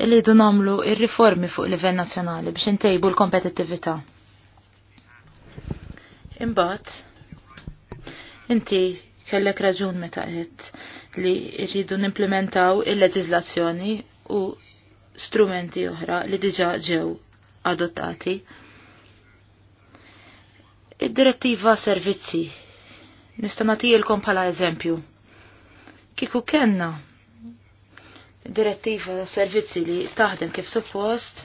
[SPEAKER 3] illi jdu namlu ir-riformi fuq livell nazzjonali biex intejbu l-kompetittività. Imbagħad, inti kellek raġun meta qed li rridu nimplementaw il-leġiżlazzjoni u strumenti oħra li diġà ġew adottati. Id-direttiva servizzi. Nista' nagħtilkom bħala eżempju. Kieku kenna direttiva servizzi li taħdem kif suppost,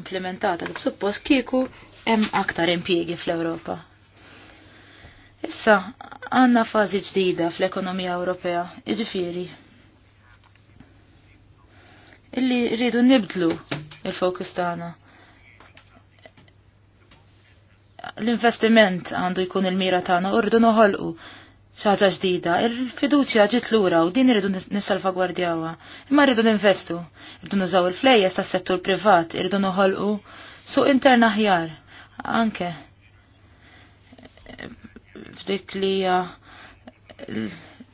[SPEAKER 3] implementata kif suppost, kieku hemm aktar impjiegi fl-Ewropa. Issa għandna fażi ġdida fl-ekonomija Ewropea, iġifiri. illi rridu nibdlu il-fokus tagħna l-investiment għandu jkun il-mira tagħna u rridu noħolqu ħaġa ġdida. Il-fiduċja ġiet lura u din irridu nissalvagwardjawha. Imma rridu ninvestu, irridu nużaw il-flejjes tas-settur privat, irridu noħolqu suq intern aħjar. Anke f'dik li hija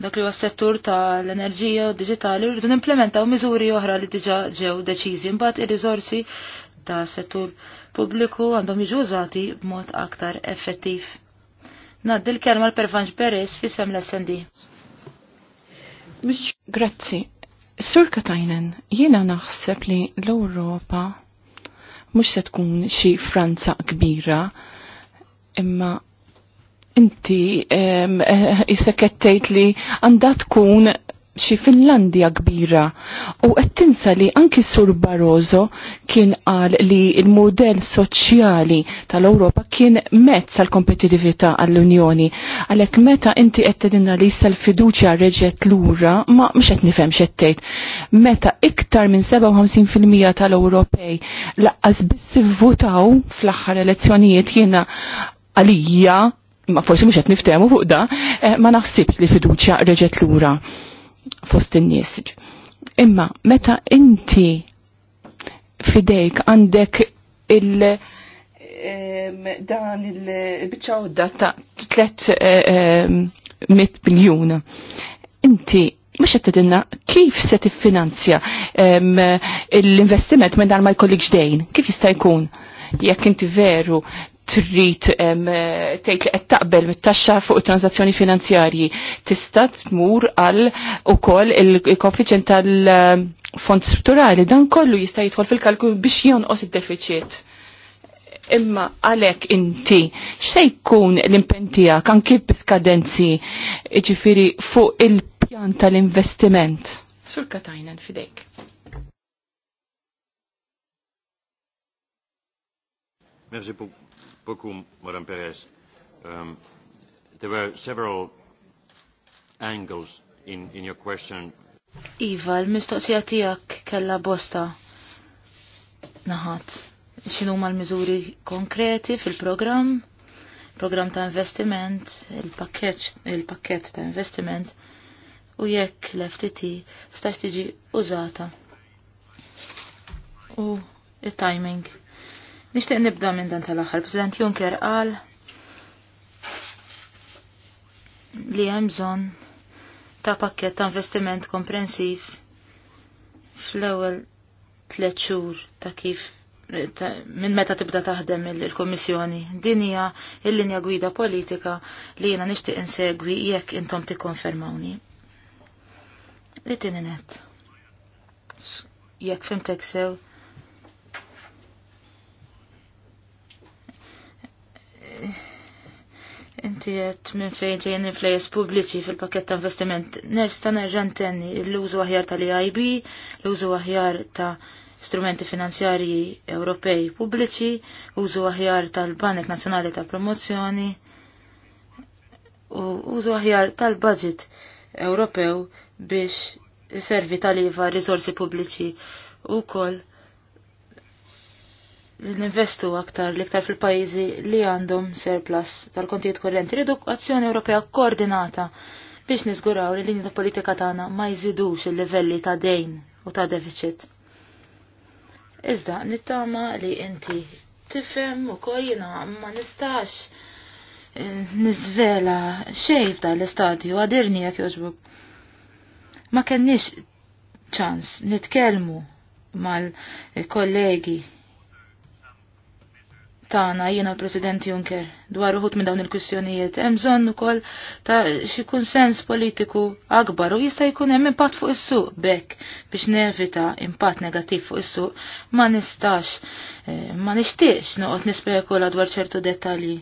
[SPEAKER 3] dak li huwa settur tal-enerġija u diġitali rridu nimplementaw miżuri oħra li diġà ġew deċiżi mbagħad ir-riżorsi ta' settur pubbliku għandhom jiġu użati b'mod aktar effettiv. Naddi l-kelma l-Pervanġ Beres fisem l-SND.
[SPEAKER 5] Grazzi. Sur Katajnen, jiena naħseb li l-Europa mux se tkun xi Franza kbira, imma inti jisekettejt eh, eh, li għandat tkun xi Finlandja kbira u qed tinsa li anki Sur Barroso kien qal li l-mudell soċjali tal-Ewropa kien mezz għal kompetitività għall-Unjoni. Għalhekk meta inti qed tedinna li issa l-fiduċja reġgħet lura ma mhux qed nifhem x'għedtejt. Meta iktar minn 57% tal-Ewropej laqqas biss ivvutaw fl-aħħar elezzjonijiet jiena għalija ma forsi mhux qed niftehmu fuq da, eh, ma naħsibx li fiduċja reġgħet lura fost in-nies. Imma meta inti fidejk għandek il- dan il-bicċaw ta' 300 biljun. Inti, mux għattedinna, kif se tiffinanzja l-investiment minn dan ma jkollik ġdejn? Kif jista' jkun? Jekk inti veru trid tgħid li qed taqbel mit-taxxa fuq transazzjoni finanzjarji tista' tmur għal ukoll il-koeffiċjent tal-fond strutturali dan kollu jista' jidħol fil-kalkul biex jonqos id-deficit. Imma għalek inti, x'se jkun l-impentija kan kif skadenzi ġifiri fuq il-pjan tal-investiment? Sur katajna fidejk.
[SPEAKER 2] Merci beaucoup. Madam Perez. Um, there were several angles in, in your question.
[SPEAKER 3] Iva, l-mistoqsija tijak kella bosta naħat. Xinu ma l-mizuri konkreti fil-program, program ta' investiment, il-pakket ta' investiment, u jekk l-FTT stax tiġi użata. U il timing Nishtiq nibda minn dan tal-aħħar. President Juncker qal li hemm bżonn ta' pakkett ta' investiment komprensiv fl-ewwel tliet xhur ta' kif minn meta tibda taħdem il-Kommissjoni. Din hija l-linja gwida politika li jiena nixtieq insegwi jekk intom tikkonfermawni. Li tieni net. Jekk fimtek sew Inti għet minn fejn ġejn flejes pubbliċi fil-pakket ta' investiment. Nesta nerġan tenni l-użu aħjar tal-EIB, l-użu aħjar ta' strumenti finanzjarji Ewropej pubbliċi, użu aħjar tal-Banek Nazzjonali ta' Promozzjoni, u użu aħjar tal-Budget Ewropew biex servi tal-iva risorsi pubbliċi u koll l-investu aktar l-iktar fil-pajizi li għandhom surplus tal-kontijiet korrenti. Ridu azzjoni Ewropea koordinata biex nizguraw li l-linja ta' politika tagħna ma jżidux il-livelli ta' dejn u ta' deficit. Iżda, nittama li inti tifhem u kojina ma nistax eh, nizvela xej f'dan l-istadju għadirni jekk joġbuk. Ma kenniex ċans nitkellmu mal-kollegi tagħna jiena l-President Juncker dwar uħut minn dawn il-kwistjonijiet. Hemm bżonn ukoll ta' xi kunsens politiku akbar u jista' jkun hemm impatt fuq is-suq bekk biex nevita impatt negattiv fuq is-suq ma nistax eh, ma nixtiex noqgħod nispekula dwar ċertu dettalji.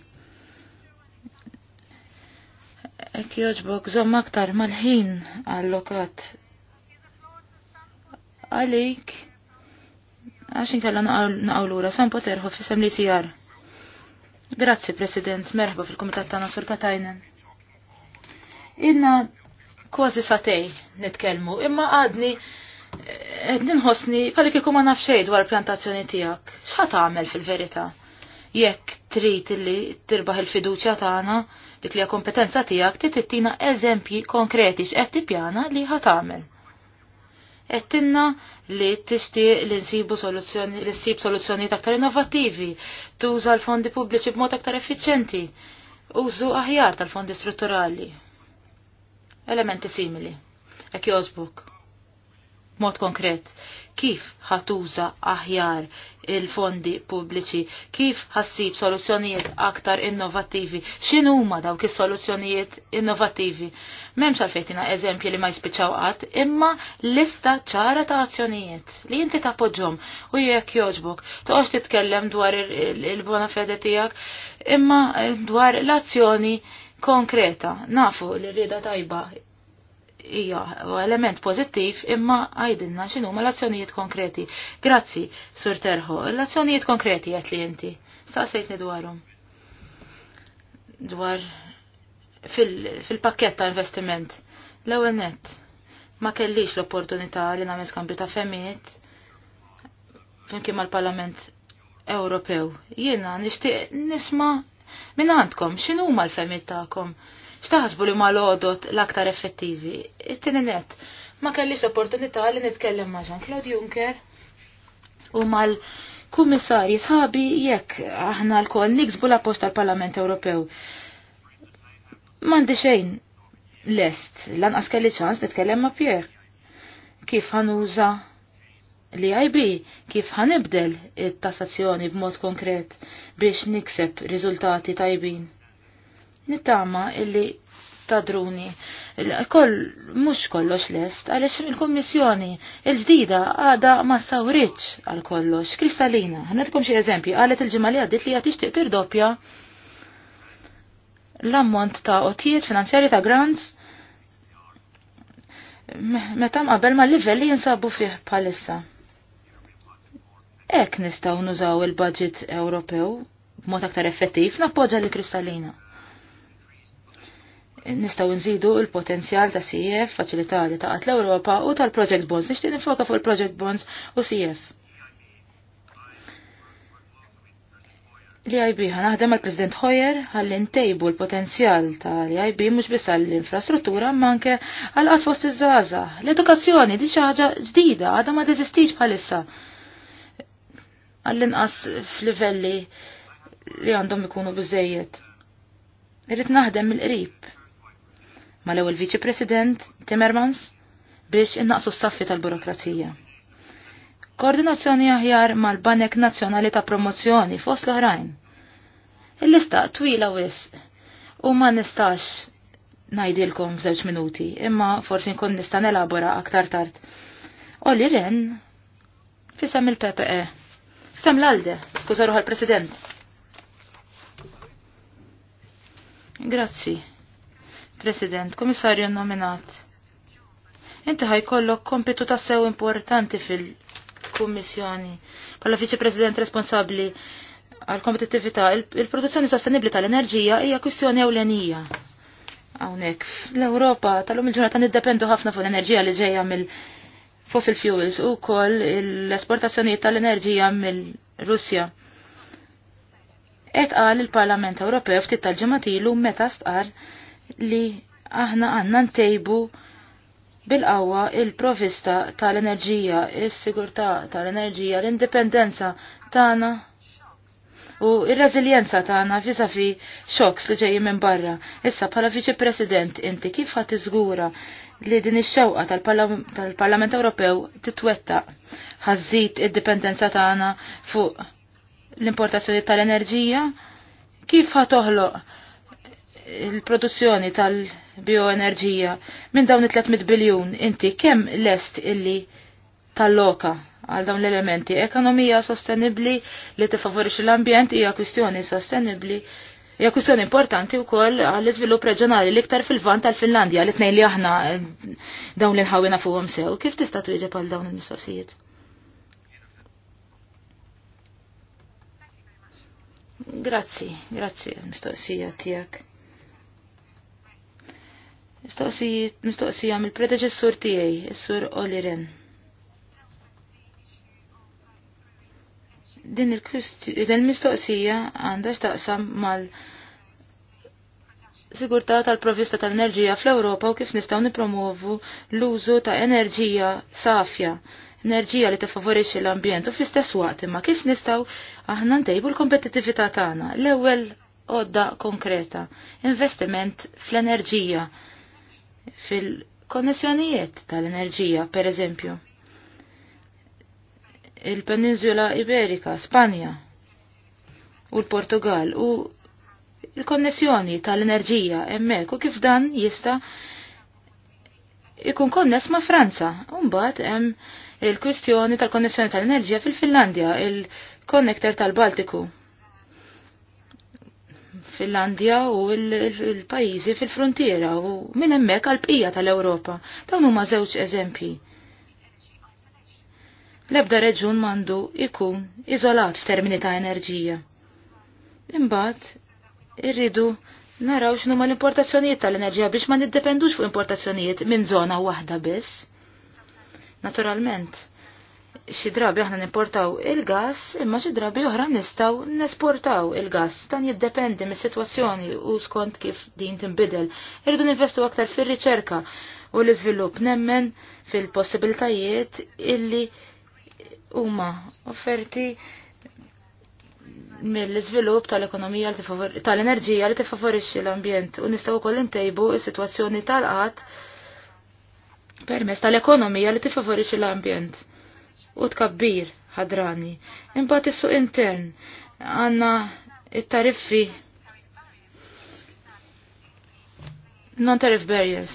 [SPEAKER 3] Ek joġbok, zomma aktar mal-ħin għallokat. Għalik, għaxin kalla naqawlura, san poterħu fissam li sijar. Grazzi, President, merħba fil-Komitat tagħna Sur Katajnen. Inna kważi satej nitkellmu, imma għadni eh, qed ninħossni bħalik ikun ma nafxej dwar pjantazzjoni tiegħek. X'ħat għamel fil-verità? Jekk trid li tirbaħ il-fiduċja tagħna, dik li kompetenza tiegħek trid tittina eżempji konkreti x'qed tippjana li ħat għamel. Ettinna li tixtieq li nsibu soluzzjoni li nsib soluzzjoni aktar innovattivi, tuża l-fondi pubbliċi b'mod aktar effiċenti, użu aħjar tal-fondi strutturali. Elementi simili. Ek jozbuk. Mod konkret kif ħatuża aħjar il-fondi pubbliċi, kif ħassib soluzzjonijiet aktar innovattivi, x'in huma dawk is-soluzzjonijiet innovattivi. M'hemmx għalfejtina eżempji li ma jispiċċaw qatt, imma lista ċara ta' azzjonijiet li inti tappoġġhom u jekk jogħġbok Toqgħod titkellem dwar il-bona fede tiegħek, imma dwar l-azzjoni konkreta, nafu li rieda tajba hija element pożittiv imma għajdinna xinu ma l-azzjonijiet konkreti. Grazzi, Sur terħu, l-azzjonijiet konkreti qed li inti. Staqsejtni dwarum. Dwar fil-pakket ta' investiment. L-ewwel net ma kellix l-opportunità li nagħmel skambju ta' femijiet flimkien mal-Parlament Ewropew. Jiena nixtieq nisma' minn għandkom x'inhuma l femmijiet tagħkom. Xtaħsbu li ma l-odot l-aktar effettivi? It-tini net, ma kellix opportunità li nitkellem ma' Jean-Claude Juncker u mal kummissarji sħabi jekk aħna l-koll niksbu la posta tal-Parlament Ewropew. Mandi xejn lest, lanqas kelli ċans nitkellem ma' Pierre. Kif ħanuża li IB kif ħanibdel it-tassazzjoni b'mod konkret biex nikseb riżultati tajbin. Nittama illi tadruni. Koll, mux kollox lest, għalix il-kommissjoni il-ġdida għada ma sawriċ għal kollox. Kristalina, ħanetkom xie eżempju, għalet il-ġimali għaddit li għatix tiqtir doppja l-ammont ta' otijiet finanzjari ta' grants meta qabel ma' livelli jinsabu fih palissa. Ek nistaw nużaw il-budget Ewropew b'mod aktar effettiv nappoġġa li kristallina nistaw nżidu il-potenzjal ta' CF, faċilità li ta' l-Europa u tal-Project Bonds. Nixtieq nifoka fuq il-Project Bonds u CF. Li IB ħanaħdem għal President Hoyer għall intejbu l-potenzjal ta' l IB mhux biss għall-infrastruttura manke għal qatt fost iż żaza L-edukazzjoni di ħaġa ġdida għadha ma deżistix bħalissa. Għall-inqas f'livelli li għandhom ikunu biżejjed irrit naħdem il-qrib mal-ewwel Viċi President Timmermans biex innaqsu s-saffi tal-burokrazija. Koordinazzjoni aħjar mal-Banek Nazzjonali ta' Promozzjoni fost l-oħrajn. Il-lista twila wis u ma nistax najdilkom f'żewġ minuti, imma forsi nkun nista' nelabora aktar tard. Olli Ren fisem il-PPE. Fisem l-Alde, skuża ruħal President. Grazzi. President, komissarju nominat. Inti ħajkollok kompitu ta' sew importanti fil-Kummissjoni. Pala Fiċi President responsabli għal kompetitività il-produzzjoni sostenibli tal-enerġija hija kwistjoni ewlenija. Hawnhekk l-Ewropa tal-lum il-ġurnata niddependu ħafna fuq l-enerġija li ġejja mill fossil fuels u koll l-esportazzjonijiet tal-enerġija mill-Russja. Ek qal il-Parlament Ewropew ftit tal-ġematilu meta stqar li aħna għanna ntejbu bil-qawwa il-provista tal-enerġija, is-sigurtà tal-enerġija, l-indipendenza tagħna u ir-reżiljenza tagħna fi xoks li ġejjin minn barra. Issa bħala viċi President inti kif ħadd tiżgura li din ix-xewqa tal-Parlament Ewropew titwetta ħażid id-dipendenza tagħna fuq l-importazzjoni tal-enerġija? Kif ħatoħloq il-produzzjoni tal-bioenerġija minn dawn it-300 biljun inti kemm lest illi tal-loka għal dawn l-elementi. Ekonomija sostenibli li tifavorixxi l-ambjent hija kwistjoni sostenibli hija kwistjoni importanti wkoll għall iżvilupp reġjonali l-iktar fil-vant tal-Finlandja li tnejn li aħna eh, dawn li nħawina fuqhom sew. Kif tista' twieġeb għal dawn il-mistoqsijiet? Grazzi, grazzi għal mistoqsija tiegħek mistoqsija mill-predeċessur tiegħi, is-sur Oliren. Din il-mistoqsija għandha x'taqsam mal sigurtà tal-provvista tal-enerġija fl-Ewropa u kif nistgħu nipromuovu l-użu ta' enerġija safja, enerġija li tiffavorixxi l-ambjent u fl-istess waqt imma kif nistgħu aħna ntejbu l-kompetittività tagħna. L-ewwel għodda konkreta, investiment fl-enerġija fil-konnessjonijiet tal-enerġija, per eżempju. Il-Peninsula Iberika, Spanja u l-Portugal u il-konnessjoni tal-enerġija emmek u kif dan jista' ikun konness ma' Franza. Umbat hemm il-kwistjoni tal-konnessjoni tal-enerġija fil-Finlandja, il-konnekter tal-Baltiku. Finlandja u l-pajizi fil-frontiera u minn hemmhekk għal bqija tal-Ewropa. Dawn huma żewġ eżempji. L-ebda reġun mandu ikun iżolat f'termini ta' enerġija. Imbagħad irridu naraw x'nu ma l-importazzjonijiet tal-enerġija biex ma niddependux fuq importazzjonijiet minn żona waħda biss. Naturalment, xi drabi aħna nimportaw il-gas, imma xi drabi oħra nistgħu nesportaw il-gas. Dan jiddependi mis-sitwazzjoni u skont kif din tinbidel. Irridu ninvestu aktar fir-riċerka u l-iżvilupp nemmen fil-possibiltajiet illi huma offerti mill-iżvilupp tal-ekonomija tal-enerġija li tiffavorixxi l-ambjent u nistgħu wkoll intejbu s-sitwazzjoni tal-qatt permezz tal-ekonomija li tiffavorixxi l-ambjent u tkabbir ħadrani. Imbagħad is-suq intern għandna it-tariffi non-tariff barriers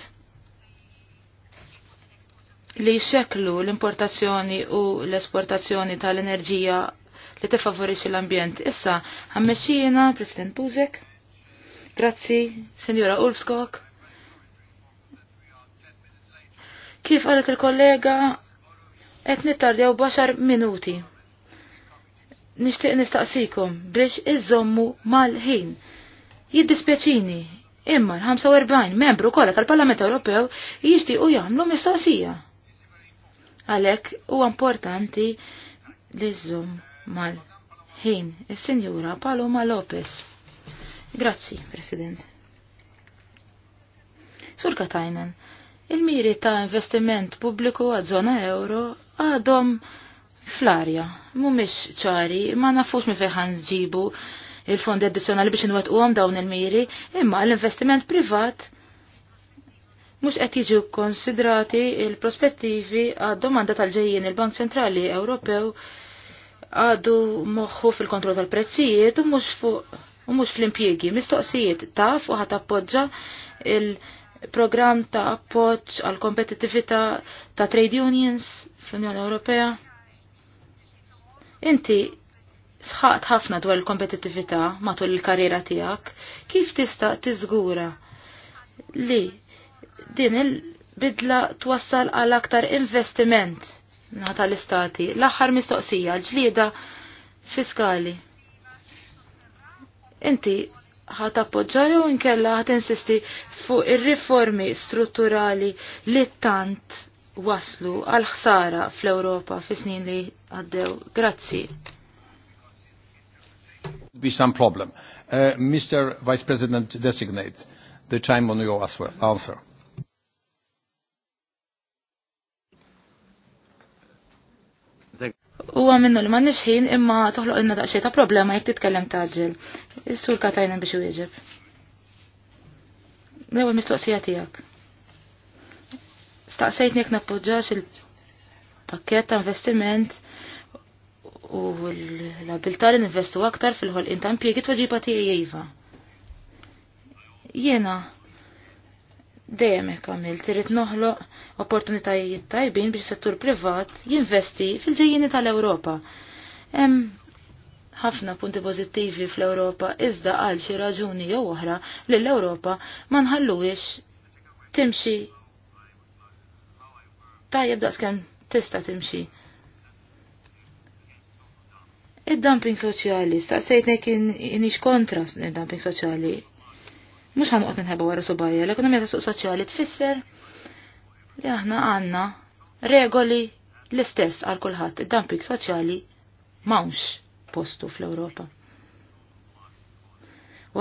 [SPEAKER 3] li jxeklu l-importazzjoni u l-esportazzjoni tal-enerġija li tifavorixxi l-ambjent. Issa, ħammexxina, President Buzek, grazzi, Sinjora Ulfskog. Kif qalet il-kollega, qed nittardjaw baxar minuti. Nixtieq nistaqsikom biex iżommu mal-ħin. Jiddispjaċini, imma l-45 membru kollha tal-Parlament Ewropew jixtiequ jagħmlu mistoqsija. Għalhekk huwa importanti li żomm mal-ħin is-Sinjura Paloma Lopez. Grazzi, President. Sur Katajnen, Il-miri ta' investiment pubbliku għad-żona euro għadhom fl-arja, mumiex ċari, ma nafux mi feħan ġibu il-fondi addizjonali biex nwet u dawn il-miri, imma l-investiment privat mux qed jiġu konsidrati il-prospettivi għad domanda tal-ġejjien il-Bank Centrali Ewropew għadu moħħu fil-kontroll tal-prezzijiet u mux u mux fl-impjegi mistoqsijiet taf u ħat appoġġa il- program ta' appoġġ għal kompetittività ta' trade unions fl-Unjoni Ewropea. Inti sħaqt ħafna dwar il-kompetittività matul il-karriera tiegħek, kif tista' tiżgura li din il-bidla twassal għal aktar investiment nata l-istati, l-aħħar mistoqsija, ġlieda fiskali. Inti ħat appoġġaja u nkella ħat insisti fuq ir-riformi strutturali li tant waslu għal ħsara fl-Ewropa fi snin li għaddew. Grazzi.
[SPEAKER 2] Be some problem. Uh, Mr. Vice President designate the time on your answer.
[SPEAKER 3] Huwa minnu li m'għandniex ħin imma toħloq ilna daqsxejn ta' problema jekk titkellem ġil. Is-sur katajna biex u L-ewwel mistoqsija tiegħek. Staqsejtni jekk nappoġġax il-pakkett ta' investiment u l abilta li ninvestu aktar fil-ħolqien ta' impjiegi tweġiba tiegħi iva. Jiena dejjem hekk għamilt irid noħloq opportunitajiet tajbin biex settur privat jinvesti fil-ġejjini tal-Ewropa. Hemm ħafna punti pożittivi fl-Ewropa iżda għal xi raġuni jew oħra li l-Ewropa ma nħallux timxi tajjeb daqskemm tista' timxi. Id-dumping soċjali, staqsejtnek in, inix kontra id-dumping soċjali, Mux uqt nħeba wara subajja, l-ekonomija ta' suq soċjali tfisser li aħna għanna regoli l-istess għal kulħadd id-dumping soċjali m'hawnx postu fl-Ewropa.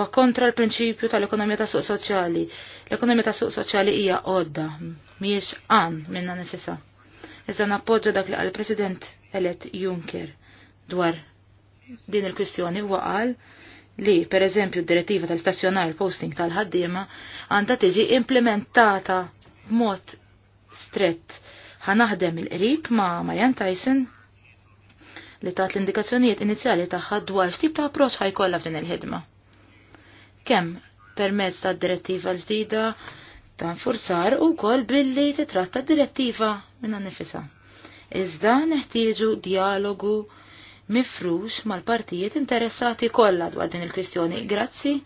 [SPEAKER 3] Wa kontra l-prinċipju tal-ekonomija ta' suq soċjali. L-ekonomija ta' suq soċjali hija għodda, mhijiex għan minna nifisa. Iżda nappoġġa dak li għal-President elet Juncker dwar din il-kwistjoni u qal li per eżempju d-direttiva tal-stazzjonar posting tal-ħaddiema għandha tiġi implementata b'mod strett. Ħanaħdem il-qrib ma' Marian Tyson li tat l-indikazzjonijiet inizjali tagħha dwar x'tip ta' approċċ ħajkollha f'din il-ħidma. Kemm permezz tad-direttiva l-ġdida ta' nfursar u kol billi titratta d direttiva minna nifisa. Iżda neħtieġu dialogu mifrux mal-partijiet interessati kollha dwar din il-kwistjoni. Grazzi,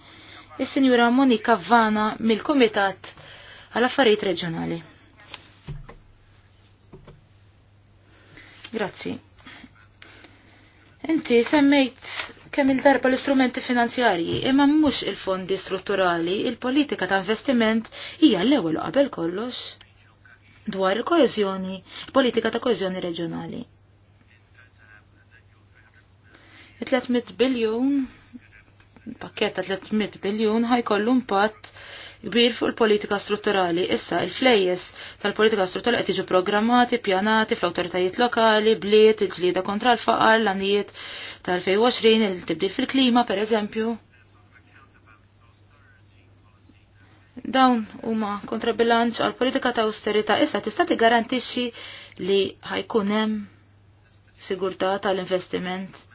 [SPEAKER 3] is-Sinjura Monika Vana mill-Kumitat għall-Affarijiet Reġjonali. Grazzi. Inti semmejt kemm il-darba l-istrumenti finanzjarji imma mhux il-fondi strutturali, il-politika ta' investiment hija l-ewwel qabel kollox dwar il-koeżjoni, politika ta' koeżjoni reġjonali. 300 biljun pakket ta' 300 biljun ħajkollu impatt kbir fuq il-politika strutturali. Issa il-flejjes tal-politika strutturali qed jiġu programmati, pjanati fl-awtoritajiet lokali, bliet, il-ġlieda kontra l-faqar, l-anijiet tal-2020, il-tibdil fil-klima, per eżempju. Dawn huma kontrabilanċ għal politika ta' austerità issa tista' tigarantixxi li ħajkun hemm sigurtà tal-investiment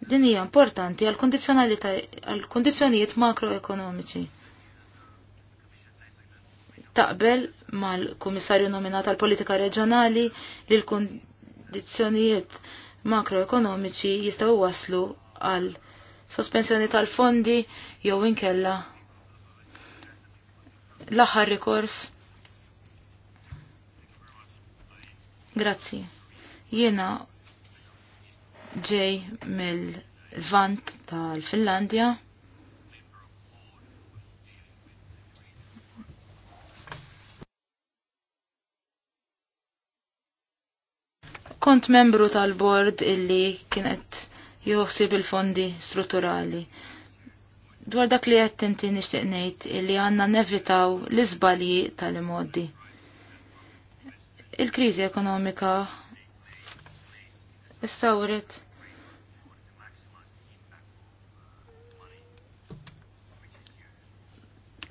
[SPEAKER 3] Din hija importanti għal kondizzjonijiet makroekonomiċi. Taqbel mal-Kummissarju nominat għal politika reġjonali li l kondizjonijiet makroekonomiċi jistgħu waslu għal sospensjoni tal-fondi jew inkella l-aħħar rikors. Grazzi. Jiena ġej mill-vant tal-Finlandja. Kont membru tal-bord illi kienet joħsib il-fondi strutturali. Dwar dak li qed inti nixtieq ngħid illi għandna nevitaw l-iżbalji tal-imoddi. Il-kriżi ekonomika Is-sawret.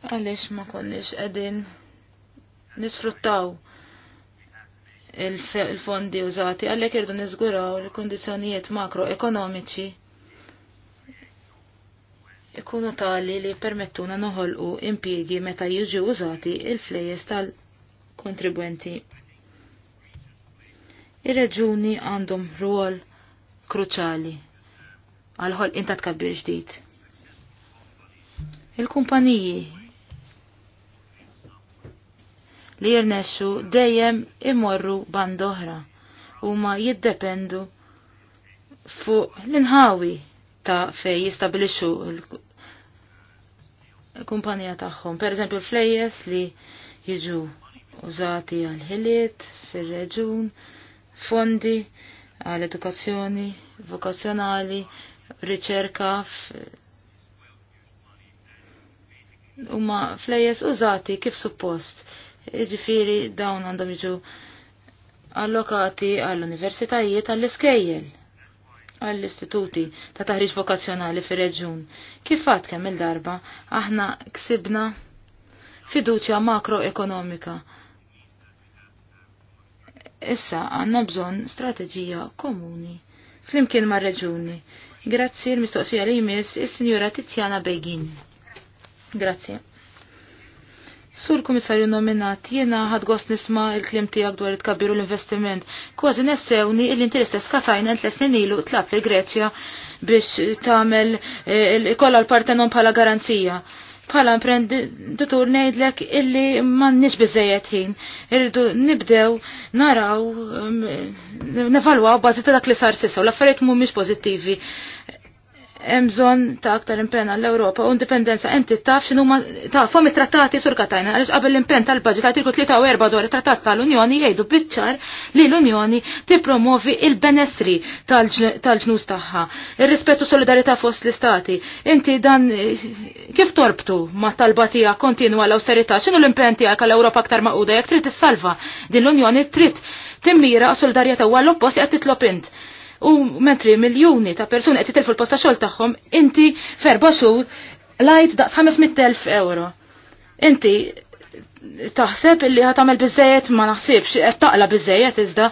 [SPEAKER 3] għaliex ma konniex qegħdin nisfruttaw il-fondi użati għalhekk irdu niżguraw il-kundizzjonijiet makroekonomiċi ikunu tali li permettuna noħolqu impjiegi meta jiġu użati il-flejes tal-kontribwenti ir-reġuni għandhom rwol kruċali għal ħol inta tkabbir ġdid. Il-kumpaniji li jirnexxu dejjem imorru band oħra ma jiddependu fuq l-inħawi ta' fej jistabilixxu l-kumpanija tagħhom. Per eżempju l-flejjes li jiġu użati għal ħiliet fir-reġun fondi għal edukazzjoni vokazzjonali, riċerka huma flejjes użati kif suppost. Iġifiri dawn għandhom jiġu allokati għall-universitajiet għall-iskejjel għall-istituti ta' taħriġ vokazzjonali fir reġjun Kif għad kemm il-darba aħna ksibna fiduċja makroekonomika issa għanna bżon strateġija komuni flimkien ma' reġuni. Grazzi l-mistoqsija li jmiss is sinjora Tiziana Begin. Grazzi. Sur komissarju nominat, jena ħadgost nisma il-klim tijak dwar it kabiru l-investiment. Kważi nessewni l-interess ta' skatajna t-lesnin ilu tlab eh, il greċja biex tamel kolla l-partenon bħala garanzija bħala imprenditur ngħidlek illi m'għandniex biżejjed ħin. Irridu nibdew naraw um, nevalwaw bażi ta' dak li sar sissa u l-affarijiet mhumiex pożittivi hemm bżonn ta' aktar impenn għall europa u indipendenza inti taf x'inhu tafhom it-trattati sur katajna għaliex qabel l-impenn tal-baġit artiklu tirku u 4 dwar it-trattat tal-Unjoni jgħidu biċ-ċar li l-Unjoni tippromovi il-benessri tal-ġnus tagħha, ir-rispettu solidarità fost l-istati. Inti dan eh, kif torbtu ma' talba tiegħek kontinwa l-awsterità, x'inhu l-impenn tiegħek għall-Ewropa aktar maquda jekk trid issalva din l-Unjoni trid timmira solidarjetà u għall-oppost qed titlob int u metri miljoni ta' persuni qed jitilfu l-posta xogħol tagħhom, inti ferba xhur lajt daqs 500,000 euro. Inti taħseb illi ħatamel bizzejet ma naħsibx, qed taqla bizzejet iżda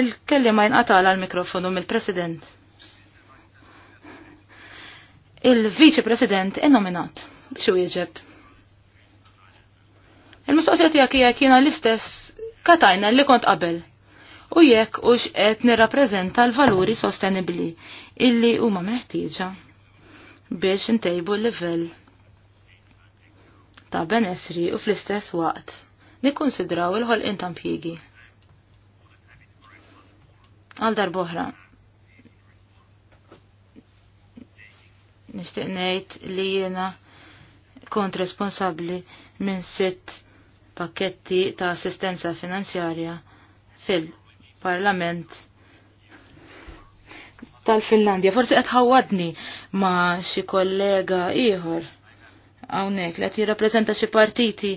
[SPEAKER 3] il-kelli ma jinqatala l-mikrofonu mill-President. il vice President innominat biex u jieġeb. Il-mistoqsija tiegħek hija kiena l-istess katajna li kont qabel u jekk ux qed nirrappreżenta l-valuri sostenibbli illi huma meħtieġa biex intejbu l-livell ta' benessri u fl-istess waqt nikkonsidraw il-ħolqien ta' impjiegi. Għal darboħra, nixtieq ngħid li jiena kont responsabbli minn sitt pakketti ta' assistenza finanzjarja fil parlament tal-Finlandja. Forsi qed ħawadni ma' xi kollega ieħor hawnhekk li qed jirrappreżenta xi partiti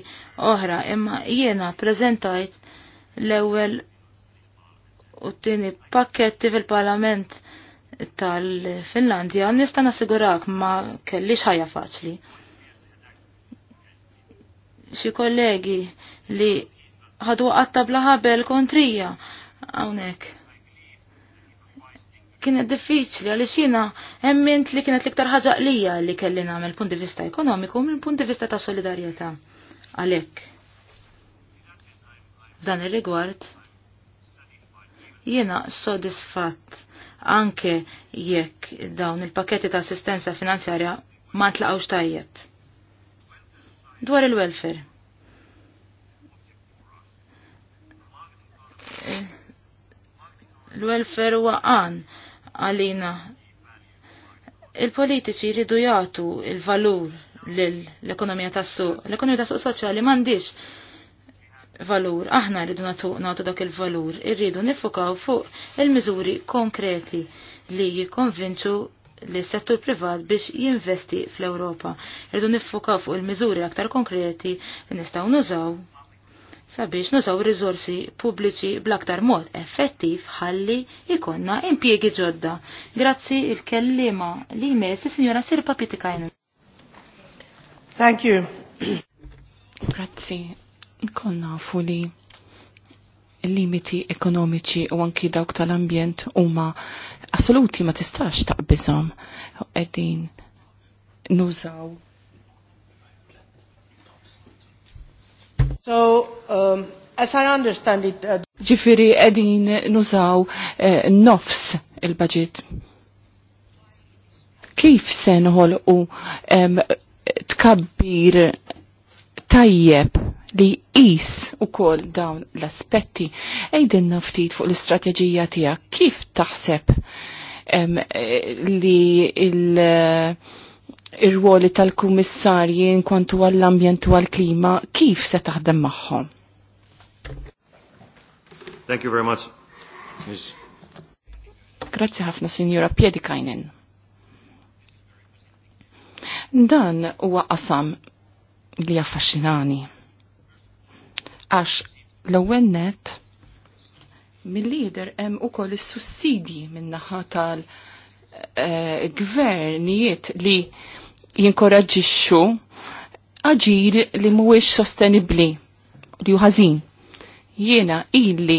[SPEAKER 3] oħra, imma jiena prezentajt l-ewwel u t-tieni pakketti fil-Parlament tal-Finlandja, nista' nassigurak ma kellix ħajja faċli. Xi kollegi li ħadu qatta bla ħabel kontrija hawnhekk. Kienet diffiċli għaliex jiena emmint li kienet l-iktar ħaġa qlija li kelli nagħmel punt di vista ekonomiku minn punt di vista ta' solidarjetà. Għalhekk. F'dan ir-rigward jiena sodisfatt anke jekk dawn il-pakketti ta' assistenza finanzjarja ma ntlaqgħux tajjeb. Dwar il-welfare. Eh, l-welfare waqan għalina. Il-politiċi jridu jagħtu il-valur l-ekonomija tas-suq. L-ekonomija tas-suq soċjali m'għandix valur. Aħna rridu nagħtu nagħtu dak il-valur. Irridu nifukaw fuq il-miżuri konkreti li jikkonvinċu l settur privat biex jinvesti fl-Ewropa. Irridu nifukaw fuq il-miżuri aktar konkreti li nistgħu nużaw sabiex nużaw rizorsi pubbliċi bl-aktar mod effettiv ħalli ikonna impjiegi ġodda. Grazzi il-kellima li jmessi signora Sirpa Pitikajn.
[SPEAKER 5] Thank you. Grazzi. Konna fuli li limiti ekonomiċi u anki dawk tal-ambjent huma assoluti ma tistax taqbiżhom qegħdin nużaw
[SPEAKER 3] So, um, as I understand it... Uh,
[SPEAKER 5] edin nużaw uh, nofs il-budget. Kif sen u um, tkabbir tajjeb li jis u kol dawn l-aspetti ejden naftit fuq l-istrateġija tija kif taħseb um, li il- uh, ir-ruoli tal-kummissarji inkwantu għall-ambjent u għall-klima kif se taħdem magħhom?
[SPEAKER 2] Thank you very much. Ms.
[SPEAKER 5] Grazzi ħafna, Sinjura Piedikajnen. Dan huwa qasam li affaxxinani. Għax l-ewwel net mill-lider hemm ukoll is-sussidji min-naħa tal-gvernijiet eh, li jinkoraġġixxu aġir li mhuwiex sostenibbli li hu ħażin. Jiena illi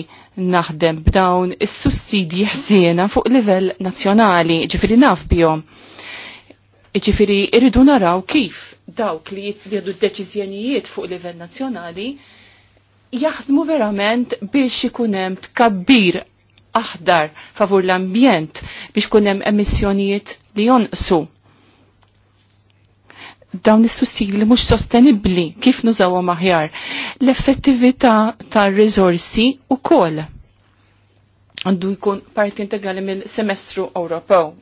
[SPEAKER 5] naħdem b'dawn is-sussidji ħsiena fuq livell nazzjonali, ġifieri naf bihom. Ġifieri irridu naraw kif dawk li jieħdu d-deċiżjonijiet fuq livell nazzjonali jaħdmu verament biex ikun hemm tkabbir aħdar favur l-ambjent biex kunem hemm emissjonijiet li jonqsu dawn is-sussidji li mhux sostenibbli kif nużawhom aħjar. L-effettività tar-riżorsi ukoll għandu jkun parti integrali mill-semestru Ewropew.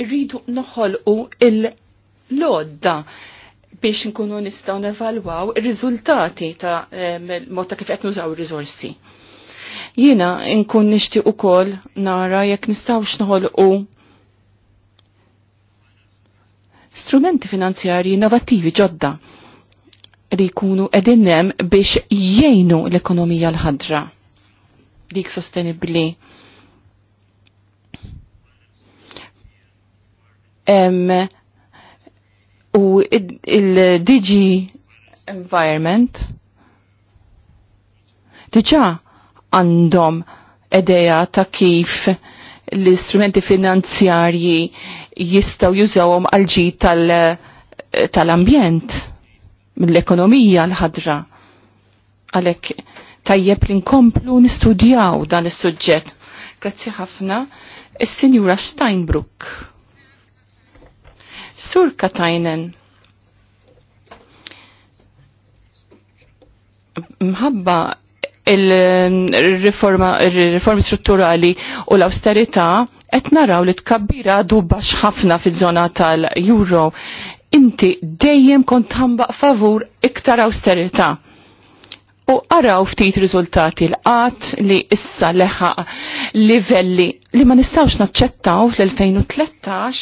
[SPEAKER 5] Irridu noħolqu il-lodda biex nkunu nistgħu nevalwaw ir-riżultati ta' mod ta' kif qed nużaw ir-riżorsi. Jiena nkun nixtieq ukoll nara jekk nistgħux noħolqu strumenti finanzjarji innovattivi ġodda li jkunu edinnem biex jgħinu l-ekonomija l-ħadra dik sostenibli. Um, u il-DG environment diġa għandhom edeja ta' kif l-istrumenti finanzjarji jistaw jużawhom għal ġid eh, tal-ambjent tal mill-ekonomija l-ħadra. Għalek tajjeb li nkomplu nistudjaw dan is-suġġett. Grazzi ħafna, il sinjura Steinbrook. Sur Katajnen. Mħabba il-riformi strutturali u l-austerità, qed naraw li tkabbira dubax ħafna fiż-żona tal-euro. Inti dejjem kont tambaq favur iktar austerità. U għaraw ftit riżultati l-qat li issa leħaq livelli li ma nistawx naċċettaw fl-2013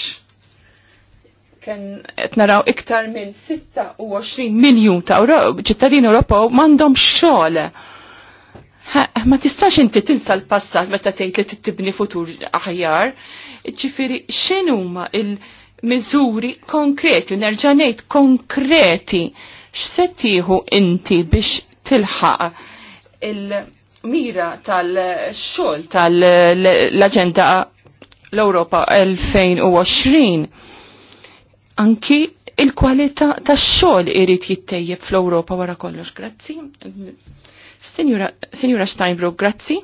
[SPEAKER 5] kien qed naraw iktar minn 26 miljun ta' ċittadini Ewropew m'għandhom xogħol ma tistax inti tinsa l-passat meta tgħid li tittibni futur aħjar. Ġifieri x'inhuma il-miżuri konkreti, nerġa' ngħid konkreti x'se tieħu inti biex tilħaq il-mira tal-xogħol tal-Aġenda l-Ewropa 2020. Anki il-kwalità tax-xogħol irid jittejjeb fl-Ewropa wara kollox. Grazzi Sinjura Steinbrook, grazzi.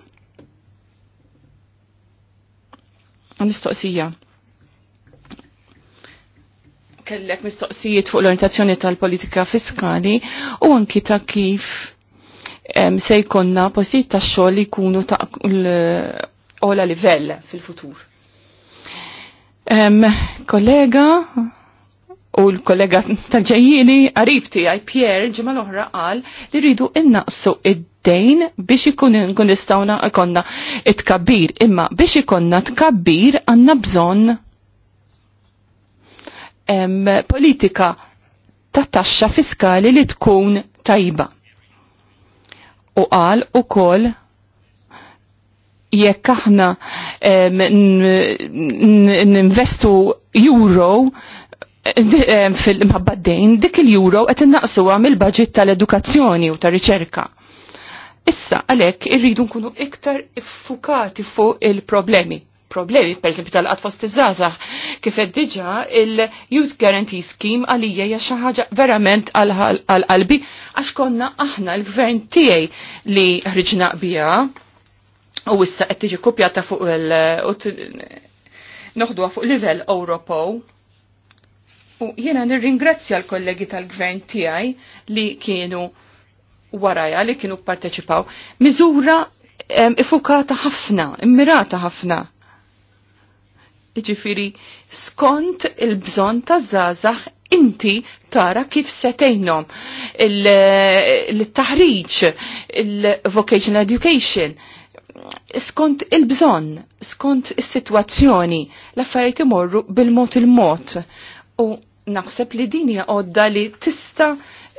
[SPEAKER 5] Mistoqsija. Kellek mistoqsijiet fuq l-orientazzjoni tal-politika fiskali u anki ta' kif se jkonna postijiet ta' xogħol li jkunu ta' ola livell fil-futur. Kollega, u l-kollega tal-ġejjini għaribti tiegħi Pierre ġimgħa l-oħra qal li rridu innaqsu id-dejn biex ikun nkun konna ikonna tkabbir, imma biex ikonna tkabbir għandna bżonn politika ta' taxxa fiskali li tkun tajba. U qal ukoll jekk aħna ninvestu euro Eh, eh, fil mabbaddejn dik il juro qed innaqsuha mill-budget tal-edukazzjoni u tar-riċerka. Issa għalhekk irridu nkunu iktar iffukati fuq il-problemi. Problemi, per esempio, tal-qatt fost iż-żgħażagħ, kif qed il-Youth Guarantee Scheme għalija hija xi ħaġa verament għal-qalbi għax konna aħna l-gvern tiegħi li ħriġna biha u issa qed tiġi kopjata fuq il- noħduha fuq livell Ewropew U jiena nirringrazzja l-kollegi tal-gvern tiegħi li kienu waraja li kienu parteċipaw. Miżura ifukata ħafna, immirata ħafna. Iġifiri, skont il-bżon ta' zazax inti tara kif setejnom il taħriġ il-vocational education, skont il-bżon, skont il-situazzjoni, l-affarijiet imorru bil-mod il-mod. U naħseb li din hija għodda li tista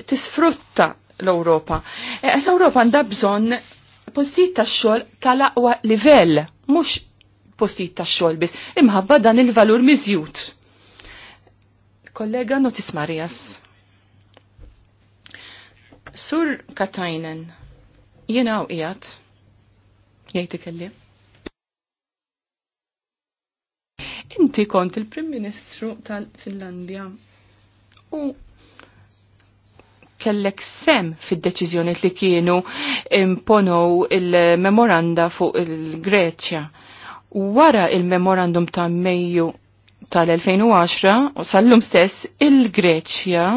[SPEAKER 5] tisfrutta l-Ewropa. E, L-Ewropa għandha bżonn postijiet tax-xogħol tal-aqwa livell, mhux postijiet tax-xogħol biss, imħabba dan il-valur miżjud. Kollega Notis Marias. Sur Katajnen, jiena u ijat, jgħid ikellim Inti kont il-Prim Ministru tal-Finlandja u kellek sem fid-deċiżjoniet li kienu imponow il-memoranda fuq il-Greċja. Wara il-memorandum ta' Mejju tal-2010 u sal-lum stess il-Greċja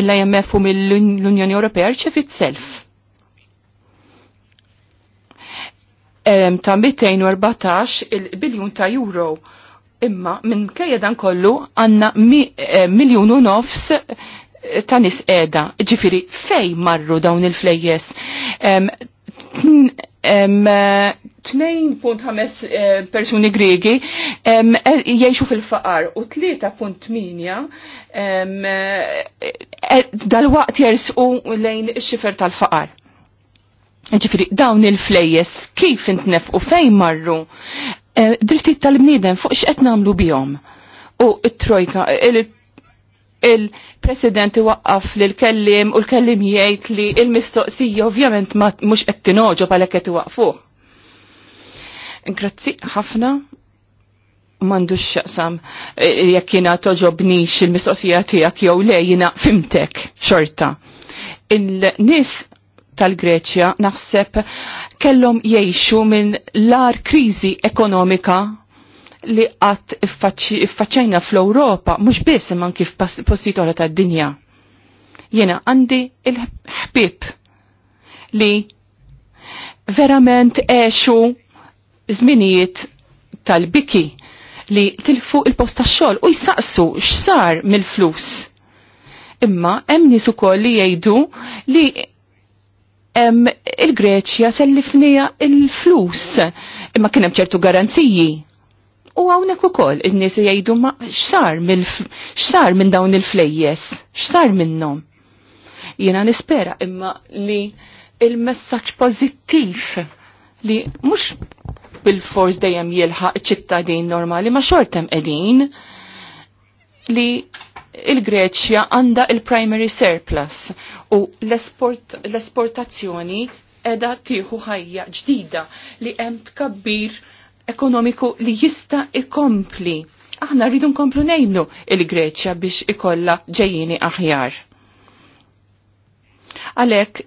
[SPEAKER 5] mill-IMF u mill-Unjoni Ewropea rċevit self. Ta' 214 il-biljun ta' euro Imma minn kajja dan kollu għanna mi, eh, miljonu nofs eh, ta' nis edha. Ġifiri, fej marru dawn il-flejjes? 2.5 eh, persuni gregi e, jiexu fil-faqar u 3.8 eh, e, dal-waqt jersqu lejn xifer tal-faqar. Ġifiri, dawn il-flejjes kif intnef u fej marru? Eh, drittijiet tal-bniedem fuq x'qed nagħmlu bihom. U t-trojka, il-president li lil kellim u l-kellim jgħid li l-mistoqsija ovvjament ma mhux qed tinoġob għalhekk qed iwaqfuh. Grazzi ħafna m'għandux xaqsam eh, jekk jiena toġobnix il-mistoqsija tiegħek jew le jiena fimtek xorta. Il-nies tal-Greċja naħseb kellhom jgħixu minn lar kriżi ekonomika li qatt iffaċċajna fl-Ewropa mhux biss imma kif postijiet oħra tad-dinja. Jiena għandi il-ħbib li verament għexu żminijiet tal-biki li tilfu il posta tax-xogħol u jsaqsu x'sar mill-flus imma hemm nies ukoll li jgħidu li il-Greċja sellifnija il-flus imma kien hemm ċertu garanziji. U hawnhekk ukoll in-nies jgħidu ma x'sar minn x'sar minn dawn il-flejjes, x'sar minnhom. Jiena nispera imma li il-messaġġ pożittiv li mhux bil-fors dejjem jilħaq ċittadin normali ma xortem qegħdin li il-Greċja għanda il-primary surplus u l-esportazzjoni edha tieħu ħajja ġdida li hemm tkabbir ekonomiku li jista' ikompli. Aħna rridu nkomplu ngħidu il-Greċja biex ikolla ġejjini aħjar. Għalhekk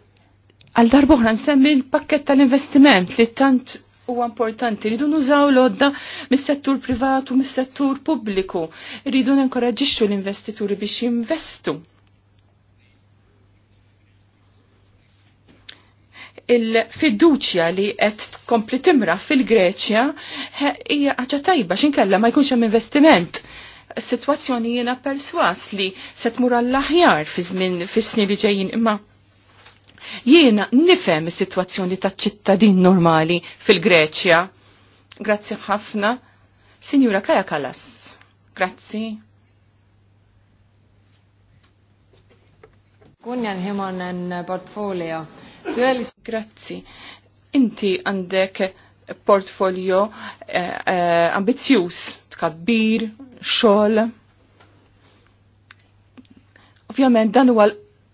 [SPEAKER 5] għal oħra nsemmi l-pakket tal-investiment li tant huwa importanti. Ridu nużaw l-odda mis-settur privat u mis-settur pubbliku. Rridu ninkoraġixxu l-investituri biex jinvestu. il-fiduċja li qed tkompli timra fil-Greċja hija ħaġa tajba x'inkella ma jkunx hemm investiment. Is-sitwazzjoni jiena perswas li se tmur għall-aħjar fi żmien fis-snin li ġejjin imma Jiena nifhem is-sitwazzjoni ta' ċittadin normali fil-Greċja. Grazzi ħafna. Sinjura Kaja Kalas. Grazzi. Kunjan en portfolio. Grazzi. Inti għandek portfolio eh, eh, ambizzjuż, tkabbir, xogħol. Ovvjament dan huwa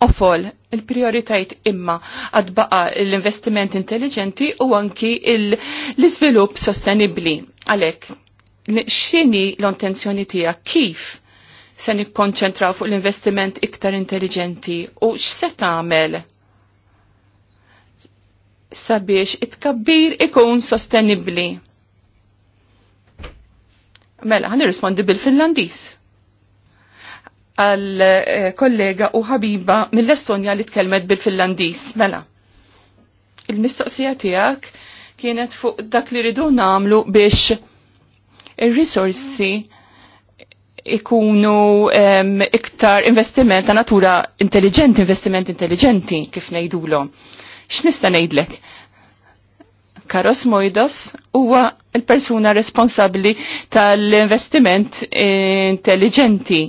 [SPEAKER 5] ofol il-prioritajt imma għadbaqa l-investiment intelligenti u anki l-izvilup sostenibli. Għalek, xini l-intenzjoni tija kif se nikkonċentraw fuq l-investiment iktar intelligenti u x'se tagħmel sabiex it-kabbir ikun sostenibli. Mela, ħan irrispondi bil-Finlandis għal kollega u ħabiba mill-Estonja li tkellmet bil-Finlandis. Mela, il-mistoqsija tiegħek kienet fuq dak li ridu namlu biex il-risorsi ikunu um, iktar investiment ta' natura intelligenti, investiment intelligenti kif ngħidulhom. X'nista' ngħidlek? Karos Mojdos huwa l-persuna responsabbli tal-investiment intelligenti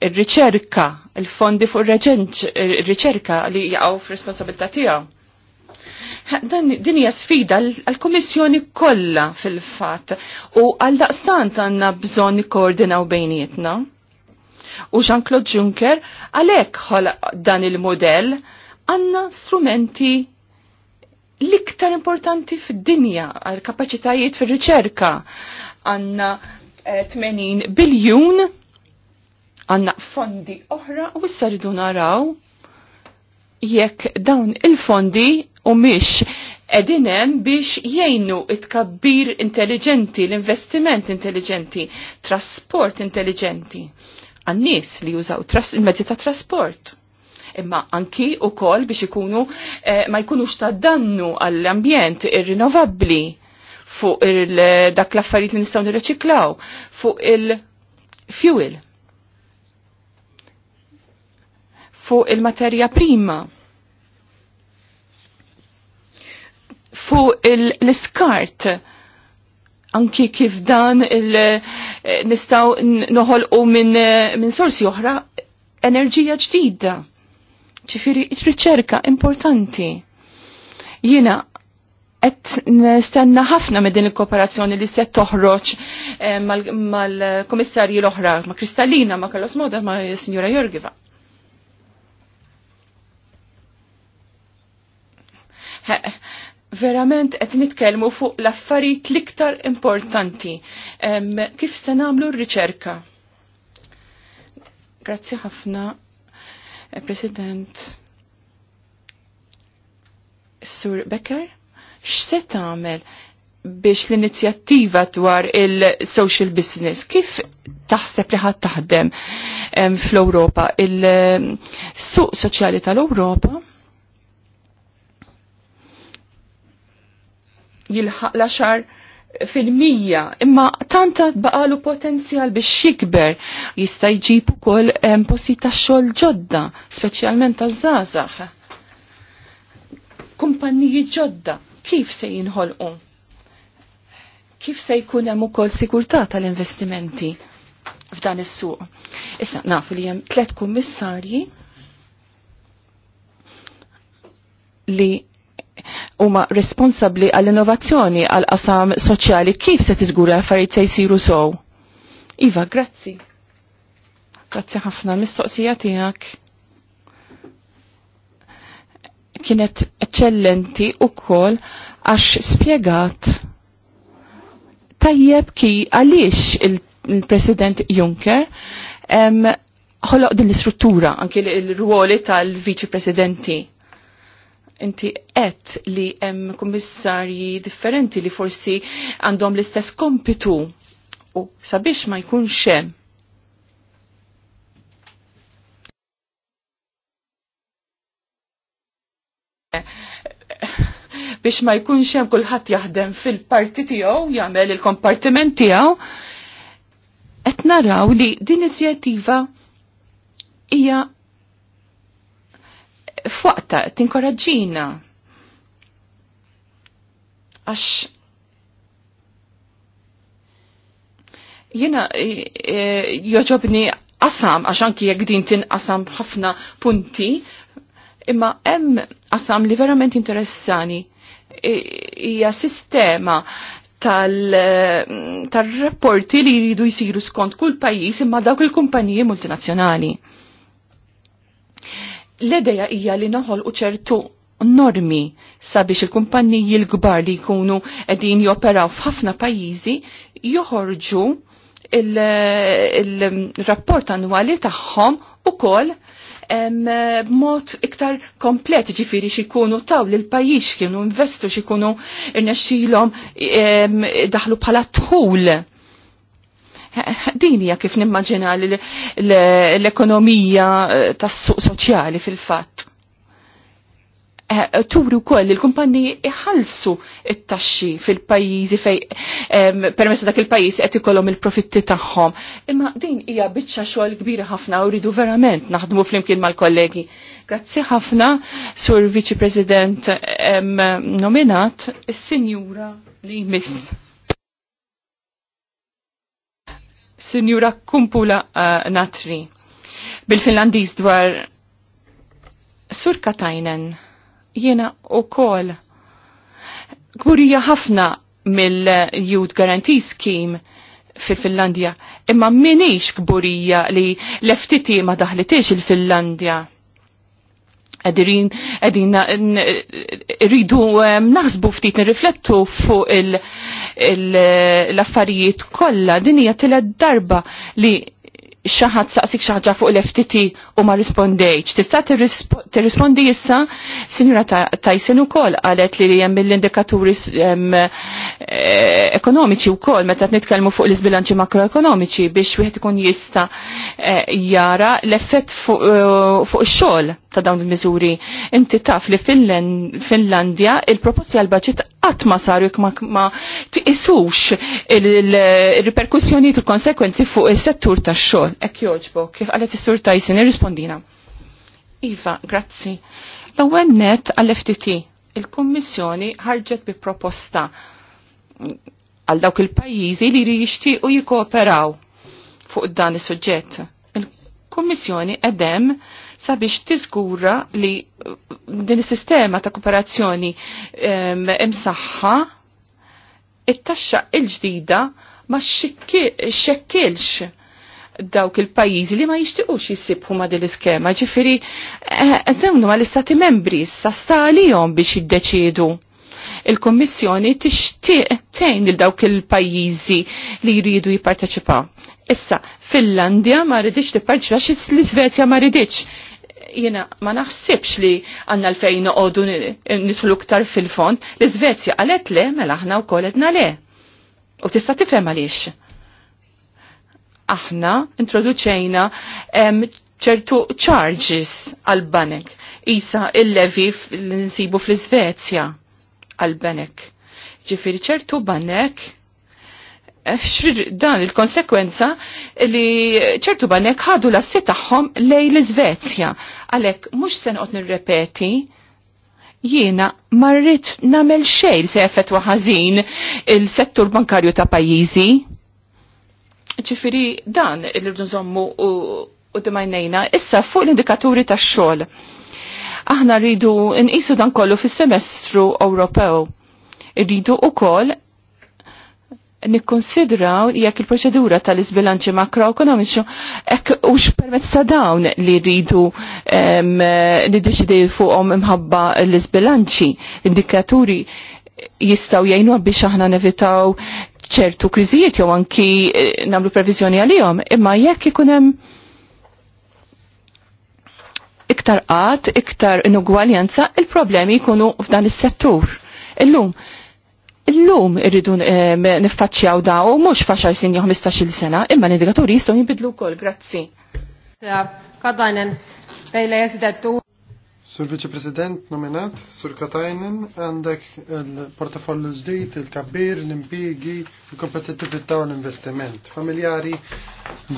[SPEAKER 5] il-riċerka, il-fondi fuq il-riċerka li jaqgħu f'responsabilità tiegħu. tijaw. din hija sfida għall-Kummissjoni kollha fil-fatt u għal daqstant għandna bżonn nikkoordinaw bejnietna. U Jean-Claude Juncker għalhekk dan il-modell għandna strumenti l-iktar importanti fid-dinja għal kapaċitajiet fir-riċerka għandna 80 eh, biljun għanna fondi oħra u issa rridu naraw jekk dawn il-fondi u miex edinem biex jgħinu it-kabbir intelligenti, l-investiment intelligenti, trasport intelligenti, għannis li jużaw il-mezzi ta' trasport. Imma anki u kol biex ikunu eh, ma jkunux ta' dannu għall-ambjent ir-rinovabli fuq il-dak l-affarijiet li nistgħu nirreċiklaw, fuq il-fuel fuq il-materja prima. Fuq l-iskart anki kif dan nistaw noħolqu minn min sorsi oħra enerġija ġdida. Ċifiri, riċerka importanti. Jina, et nistenna ħafna me din il-kooperazzjoni li se toħroġ eh, mal-komissarji mal komissarji l oħra ma' Kristallina, ma' Carlos Moda, ma' Signora Jorgiva. verament qed nitkellmu fuq l-affarijiet l-iktar importanti. Kif se nagħmlu r-riċerka? Grazzi ħafna, eh, President. Sur Becker, x'se tagħmel biex l-inizjattiva dwar il-social business, kif taħseb li ħadd taħdem fl-Ewropa? Il-suq soċjali tal-Ewropa jilħaq l'Axar fil-mija, imma tanta baqalu potenzjal biex jikber jista' jġib ukoll posti ta' xogħol ġodda, speċjalment taż-żgħażagħ. Kumpanniji ġodda, kif se jinħolqu? Kif se jkun hemm ukoll sikurtà tal-investimenti f'dan is-suq? Issa nafu li hemm tliet kummissarji li huma responsabbli għall-innovazzjoni għall-qasam soċjali kif se tiżgura affarijiet se jsiru sew. Iva, grazzi. Grazzi ħafna mistoqsija tiegħek. Kienet eċċellenti wkoll għax spjegat tajjeb ki għaliex il-President Juncker ħoloq din l-istruttura anke l-ruoli tal-Viċi Presidenti inti qed li hemm kummissarji differenti li forsi għandhom l-istess kompitu u sabiex ma jkunx hemm biex ma jkunx hemm kulħadd jaħdem fil-parti tiegħu jagħmel il-kompartiment tiegħu qed naraw li din inizjattiva hija fuqta tinkoraġġina. Għax jena e, e, joġobni qasam għax anki jekk din tinqasam ħafna punti, imma hemm qasam li verament interessani e, hija sistema tal-rapporti li jridu jisiru skont kull pajjiż imma dawk il-kumpaniji multinazzjonali. L-ideja hija li u ċertu normi sabiex il-kumpanniji l-gbar li jkunu edin joperaw f'ħafna pajjiżi joħorġu il-rapport il annwali tagħhom ukoll b'mod iktar komplet ġifiri xikunu taw li l-pajjiż kienu investu xikunu irnexxilhom daħlu bħala tħul Din hija kif nimmaġina l-ekonomija eh, tas-suq soċjali fil-fatt. Eh, Turu koll il kumpanniji iħalsu it-taxxi fil-pajjiżi fej permess dak il-pajjiż qed ikollhom il-profitti tagħhom. Imma din hija biċċa xogħol kbira ħafna u rridu verament naħdmu flimkien mal-kollegi. Grazzi ħafna sur Viċi President nominat is-Sinjura li miss. Sinjura Kumpula uh, Natri bil-Finlandiż dwar Sur Katajnen jiena u kol gburija ħafna mill-Youth Guarantee Scheme fil-Finlandja imma minix gburija li leftiti ma daħlitiex il-Finlandja għedirin għedin rridu um, naħsbu ftit nirriflettu fuq il- l-affarijiet kollha din hija tielet darba li xaħat saqsik xaħġa fuq l-FTT u ma rispondejċ. Tista' tirrispondi issa, Sinjura Tyson ukoll qalet li li hemm l-indikaturi eh, ekonomiċi wkoll meta nitkelmu fuq l-isbilanċi makroekonomiċi biex wieħed ikun jista eh, jara l-effett eh, fuq ix-xogħol ta' dawn il-miżuri. Inti taf li Finlandja il-proposti għal baġit qatt ma saru ma tqisux il-riperkussjoni t konsekwenzi fuq is-settur tax-xogħol dan, ek joġbo, kif għalet is-sur Tyson, irrispondina. Iva, grazzi. L-ewwel net għall-FTT, il-Kummissjoni ħarġet bi proposta għal dawk il-pajjiżi li jixtiequ jikkooperaw fuq dan is-suġġett. Il-Kummissjoni edem sabiex tiżgura li uh, din is-sistema ta' kooperazzjoni um, imsaħħa it-taxxa il-ġdida ma xekkilx dawk il-pajjiżi li ma jixtiequx jissibħu ma' din l-iskema, ġifieri eh, eh, ma għall-istati membri sa jom biex jiddeċiedu. Il-Kommissjoni tixtieq tgħin lil dawk il-pajjiżi li jridu jipparteċipaw. Issa, Finlandja ma rridix tipparteċipa xitz l-Iżvezja ma rridix. Jiena ma naħsibx li għandna l-fejn noqogħdu nidħlu ktar fil-fond, l-Iżvezja qalet le mela aħna wkoll qedna le. U tista' tifhem għaliex aħna introduċejna ċertu charges għal-banek. Isa il-levi l-insibu fl-Svezja għal-banek. Ġifiri ċertu banek eh, dan il-konsekwenza li ċertu banek ħadu la assi tagħhom lej l-Svezja. Għalek, mux qot nirrepeti, jiena marrit namel xejn se effettwa ħażin il-settur bankarju ta' pajjiżi ċifiri dan il-rdu nżommu u u d-majnejna issa fuq l-indikaturi ta' xol. Aħna rridu nqisu dan kollu fis semestru Ewropew. Rridu u koll nikkonsidraw jekk il-proċedura tal-izbilanċi makroekonomiċu ek ux permezz dawn li rridu li deċidi fuqhom imħabba l-izbilanċi. Indikaturi jistaw jajnu biex aħna nevitaw ċertu kriżijiet jew anki eh, nagħmlu previżjoni għalihom, imma jekk ikun hemm iktar qat, iktar inugwaljanza, il-problemi jkunu f'dan is-settur. Illum, illum irridu eh, niffaċċjaw daw, mhux faċar sin 15-il sena, imma l-indikaturi jistgħu jinbidlu wkoll, grazzi. Kadanen, teile
[SPEAKER 1] jesidetu. Sur Viċe president nominat, sur Katajnen, għandek il-portafollu ġdijt, il-kabbir, l-impigi, il-kompetitivita u l-investiment. Familjari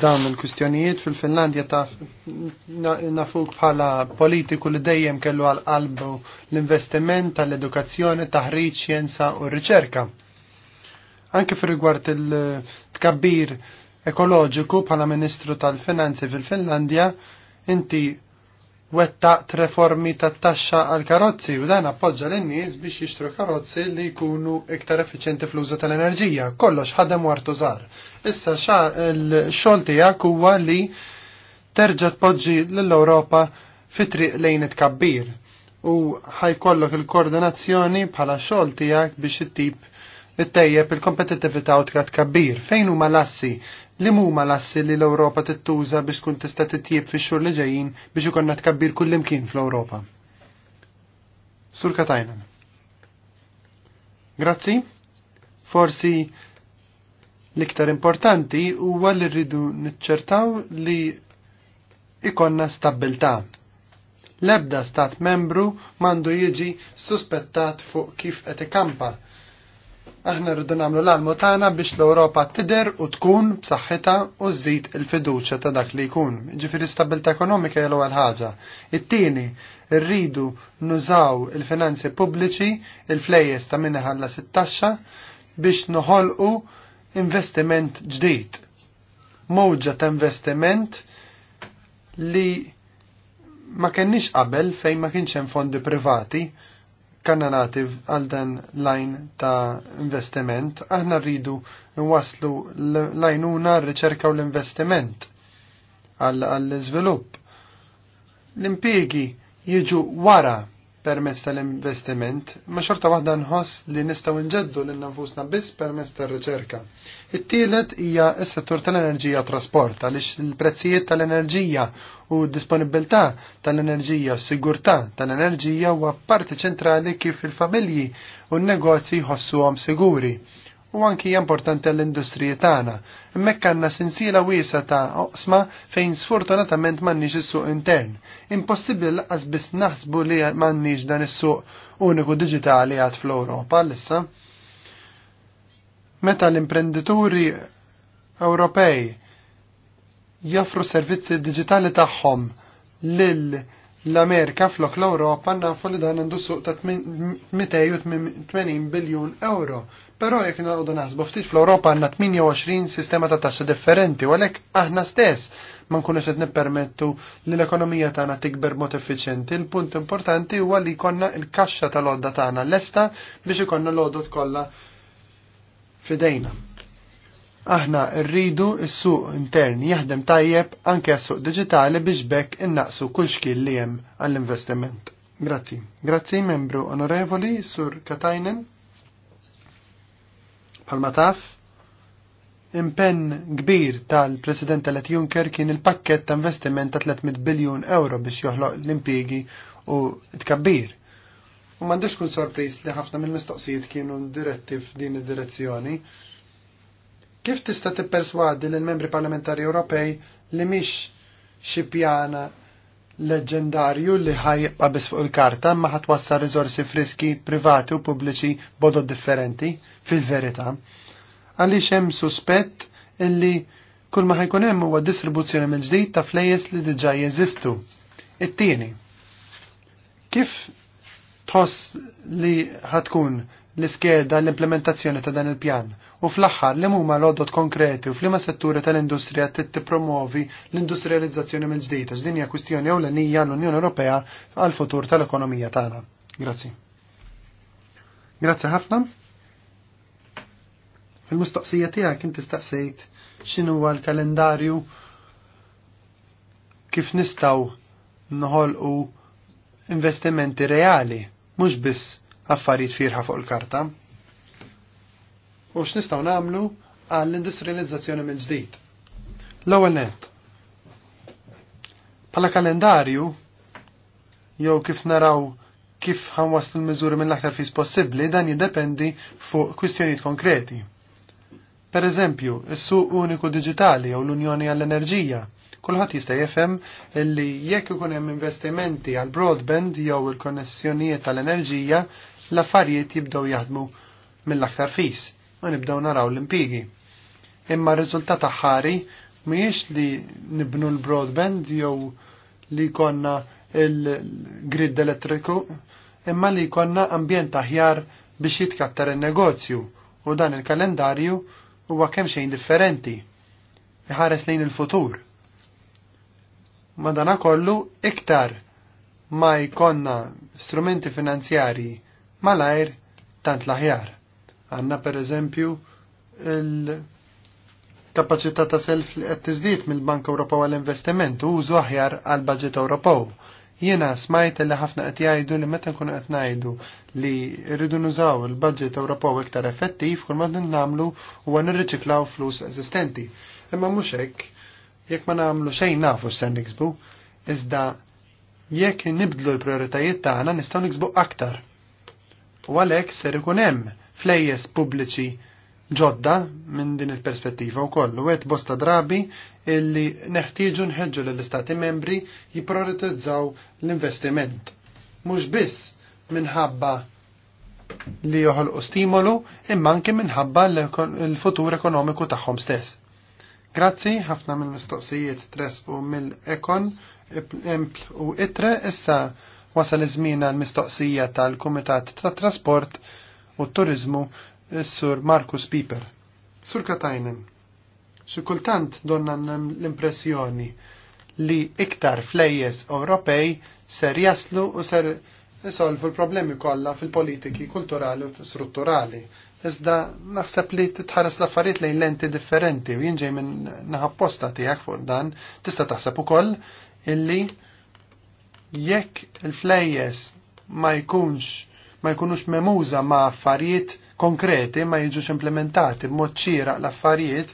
[SPEAKER 1] dawn il-kustjonijiet fil-Finlandja ta' nafuk bħala politiku li dejjem kellu għal-qalbu l-investiment tal-edukazzjoni, taħriġ, xjenza u r-riċerka. Anke fil-rigward il-tkabbir ekoloġiku bħala ministru tal-finanzi fil-Finlandja, inti wettaqt reformi tat taxxa għal karozzi u dan appoġġa lin nies biex jixtru karozzi li jkunu iktar effiċjenti fl-użu tal-enerġija. Kollox ħadem wartu żgħar. Issa x xogħol tiegħek huwa li terġa' tpoġġi lill-Ewropa fi triq lejn it-kabbir u ħajkollok il-koordinazzjoni bħala xogħol tiegħek biex it-tip it-tejjeb il-kompetittività u tkat kabbir. Fejn huma lassi Li huma lassi li l-Ewropa tittuża biex tkun tista' tittjib fix-xhur li ġejjin biex ikonna tkabbir kullimkien fl-Ewropa. Sur Katajnan. Grazzi. Forsi l-iktar importanti huwa li rridu niċċertaw li ikonna stabilta. L-ebda stat membru mandu jiġi suspettat fuq kif qed ikampa Aħna rridu nagħmlu l-almu tagħna biex l-Ewropa tidher u tkun b'saħħitha u żżid il-fiduċja ta' dak li jkun. Ġifieri stabilta ekonomika hija l-ewwel ħaġa. It-tieni rridu nużaw il-finanzi pubbliċi, il-flejjes ta' min ħalla sittaxxa biex noħolqu investiment ġdid. Mowġa ta' investiment li ma kenniex qabel fejn ma kienx hemm fondi privati kanalati għal dan lajn ta' investiment, aħna rridu nwaslu lajnuna r-riċerka u l-investiment għall-izvilupp. L-impiegi jiġu wara permezz tal-investiment, ma xorta waħda nħoss li nistaw nġeddu l nafusna biss permezz tal-riċerka. It-tielet hija s-settur tal-enerġija trasport għaliex il-prezzijiet tal-enerġija u disponibilità tal-enerġija u sigurtà tal-enerġija huwa parti ċentrali kif il-familji u n-negozji jħossuhom siguri u anki importanti għall-industrija tagħna. Hemmhekk għandna sinsiela wiesa ta' oqsma fejn sfortunatament m'għandniex is-suq intern. Impossibbli laqas biss naħsbu li m'għandniex dan is-suq uniku diġitali għad fl-Ewropa issa. Meta l-imprenditori Ewropej joffru servizzi digitali tagħhom lil l amerika flok l-Ewropa nafu li dan għandu suq ta' 280 biljun euro. Però jekk nagħdu naħsbu ftit fl-Ewropa għandna 28 sistema ta' taxxa differenti u għalhekk aħna stess ma nkunux qed nippermettu li l-ekonomija tagħna tikber mod effiċjenti. Il-punt importanti huwa li jkollna l-kaxxa tal-għodda tagħna lesta biex ikollna l-għodot kollha fidejna. Aħna rridu s-suq intern jaħdem tajjeb anke s-suq digitali biex bekk innaqsu kull xkil li hemm għall-investiment. Grazzi. Grazzi membru onorevoli sur Katajnen. Palma taf. Impenn kbir tal-President Elet Juncker kien il-pakket ta' investiment ta' 300 biljun euro biex joħloq l impiegi u tkabbir. U m'għandux kun sorpriż li ħafna mill-mistoqsijiet kienu diretti f'din id-direzzjoni Kif tista' tipperswadi lill membri parlamentari Ewropej li mhix xi pjana leġendarju li ħajqa biss fuq il-karta ma ħadd wassal riżorsi friski privati u pubbliċi bodod differenti fil-verità. Għaliex hemm suspett illi kull ma ħajkun hemm huwa distribuzzjoni mill-ġdid ta' flejjes li diġà jeżistu. It-tieni. Kif tħoss li ħatkun l-iskeda l-implementazzjoni ta' dan il-pjan u fl-aħħar li huma l oddot konkreti u fl-ima setturi tal-industrija tippromovi l-industrializzazzjoni mill ġdita għax din hija kwistjoni ewlenija l-Unjoni Ewropea għal futur tal-ekonomija tagħna. Grazzi. Grazzi ħafna. Fil-mistoqsija tiegħek inti staqsejt x'inhu l-kalendarju kif nistgħu u investimenti reali, mhux biss affarijiet firħa fuq il-karta u x'nistgħu nagħmlu għall-industrializzazzjoni mill ġdid. L-ewwel net. Bħala kalendarju jew kif naraw kif ħanwaslu l-miżuri mill-aktar fis possibbli dan jiddependi fuq kwistjonijiet konkreti. Per eżempju, is-suq uniku diġitali jew l-Unjoni għall-Enerġija kulħadd jista' jefhem li jekk ikun hemm investimenti għal broadband jew il-konnessjonijiet tal-enerġija, l-affarijiet jibdew jaħdmu mill-aktar fis u nibdew naraw l-impigi. Imma r-riżultat ħari mhijiex li nibnu l-broadband jew li konna il-grid elettriku, imma li konna ambjent aħjar biex jitkattar il-negozju u dan il-kalendarju huwa kemm xejn differenti. Iħares lejn il-futur. Madana kollu iktar ma jkonna strumenti finanzjari malajr tant l-aħjar. Għanna per eżempju il-kapacità ta' self li qed tiżdied mill-Bank Ewropew għall-investiment u użu aħjar għal budget Ewropew. Jiena smajt li ħafna qed jgħidu li meta nkunu qed ngħidu li rridu nużaw il-budget Ewropew iktar effettiv kull mod nagħmlu huwa nirriċiklaw flus eżistenti. Imma mhux hekk jekk ma nagħmlu xejn nafu x'se niksbu, iżda jekk nibdlu l-prioritajiet tagħna nistgħu niksbu aktar. U għalhekk ser ikun hemm flejjes pubbliċi ġodda minn din il-perspettiva u kollu għet bosta drabi illi neħtieġu nħedġu l-istati membri jiprioritizzaw l-investiment. Mux biss minħabba li joħolqu stimolu imma anke minħabba l-futur ekonomiku tagħhom stess. Grazzi ħafna mill-mistoqsijiet tres u mill-ekon empl u itre issa wasal iż-żmien għal-mistoqsija tal-Kumitat tat-Trasport ta u t-turizmu s-sur Markus Piper. Sur Katajnen, xi kultant donna l-impressjoni li iktar flejjes Ewropej ser jaslu u ser jisolvu l-problemi kollha fil-politiki kulturali u strutturali. Iżda naħseb li titħares l-affarijiet lejn lenti differenti u jinġej minn naħapposta tiegħek fuq dan, tista' taħseb ukoll illi jekk il-flejjes ma jkunx ma jkunux memuża ma' affarijiet konkreti ma jiġux implementati b'mod ċira l-affarijiet,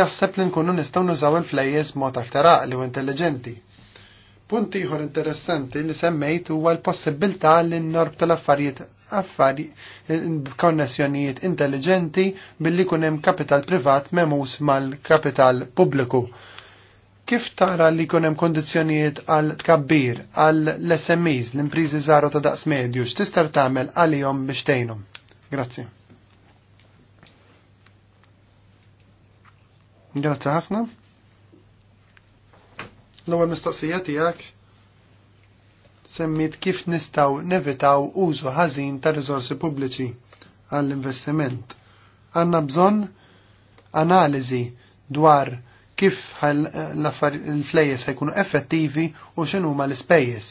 [SPEAKER 1] naħseb li nkunu nistgħu nużaw il-flejjes mod aktar aqli u intelligenti. Punt ieħor interessanti li semmejt huwa l-possibilità li norb tal-affarijiet affari konnessjonijiet intelligenti billi kun hemm kapital privat memus mal-kapital pubbliku Kif tara li kunem kondizjonijiet għal tkabbir, għal l-SMEs, l-imprizi zaru ta' daqs medju, x'tistar tagħmel għalihom biex tgħinhom? Grazzi. Grazzi ħafna. L-ewwel mistoqsija tiegħek semmit kif nistgħu nevitaw użu ħażin ta' riżorsi pubbliċi għall-investiment. Għandna bżonn analiżi dwar kif l-flejjes jkunu effettivi u x'inhuma l-ispejjeż.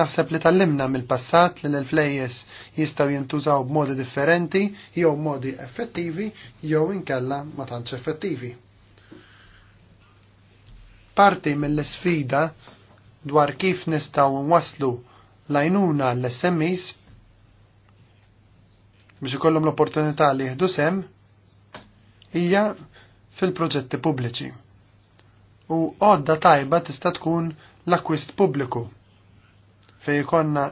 [SPEAKER 1] Naħseb li tallimna mill-passat li l-flejjes jistaw jintużaw b'modi differenti, jew modi effettivi, jew inkella ma tantx effettivi. Parti mill-sfida dwar kif nistaw nwaslu lajnuna l-SMEs biex ikollhom l-opportunità li jieħdu sem hija fil-proġetti pubbliċi u għodda tajba tista' tkun l-akwist pubbliku fej konna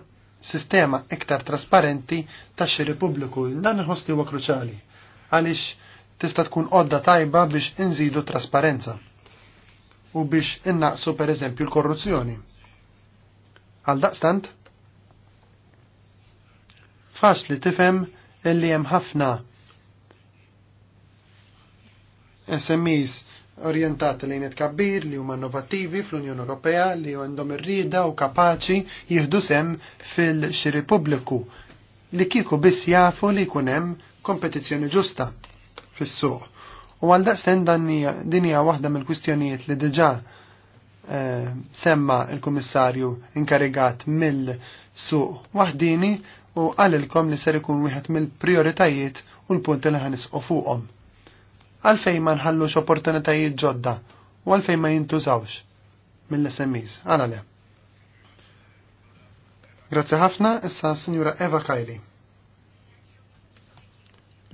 [SPEAKER 1] sistema iktar trasparenti ta' xiri pubbliku. Dan il-ħosti huwa kruċali għaliex tista' tkun għodda tajba biex inżidu trasparenza u biex innaqsu per eżempju l-korruzzjoni. Għal daqstant, faċ li tifem illi hemm ħafna SMEs orjentati lejn it-kabbir li huma innovattivi fl-Unjoni Ewropea li għandhom ir-rieda u kapaċi jieħdu sem fil-xiri pubbliku li kieku biss jafu li jkun hemm kompetizzjoni ġusta fis-suq. U għal daqstan din hija waħda mill-kwistjonijiet li diġà eh, semma il-Kummissarju inkarigat mill-suq waħdini u għalilkom li ser ikun wieħed mill-prioritajiet u l-punti li ħanisqu fuqhom għalfejn ma nħallux opportunitajiet ġodda u għalfejn ma jintużawx mill-SMEs, Għana le. Grazzi ħafna, issa Sinjura Eva Kajli.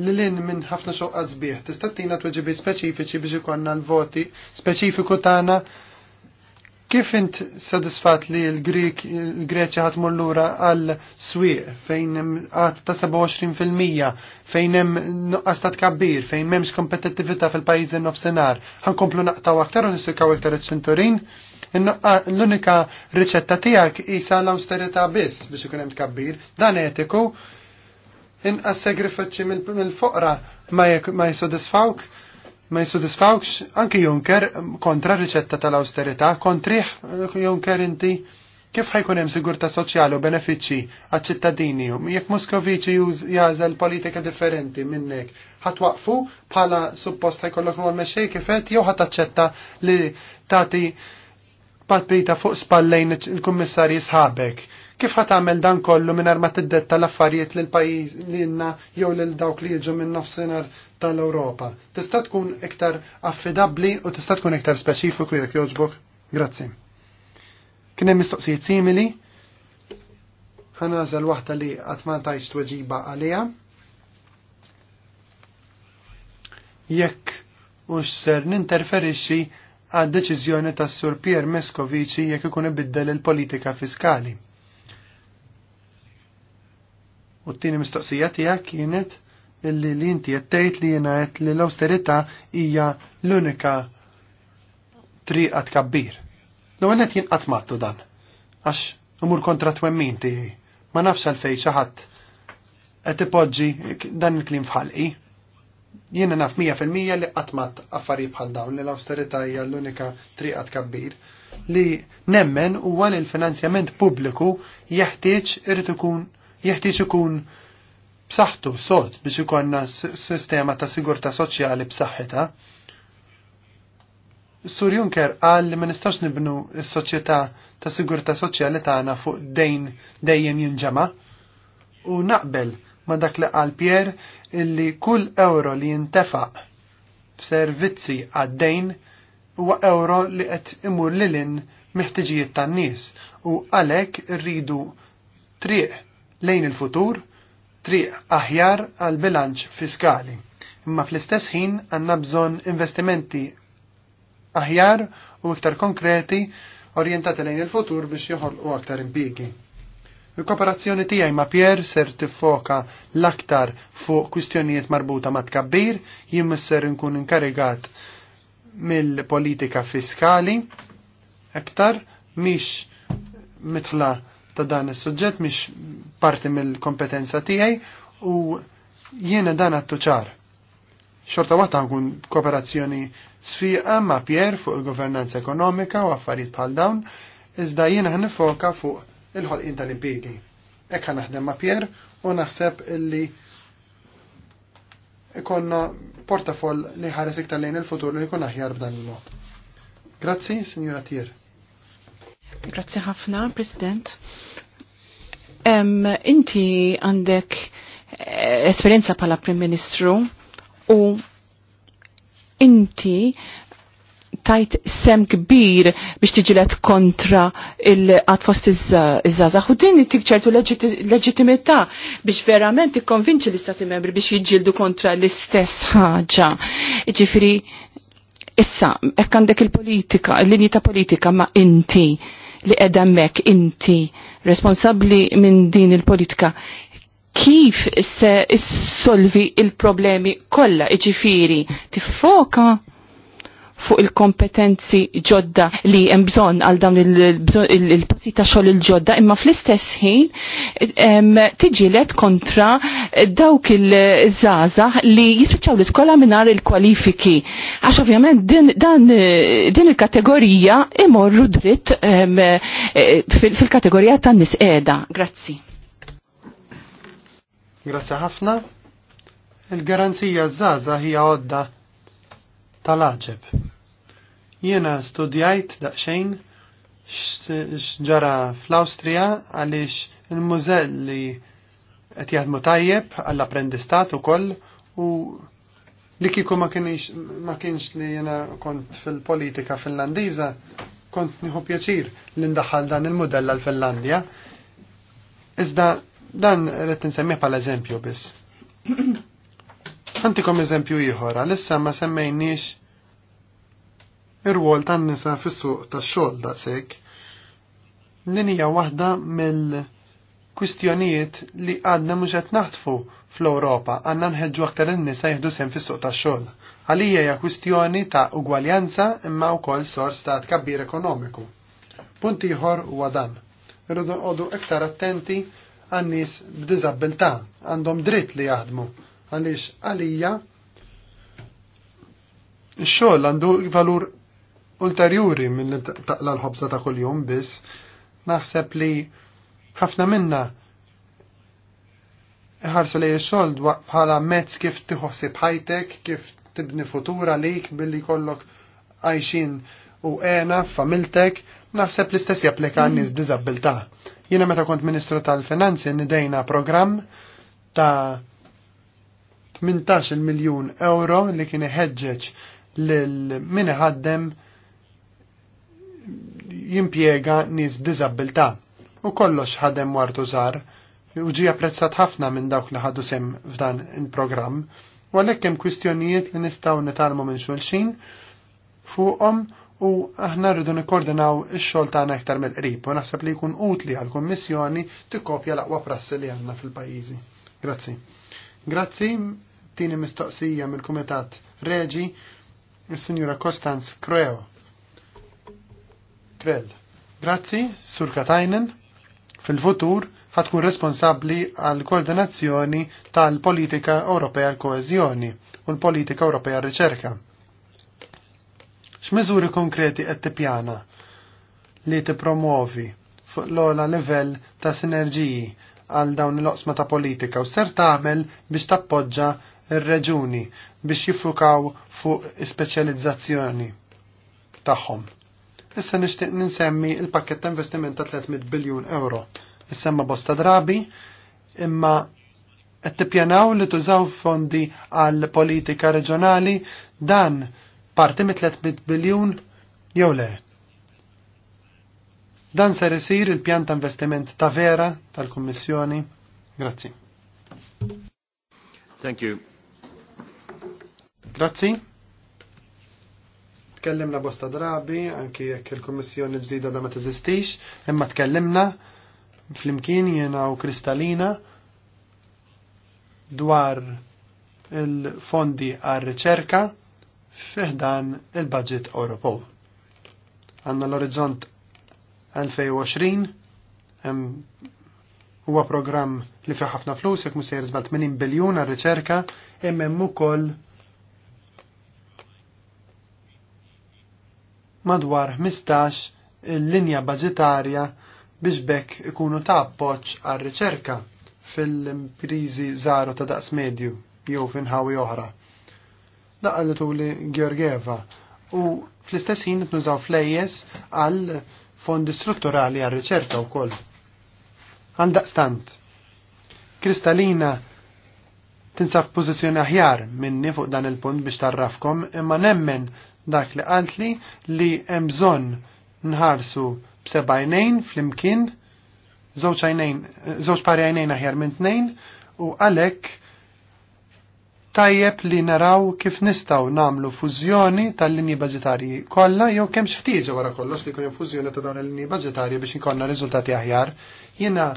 [SPEAKER 1] Lilin minn ħafna xoqqat sbieħ, tista' t tweġibi speċifiċi biex ikonna l-voti speċifiku tagħna Kif int sadisfat li l-Grik, l-Greċja ħatmur mullura għal swieq fejn hemm għad ta' 27% fejn hemm nuqqas ta' tkabbir, fejn m'hemmx kompetittività fil-pajjiżi nofsinhar, ħankomplu naqtaw aktar u nissikaw iktar iċ-ċinturin? L-unika riċetta tiegħek isa l-austerità biss biex ikun hemm tkabbir, dan etiku, inqas segrifiċċi mill-foqra ma jisodisfawk ma jissudisfawx anki Juncker kontra riċetta tal austerita kontriħ eh, Juncker inti kif ħajkun hemm sigurta soċjali u benefiċċji għaċ-ċittadini jekk Moskoviċi jażel politika differenti minnek ħadd waqfu bħala suppost ħajkollok rwol mexxej kifet jew ħadd taċċetta li tagħti patbita fuq spallejn il-kummissarji sħabek Kif ħat tagħmel dan kollu mingħajr ma tiddetta l-affarijiet lil pajjiż lilna jew lil dawk li jiġu minn nofsinhar tal-Ewropa? Tista' tkun iktar affidabbli u tista' tkun iktar speċifiku jekk jogħġbok? Grazzi. Kien hemm mistoqsijiet simili. Ħanażel waħda li qatt ma tajx tweġiba għaliha. Jekk mhux ser ninterferixxi għad deċiżjoni tas-Sur Pier Meskoviċi jekk ikun ibiddel il-politika fiskali U t-tieni mistoqsija tiegħek kienet illi li inti qed tgħid li jiena jett li l-awsterità hija l-unika triqa tkabbir. l għanet qed jinqat mattu dan għax umur kontra twemmin tiegħi. Ma nafx għalfejn xi ħadd qed ipoġġi dan il-klim f'ħalqi. Jiena naf 100% fil-mija li qatt qatt affarijiet bħal dawn li l-awsterità hija l-unika triqa tkabbir li nemmen huwa li l-finanzjament pubbliku jeħtieġ irid ikun jeħtieġ ikun b'saħħtu sod biex ikonna sistema ta' sigurta soċjali b'saħħitha. Sur Juncker qal li ma nistax nibnu s-soċjetà ta' sigurta soċjali tagħna fuq dejn dejjem jinġema' u naqbel ma dak li qal Pierre illi kull euro li jintefaq f'servizzi għad-dejn huwa euro li qed imur lilin miħtiġijiet tan-nies u għalhekk irridu triq lejn il-futur, triq aħjar għal bilanċ fiskali. Imma fl-istess ħin għandna bżonn investimenti aħjar u iktar konkreti orjentati lejn il-futur biex joħolqu aktar impiegi. Il-kooperazzjoni tiegħi ma' Pier ser tiffoka l-aktar fuq kwistjonijiet marbuta ma' tkabbir, jien ser nkun inkarigat mill-politika fiskali aktar miex mitla' ta' dan is-suġġett mhix parti mill-kompetenza tiegħi u jiena dan għattu ċar. Xorta waħda għun kooperazzjoni sfiqa ma' Pier fuq il-governanza ekonomika u affarijiet bħal dawn, iżda jiena nifoka fuq il-ħolqien tal-impjiegi. Ekk naħdem ma' Pier u naħseb illi ikonna portafol li ħares iktar lejn il-futur li jkun aħjar b'dan il-mod. Grazzi, Signora Tier. Grazzi ħafna,
[SPEAKER 5] President. Um, inti għandek eh, esperienza pala Prim Ministru u inti tajt sem kbir biex tiġilet kontra il-għat fost iż żaza u din tik ċertu leġitimità biex verament tikkonvinċi l-istati membri biex jiġildu kontra l-istess ħaġa. Ġifiri, issa, ekk għandek il-politika, l-linji ta' politika ma' inti li edemmek inti responsabli minn din il-politika kif se issolvi il-problemi kolla iġifiri tifoka fuq il-kompetenzi ġodda li hemm bżonn għal dawn il posita ta' xogħol il-ġodda, imma fl-istess ħin tiġilet kontra dawk il żaza li jispiċċaw l-iskola mingħajr il-kwalifiki. Għax ovvjament din il-kategorija imorru dritt e, fil-kategorija tan-nies qiegħda. Grazzi.
[SPEAKER 1] Grazzi ħafna. Il-garanzija żgħażagħ hija għodda tal-aġeb. Jiena studjajt daqxejn xġara fl-Awstrija għaliex il-mużell li qed jaħdmu tajjeb għall-apprendistat ukoll u li kiku ma kienx li jena kont fil-politika finlandiża kont nieħu pjaċir li ndaħħal dan il-mudell għal Finlandja. Iżda dan rrid insemmih pal eżempju biss. Għantikom eżempju ieħor, għalissa ma semmejniex ir-rwol tan-nisa fis-suq tax-xogħol daqshekk. Din hija waħda mill-kwistjonijiet li għadna mhux qed naħtfu fl-Ewropa għandna nħeġġu aktar in-nisa jieħdu sehem fis-suq tax-xogħol. Għalija hija kwistjoni ta' ugwaljanza imma wkoll sors ta' tkabbir ekonomiku. Punt ieħor huwa dan. Irridu iktar attenti għan-nies b'diżabilità għandhom dritt li jaħdmu għaliex għalija x-xogħol għandu valur ulterjuri minn taqla l-ħobza ta' kuljum biss naħseb li ħafna minna ħarsu li xoll xogħol bħala mezz kif tiħossib ħajtek, kif tibni futura lik billi kollok għajxin u għena familtek, naħseb li stess japplika għannis b'dizabilità. Jiena meta kont Ministru tal-Finanzi nidejna program ta' 18 miljun euro li kien iħeġġeġ lil min ħaddem jimpjega nies b'diżabilità u kollox ħadem wartu żar u ġi apprezzat ħafna minn dawk li ħadu sem f'dan il-programm u għalhekk hemm kwistjonijiet li nistgħu nitalmu minn xulxin fuqhom u aħna rridu nikkoordinaw ix-xogħol tagħna aktar mill-qrib u naħseb li jkun utli għall kummissjoni tikkopja l-aqwa prassi li għandna fil-pajjiżi. Grazzi. Grazzi, Tini mistoqsija mill-Kumitat Reġi, il-Sinjura Kostanz Kreo. Krell. Grazzi, Sur Katajnen. Fil-futur ħatkun responsabli għal koordinazzjoni tal-Politika Ewropea l-Koezjoni u l-Politika Ewropea r-Riċerka. X'miżuri konkreti qed tippjana li tippromovi fuq l ogħla livell ta' sinerġiji għal dawn l-oqsma ta' politika u ser tagħmel biex tappoġġa ir-reġuni biex jifrukaw fuq specializzazzjoni tagħhom. Issa nixtieq ninsemmi il-pakket ta' investiment ta' 300 biljun euro. Issemma bosta drabi, imma qed tippjanaw li tużaw fondi għal politika reġjonali dan parti mit 300 biljun jew le. Dan ser isir il-pjan ta' investiment ta' vera tal-Kummissjoni. Grazzi. Thank you. Grazzi. Tkellimna bosta drabi, anki jekk il-Kummissjoni ġdida da ma teżistix, imma tkellimna flimkien jiena u Kristalina dwar il-fondi għar-riċerka fiħdan il-budget Europol. Għanna l-orizzont 2020 huwa program li fiħafna ħafna flus jekk musir żbal 80 biljun għar-riċerka imma hemm ukoll madwar 15 il-linja budgetarja biex bekk ikunu ta' appoċ għal riċerka fil-imprizi zaru ta' daqs medju jew finħawi oħra. Daqqa li tuli Georgieva u fl-istess ħin nużaw flejjes għal fondi strutturali għal riċerka wkoll. Għandaqstant, Kristalina tinsaf pozizjoni aħjar minni fuq dan il-punt biex tarrafkom imma nemmen dak li qantli li hemm bżonn nħarsu b'sebajnejn flimkien żewġ għajnejn żewġ pari għajnejn aħjar minn tnejn u għalhekk tajjeb li naraw kif nistaw namlu fużjoni tal-linji budgetarji kollha jew kemm xftiġa wara kollox li jkun fużjoni ta' dawn il-linji budgetarji biex inkollna riżultati aħjar. Jiena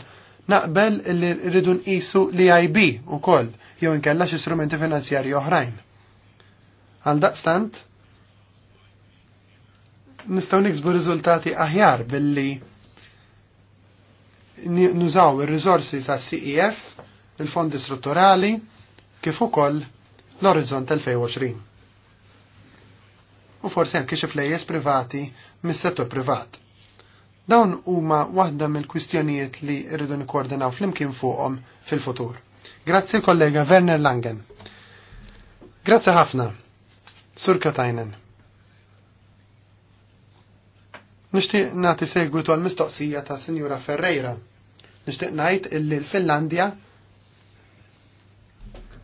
[SPEAKER 1] naqbel li rridu nqisu li IB ukoll jew inkella x'istrumenti finanzjarji oħrajn. Għal daqstant, nistaw niksbu riżultati aħjar billi nużaw ir rizorsi ta' CEF, il-fondi strutturali, kif ukoll l-Orizzont 2020. U forsi anke xi flejjes privati mis-settur privat. Dawn huma waħda mill-kwistjonijiet li rridu nikkoordinaw flimkien fuqhom fil-futur. Grazzi kollega Werner Langen. Grazzi ħafna. Sur Katajnen. Nixtieq nagħti segwitu għal mistoqsija ta' Sinjura Ferreira. Nixtieq ngħid illi l-Finlandja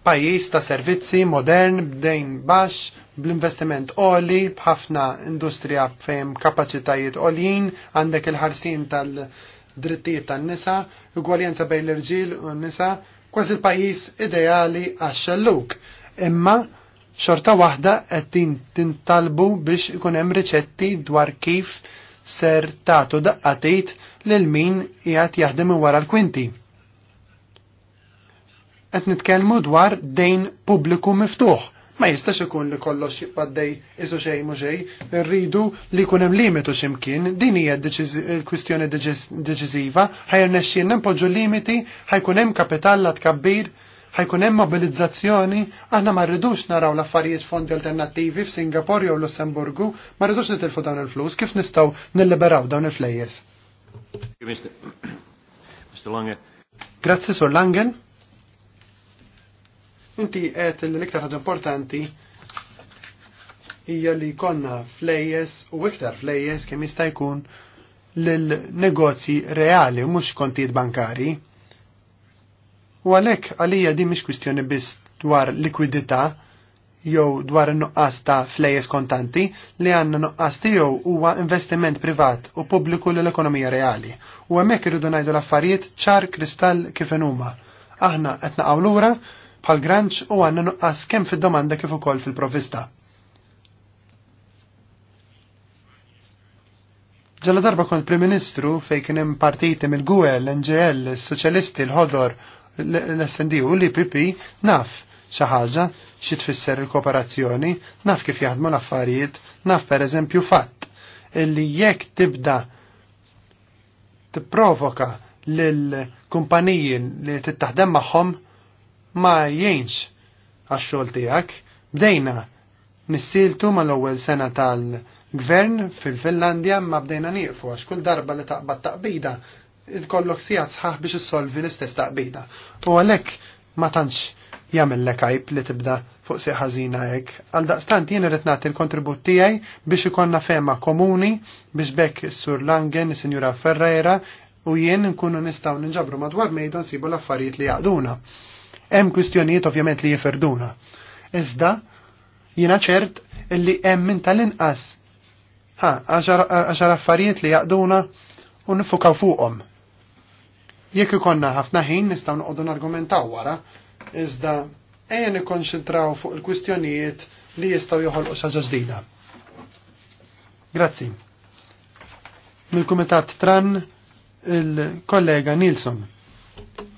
[SPEAKER 1] pajjiż ta' servizzi modern b'dejn baxx bl-investiment oli b'ħafna industrija fejn kapaċitajiet oljin għandek il-ħarsin tal-drittijiet tan-nisa, ugwaljenza bejn l-irġiel u n-nisa, kważi l-pajjiż ideali għax-xelluk. Imma xorta waħda qed tintalbu biex ikun hemm riċetti dwar kif ser tagħtu daqqatit lil min qiegħed jaħdem wara l-kwinti. Qed nitkellmu dwar dejn pubbliku miftuħ. Ma jistax ikun li kollox jibbaddej iżu xej mu rridu li jkun hemm limitu x'imkien, din hija l-kwistjoni deċiżiva, ħajr nexxin limiti, ħajkun hemm kapital la tkabbir ħajkun hemm mobilizzazzjoni, aħna ma rridux naraw l-affarijiet fondi alternattivi f'Singapur jew Lussemburgu, ma rridux nitilfu dawn il-flus, kif nistgħu nilliberaw dawn il-flejjes. Grazzi Sur Langen. Inti qed l-iktar ħaġa importanti hija li konna flejjes u iktar flejjes kemm jista' jkun lil negozji reali u mhux kontijiet bankari U għalhekk għalija di miex kwistjoni biss dwar likwidità jew dwar in-nuqqas ta' flejes kontanti li għandna nuqqas tiegħu huwa investiment privat u pubbliku l ekonomija reali. U hemmhekk irridu ngħidu l-affarijiet ċar kristall kif huma. Aħna qed naqgħu lura bħal granċ u għandna nuqqas kemm fid-domanda kif ukoll fil-provista. Ġalla darba kont Prim Ministru fejn kien hemm partiti mill-Gwel, l-NGL, is-Soċjalisti, l-Ħodor, l-SND u l-IPP naf xi ħaġa xi tfisser il-kooperazzjoni, naf kif jaħdmu l-affarijiet, naf pereżempju fatt illi jekk tibda tipprovoka l kumpaniji li tittaħdem magħhom ma jienx għax-xogħol tiegħek. Bdejna nissiltu mal-ewwel sena tal-gvern fil-Finlandja ma bdejna nieqfu għax kull darba li taqbad taqbida id-kollok sijat sħaħ biex s-solvi l-istess taqbida. U għalek ma tantx jagħmel lek għajb li tibda fuq si ħażina hekk. Għal daqstant jien irid nagħti l-kontribut tiegħi biex ikonna fema komuni biex bekk is-Sur Langen, is-Sinjura Ferreira u jien nkunu nistgħu ninġabru madwar mejda nsibu l-affarijiet li jaqduna. Hemm kwistjonijiet ovvjament li jiferduna. Iżda jiena ċert illi hemm min tal-inqas. Ha, għaxar affarijiet li jaqduna u nifukaw fuqhom Jekk ikonna ħafna ħin nistgħu noqogħdu argumentaw wara, iżda ejja nikkonċentraw fuq il-kwistjonijiet li jistgħu joħolqu xi ħaġa ġdida. Grazzi. Mill-Kumitat Tran il-kollega Nilsson.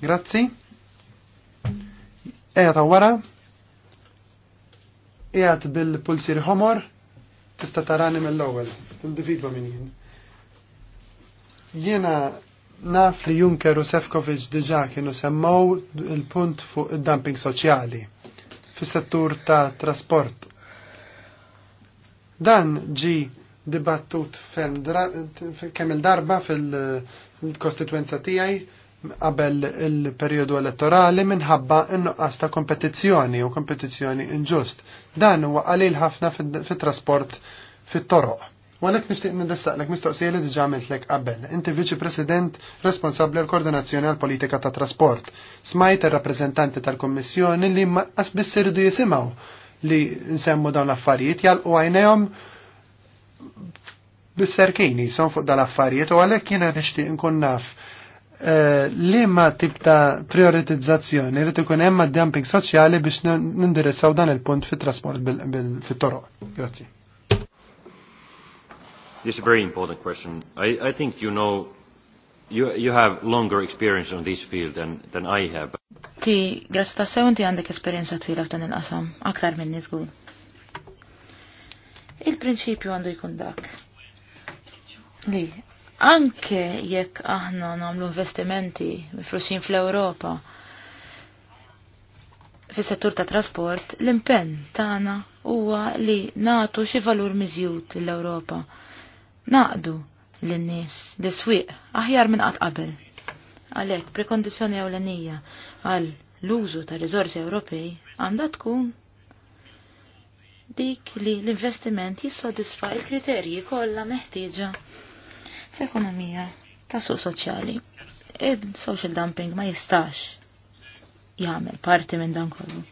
[SPEAKER 1] Grazzi. Ejja ta' wara. Ejat bil-pulsir homor. Tista tarani mill-ewwel. Individwa minn jien. Jiena naf li Juncker u Sefkovic diġa kienu semmaw il-punt fuq id-dumping soċjali fis-settur ta' trasport. Dan ġi dibattut kemm il-darba fil-kostituenza tiegħi qabel il-periodu elettorali minħabba innuqqas ta' kompetizzjoni u kompetizzjoni inġust. Dan huwa qalil ħafna fit-trasport fit-toroq Walek għalek nishtiq nirrestaqlek mistoqsija li diġa għamiltlek qabel. Inti viċi president responsabli l-koordinazzjoni għal-politika ta' trasport. Smajt il-rappresentanti tal-kommissjoni li maqqas biss irridu jisimaw li nsemmu dawn l-affarijiet jalqu għajnejhom bis-serkini son fuq dal-affarijiet u għalek jena nishtiq nkun naf eh, li ma tip ta' prioritizzazzjoni li ikun hemm dumping soċjali biex nindirizzaw dan il-punt fit-trasport fit-toroq. Grazzi.
[SPEAKER 2] It's a very important question. I, I think you know, you, you have longer experience on this field than, than I have.
[SPEAKER 3] Ti, għas ta' sew għandek esperienza twila f'dan il-qasam, aktar minn nizgur. Il-prinċipju għandu jkun dak. Li, anke jekk aħna namlu investimenti mifruxin fl-Europa, fis-settur ta' trasport, l-impenn tagħna huwa li nagħtu xi valur miżjud l-Ewropa naqdu l-nies, l swiq aħjar minn qatt qabel. Għalhekk prekondizzjoni ewlenija għal l-użu ta' riżorsi Ewropej għandha tkun dik li l-investiment jissodisfa il-kriterji kollha meħtieġa fl-ekonomija ta' suq soċjali. Il-social dumping ma jistax jagħmel parti minn dan kollu.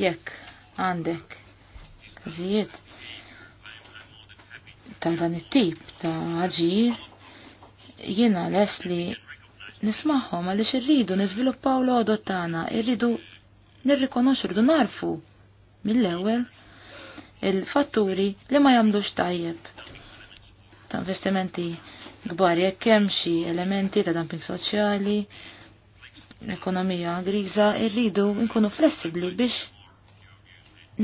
[SPEAKER 3] Jekk għandek każijiet ta' dan it-tip ta' ġir jiena les li nismaħħom għaliex irridu niżviluppaw l-għodot tagħna, irridu nirrikonoxxu rridu narfu mill-ewwel il-fatturi li ma jagħmlux tajjeb ta' investimenti kbar jekk hemm xi elementi ta' dumping soċjali, l-ekonomija griża irridu nkunu flessibbli biex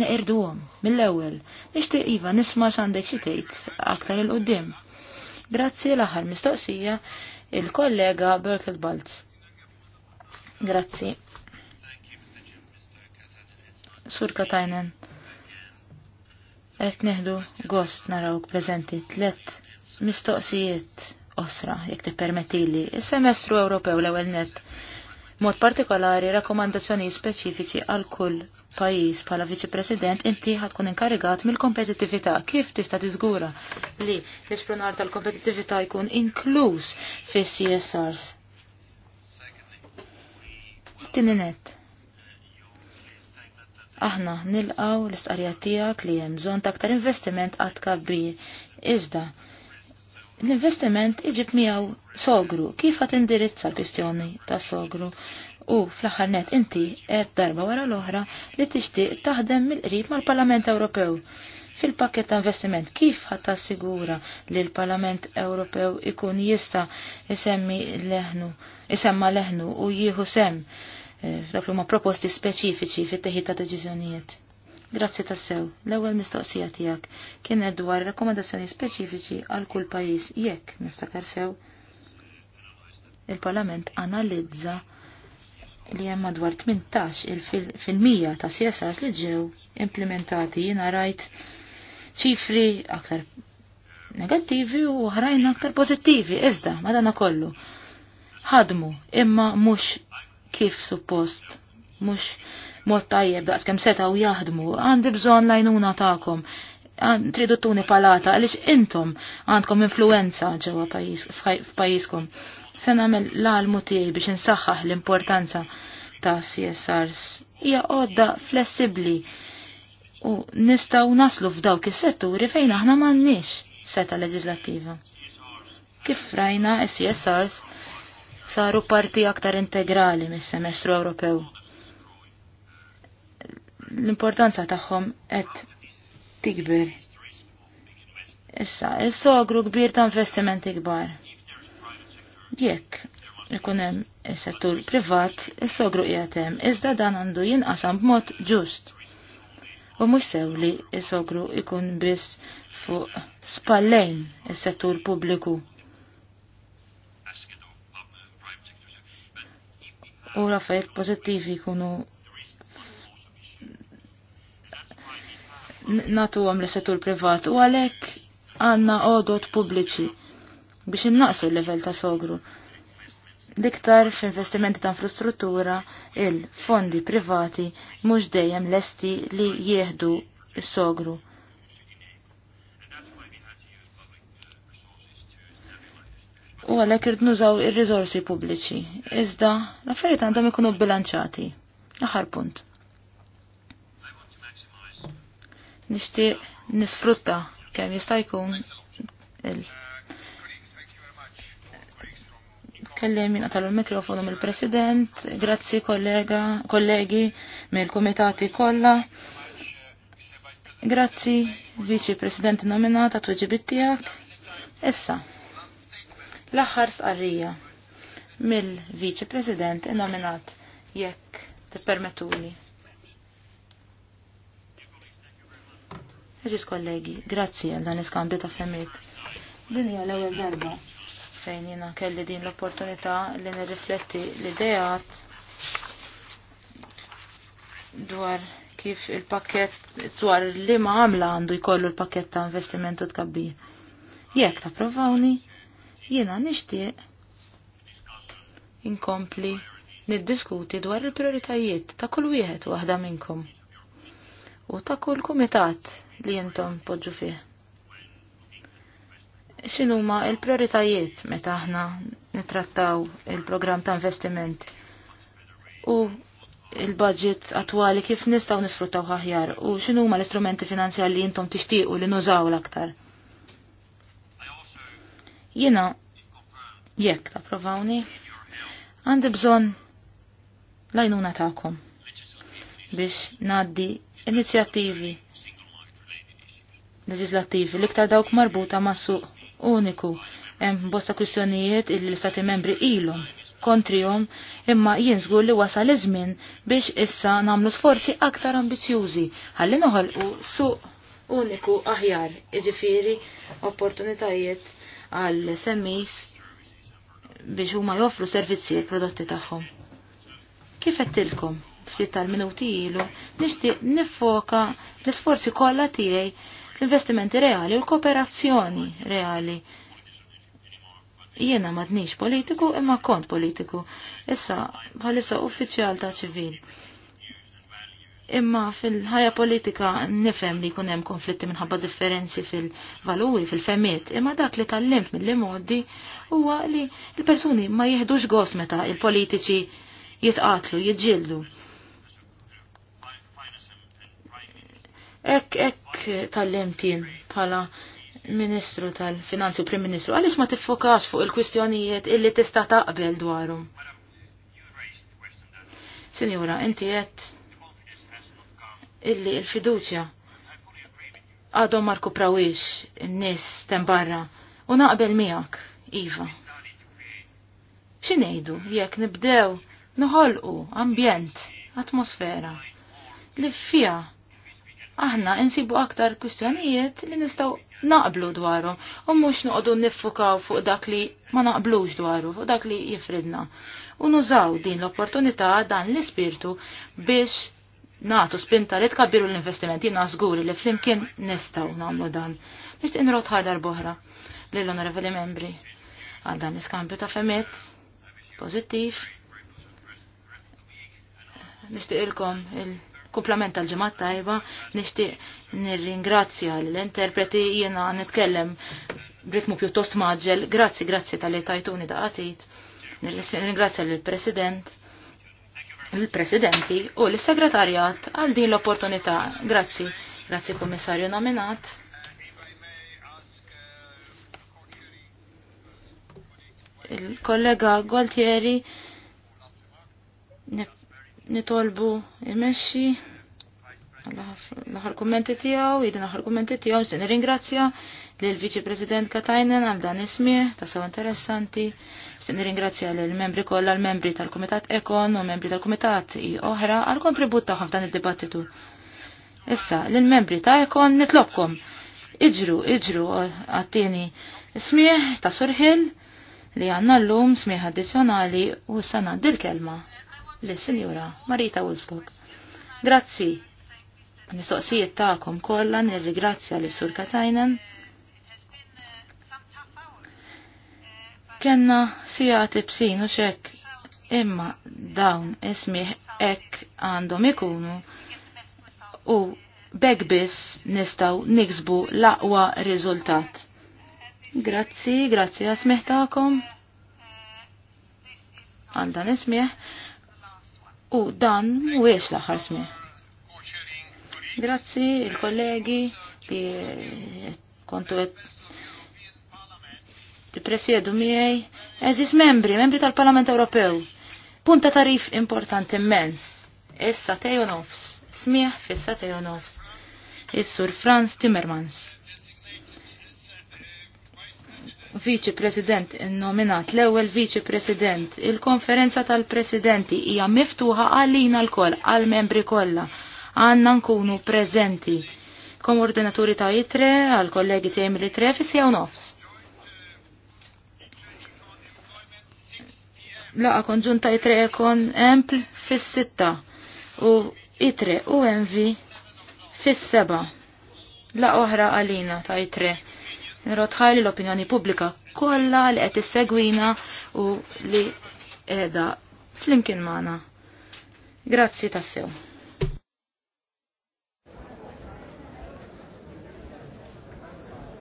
[SPEAKER 3] neqirduhom mill-ewwel. Nixtieq iva nisma' xandek xitejt aktar il qoddim Grazzi l-aħħar mistoqsija il-kollega Berkel Balz. Grazzi. Sur Katajnen. Qed neħdu gost narawk preżenti tlet mistoqsijiet osra, jekk tippermettili. Is-semestru Ewropew l-ewwel net mod partikolari rakomandazzjoni speċifiċi għal kull pajis pala viċi president inti kun inkarigat mill kompetitività Kif tista' tiżgura li l-esplonar tal kompetitività jkun inkluż fis-CSRs? Tininet. Aħna nilqaw l-istqarja tiegħek li hemm bżonn ta' aktar investiment għad kabbir. Iżda, l-investiment iġib miegħu sogru. Kif għat indirizza l-kwistjoni ta' sogru? u fl-aħħar net inti qed darba wara l-oħra li tixtieq taħdem mill-qrib mal-Parlament Ewropew. Fil-pakket ta' investiment kif ħadd tassigura li l-Parlament Ewropew ikun jista' isemmi leħnu, isemma leħnu u jieħu sem eh, f'dak li huma proposti speċifiċi fit-teħid ta' deċiżjonijiet. Grazzi tassew, l-ewwel mistoqsija tiegħek kienet dwar rakkomandazzjoni speċifiċi għal kull pajjiż jekk niftakar sew. Il-Parlament analizza li hemm madwar 18 il-fil-mija ta' CSS li ġew implementati jiena rajt ċifri aktar negattivi u oħrajn aktar pożittivi, iżda madana kollu. Ħadmu imma mhux kif suppost, mhux mod tajjeb daqs kemm setaw jaħdmu, għandi bżonn lajnuna tagħkom. Tridu tuni palata għaliex intom għandkom influenza ġewwa f'pajjiżkom Se nagħmel l-almu tiegħi biex insaħħaħ l-importanza ta' CSRs. Hija għodda flessibbli u nistgħu naslu f'dawk is-setturi fejn aħna m'għandniex seta leġislattiva. Kif rajna csrs saru parti aktar integrali mis-semestru Ewropew. L-importanza tagħhom qed tikber. Issa, il-sogru kbir ta' investimenti kbar. Jekk ikun hemm is-settur privat, is-sogru qiegħed hemm, iżda dan għandu jinqasam b'mod ġust. U mhux sew li is-sogru ikun biss fuq spallejn is-settur pubbliku. U raffajt pozittivi jkunu natu għam l-settur privat u għalek għanna għodot pubbliċi biex innaqsu l-level ta' sogru. L-iktar f'investimenti ta' infrastruttura, il-fondi privati mhux dejjem lesti li jieħdu s-sogru. u għalhekk irid nużaw ir riżorsi pubbliċi. Iżda, l-affarijiet għandhom ikunu bilanċati. L-aħħar punt. Nixtieq nisfrutta kemm jista' jkun il Kellem jina tal-mikrofonu mill-President, grazzi kollega, kollegi mill-Komitati kolla. Grazzi Viċi President nominata tweġibit tiegħek. Issa, l-aħħar sqarrija mill-Viċi President nominat jekk permetuli. Eżis kollegi, grazzi għal dan iskambju ta' femmit. Dinja l-ewwel darba fejn jina kelli din l-opportunità li nirrifletti l-idejat dwar kif il-pakket, dwar li ma għamla għandu jkollu l-pakket ta' investimentu tkabbir. Jek ta' provawni, jina nishtiq inkompli niddiskuti dwar il-prioritajiet ta' kull wieħed waħda minnkom u ta' kull kumitat li jintom podġu fih x'inhuma l-prioritajiet meta aħna nittrattaw il-programm ta' investiment u il-budget attwali kif nistgħu nisfruttaw aħjar u x'inhuma l-istrumenti finanzjali li intom tixtiequ li nużaw l-aktar. Jiena jekk tapprovawni għandi bżonn l-għajnuna tagħkom biex ngħaddi inizjattivi leġislattivi l-iktar dawk marbuta ma' suq uniku. Hemm bosta kwistjonijiet illi l-Istati membri ilhom kontrihom imma jien żgur li wasal iż-żmien biex issa nagħmlu sforzi aktar ambizjużi ħalli noħolqu suq uniku aħjar, iġifieri opportunitajiet għal semmis biex huma joffru servizzi l prodotti tagħhom. Kif qedtilkom ftit tal-minuti ilu nixtieq niffoka l-isforzi kollha tiegħi l-investimenti reali u l-kooperazzjoni reali. Jiena madnix politiku imma kont politiku, issa bħalissa uffiċjal ta' ċivil. Imma fil-ħajja politika nifhem li jkun hemm konflitti minħabba differenzi fil-valuri, fil-femiet, imma dak li tal-limt mill-modi huwa li l-persuni ma jieħdux gos meta il-politiċi jitqatlu, jitġildu. Ek, ekk tal-limtin pala Ministru tal-Finanzi u Prim Ministru, għalix ma tiffokax fuq il-kwistjonijiet illi tista' taqbel dwarum. Sinjura, inti jett illi il-fiduċja għadhom marku prawix n-nies tembarra u naqbel miegħek, Iva. X'inejdu jekk nibdew noħolqu ambjent, atmosfera li fija aħna insibu aktar kwistjonijiet li nistaw naqblu dwarhom u mhux noqogħdu niffukaw fuq dak li ma naqblux dwaru, fuq dak li jifridna. U nużaw din l-opportunità dan l-ispirtu biex natu spinta li tkabbiru l-investimenti jina zguri li flimkien nistgħu nagħmlu dan. Nixtieq nirot ħardar boħra lill-onorevoli membri għal dan l-iskambju ta' femet pożittiv. Nixtieq ilkom il- Kumplament tal-ġemat tajba, nishtiq nirringrazzja l-interpreti jiena nitkellem ritmu pjuttost maġġel. Grazzi, grazzi tal-li tajtuni daqatit. Nirringrazzja l-president, l-presidenti u l-segretarjat għal din l-opportunità. Grazzi, grazzi kummissarju nominat. il-kollega Gualtieri nitolbu imexxi l-aħħar kummenti tiegħu, jidin l-aħħar kummenti tiegħu, nixtieq nirringrazzja lil Viċi President Katajnen għal dan ismih ta' sew interessanti. Nixtieq nirringrazzja lil membri kollha l-membri tal-Kumitat Ekon u membri tal-Kumitat oħra għal kontribut tagħhom f'dan id-dibattitu. Issa, lil membri ta' Ekon nitlobkom. Iġru, iġru għattini smieħ ta' surħil li għanna l-lum smieħ addizjonali u sana dil-kelma l-Sinjura Marita Wolfskog. Grazzi mistoqsijiet ta'kom kollha nirrigrazzja l sur Katajnen. Kenna sija b'sin u xek imma dawn ismiħ ek għandhom ikunu u bekk biss nistgħu niksbu l-aqwa riżultat. Grazzi, grazzi għasmiħ ta'kom ismiħ U dan mhuwiex l-aħħar smih. Grazzi il-kollegi li kontu qed presiedu miegħi. Eżis membri, membri tal-Parlament Ewropew. Punta tarif importanti immens. Issa tejonofs. nofs. Smieħ fissa tejonofs. nofs. Is-Sur Franz Timmermans viċi president nominat l-ewwel viċi president. Il-konferenza tal-presidenti hija miftuħa għalina l-koll, għal-membri kollha. għanna nkunu prezenti Komordinaturi ta' jitre, għal-kollegi tiegħi mill tre, fis-sew nofs. Laqa ta' jitre ekon empl fis-sitta u itre u envi fis-seba. Laqa oħra għalina ta' jitre nirotħajli l-opinjoni pubblika kollha li qed segwina u li qiegħda flimkien magħna. Grazzi
[SPEAKER 4] tassew.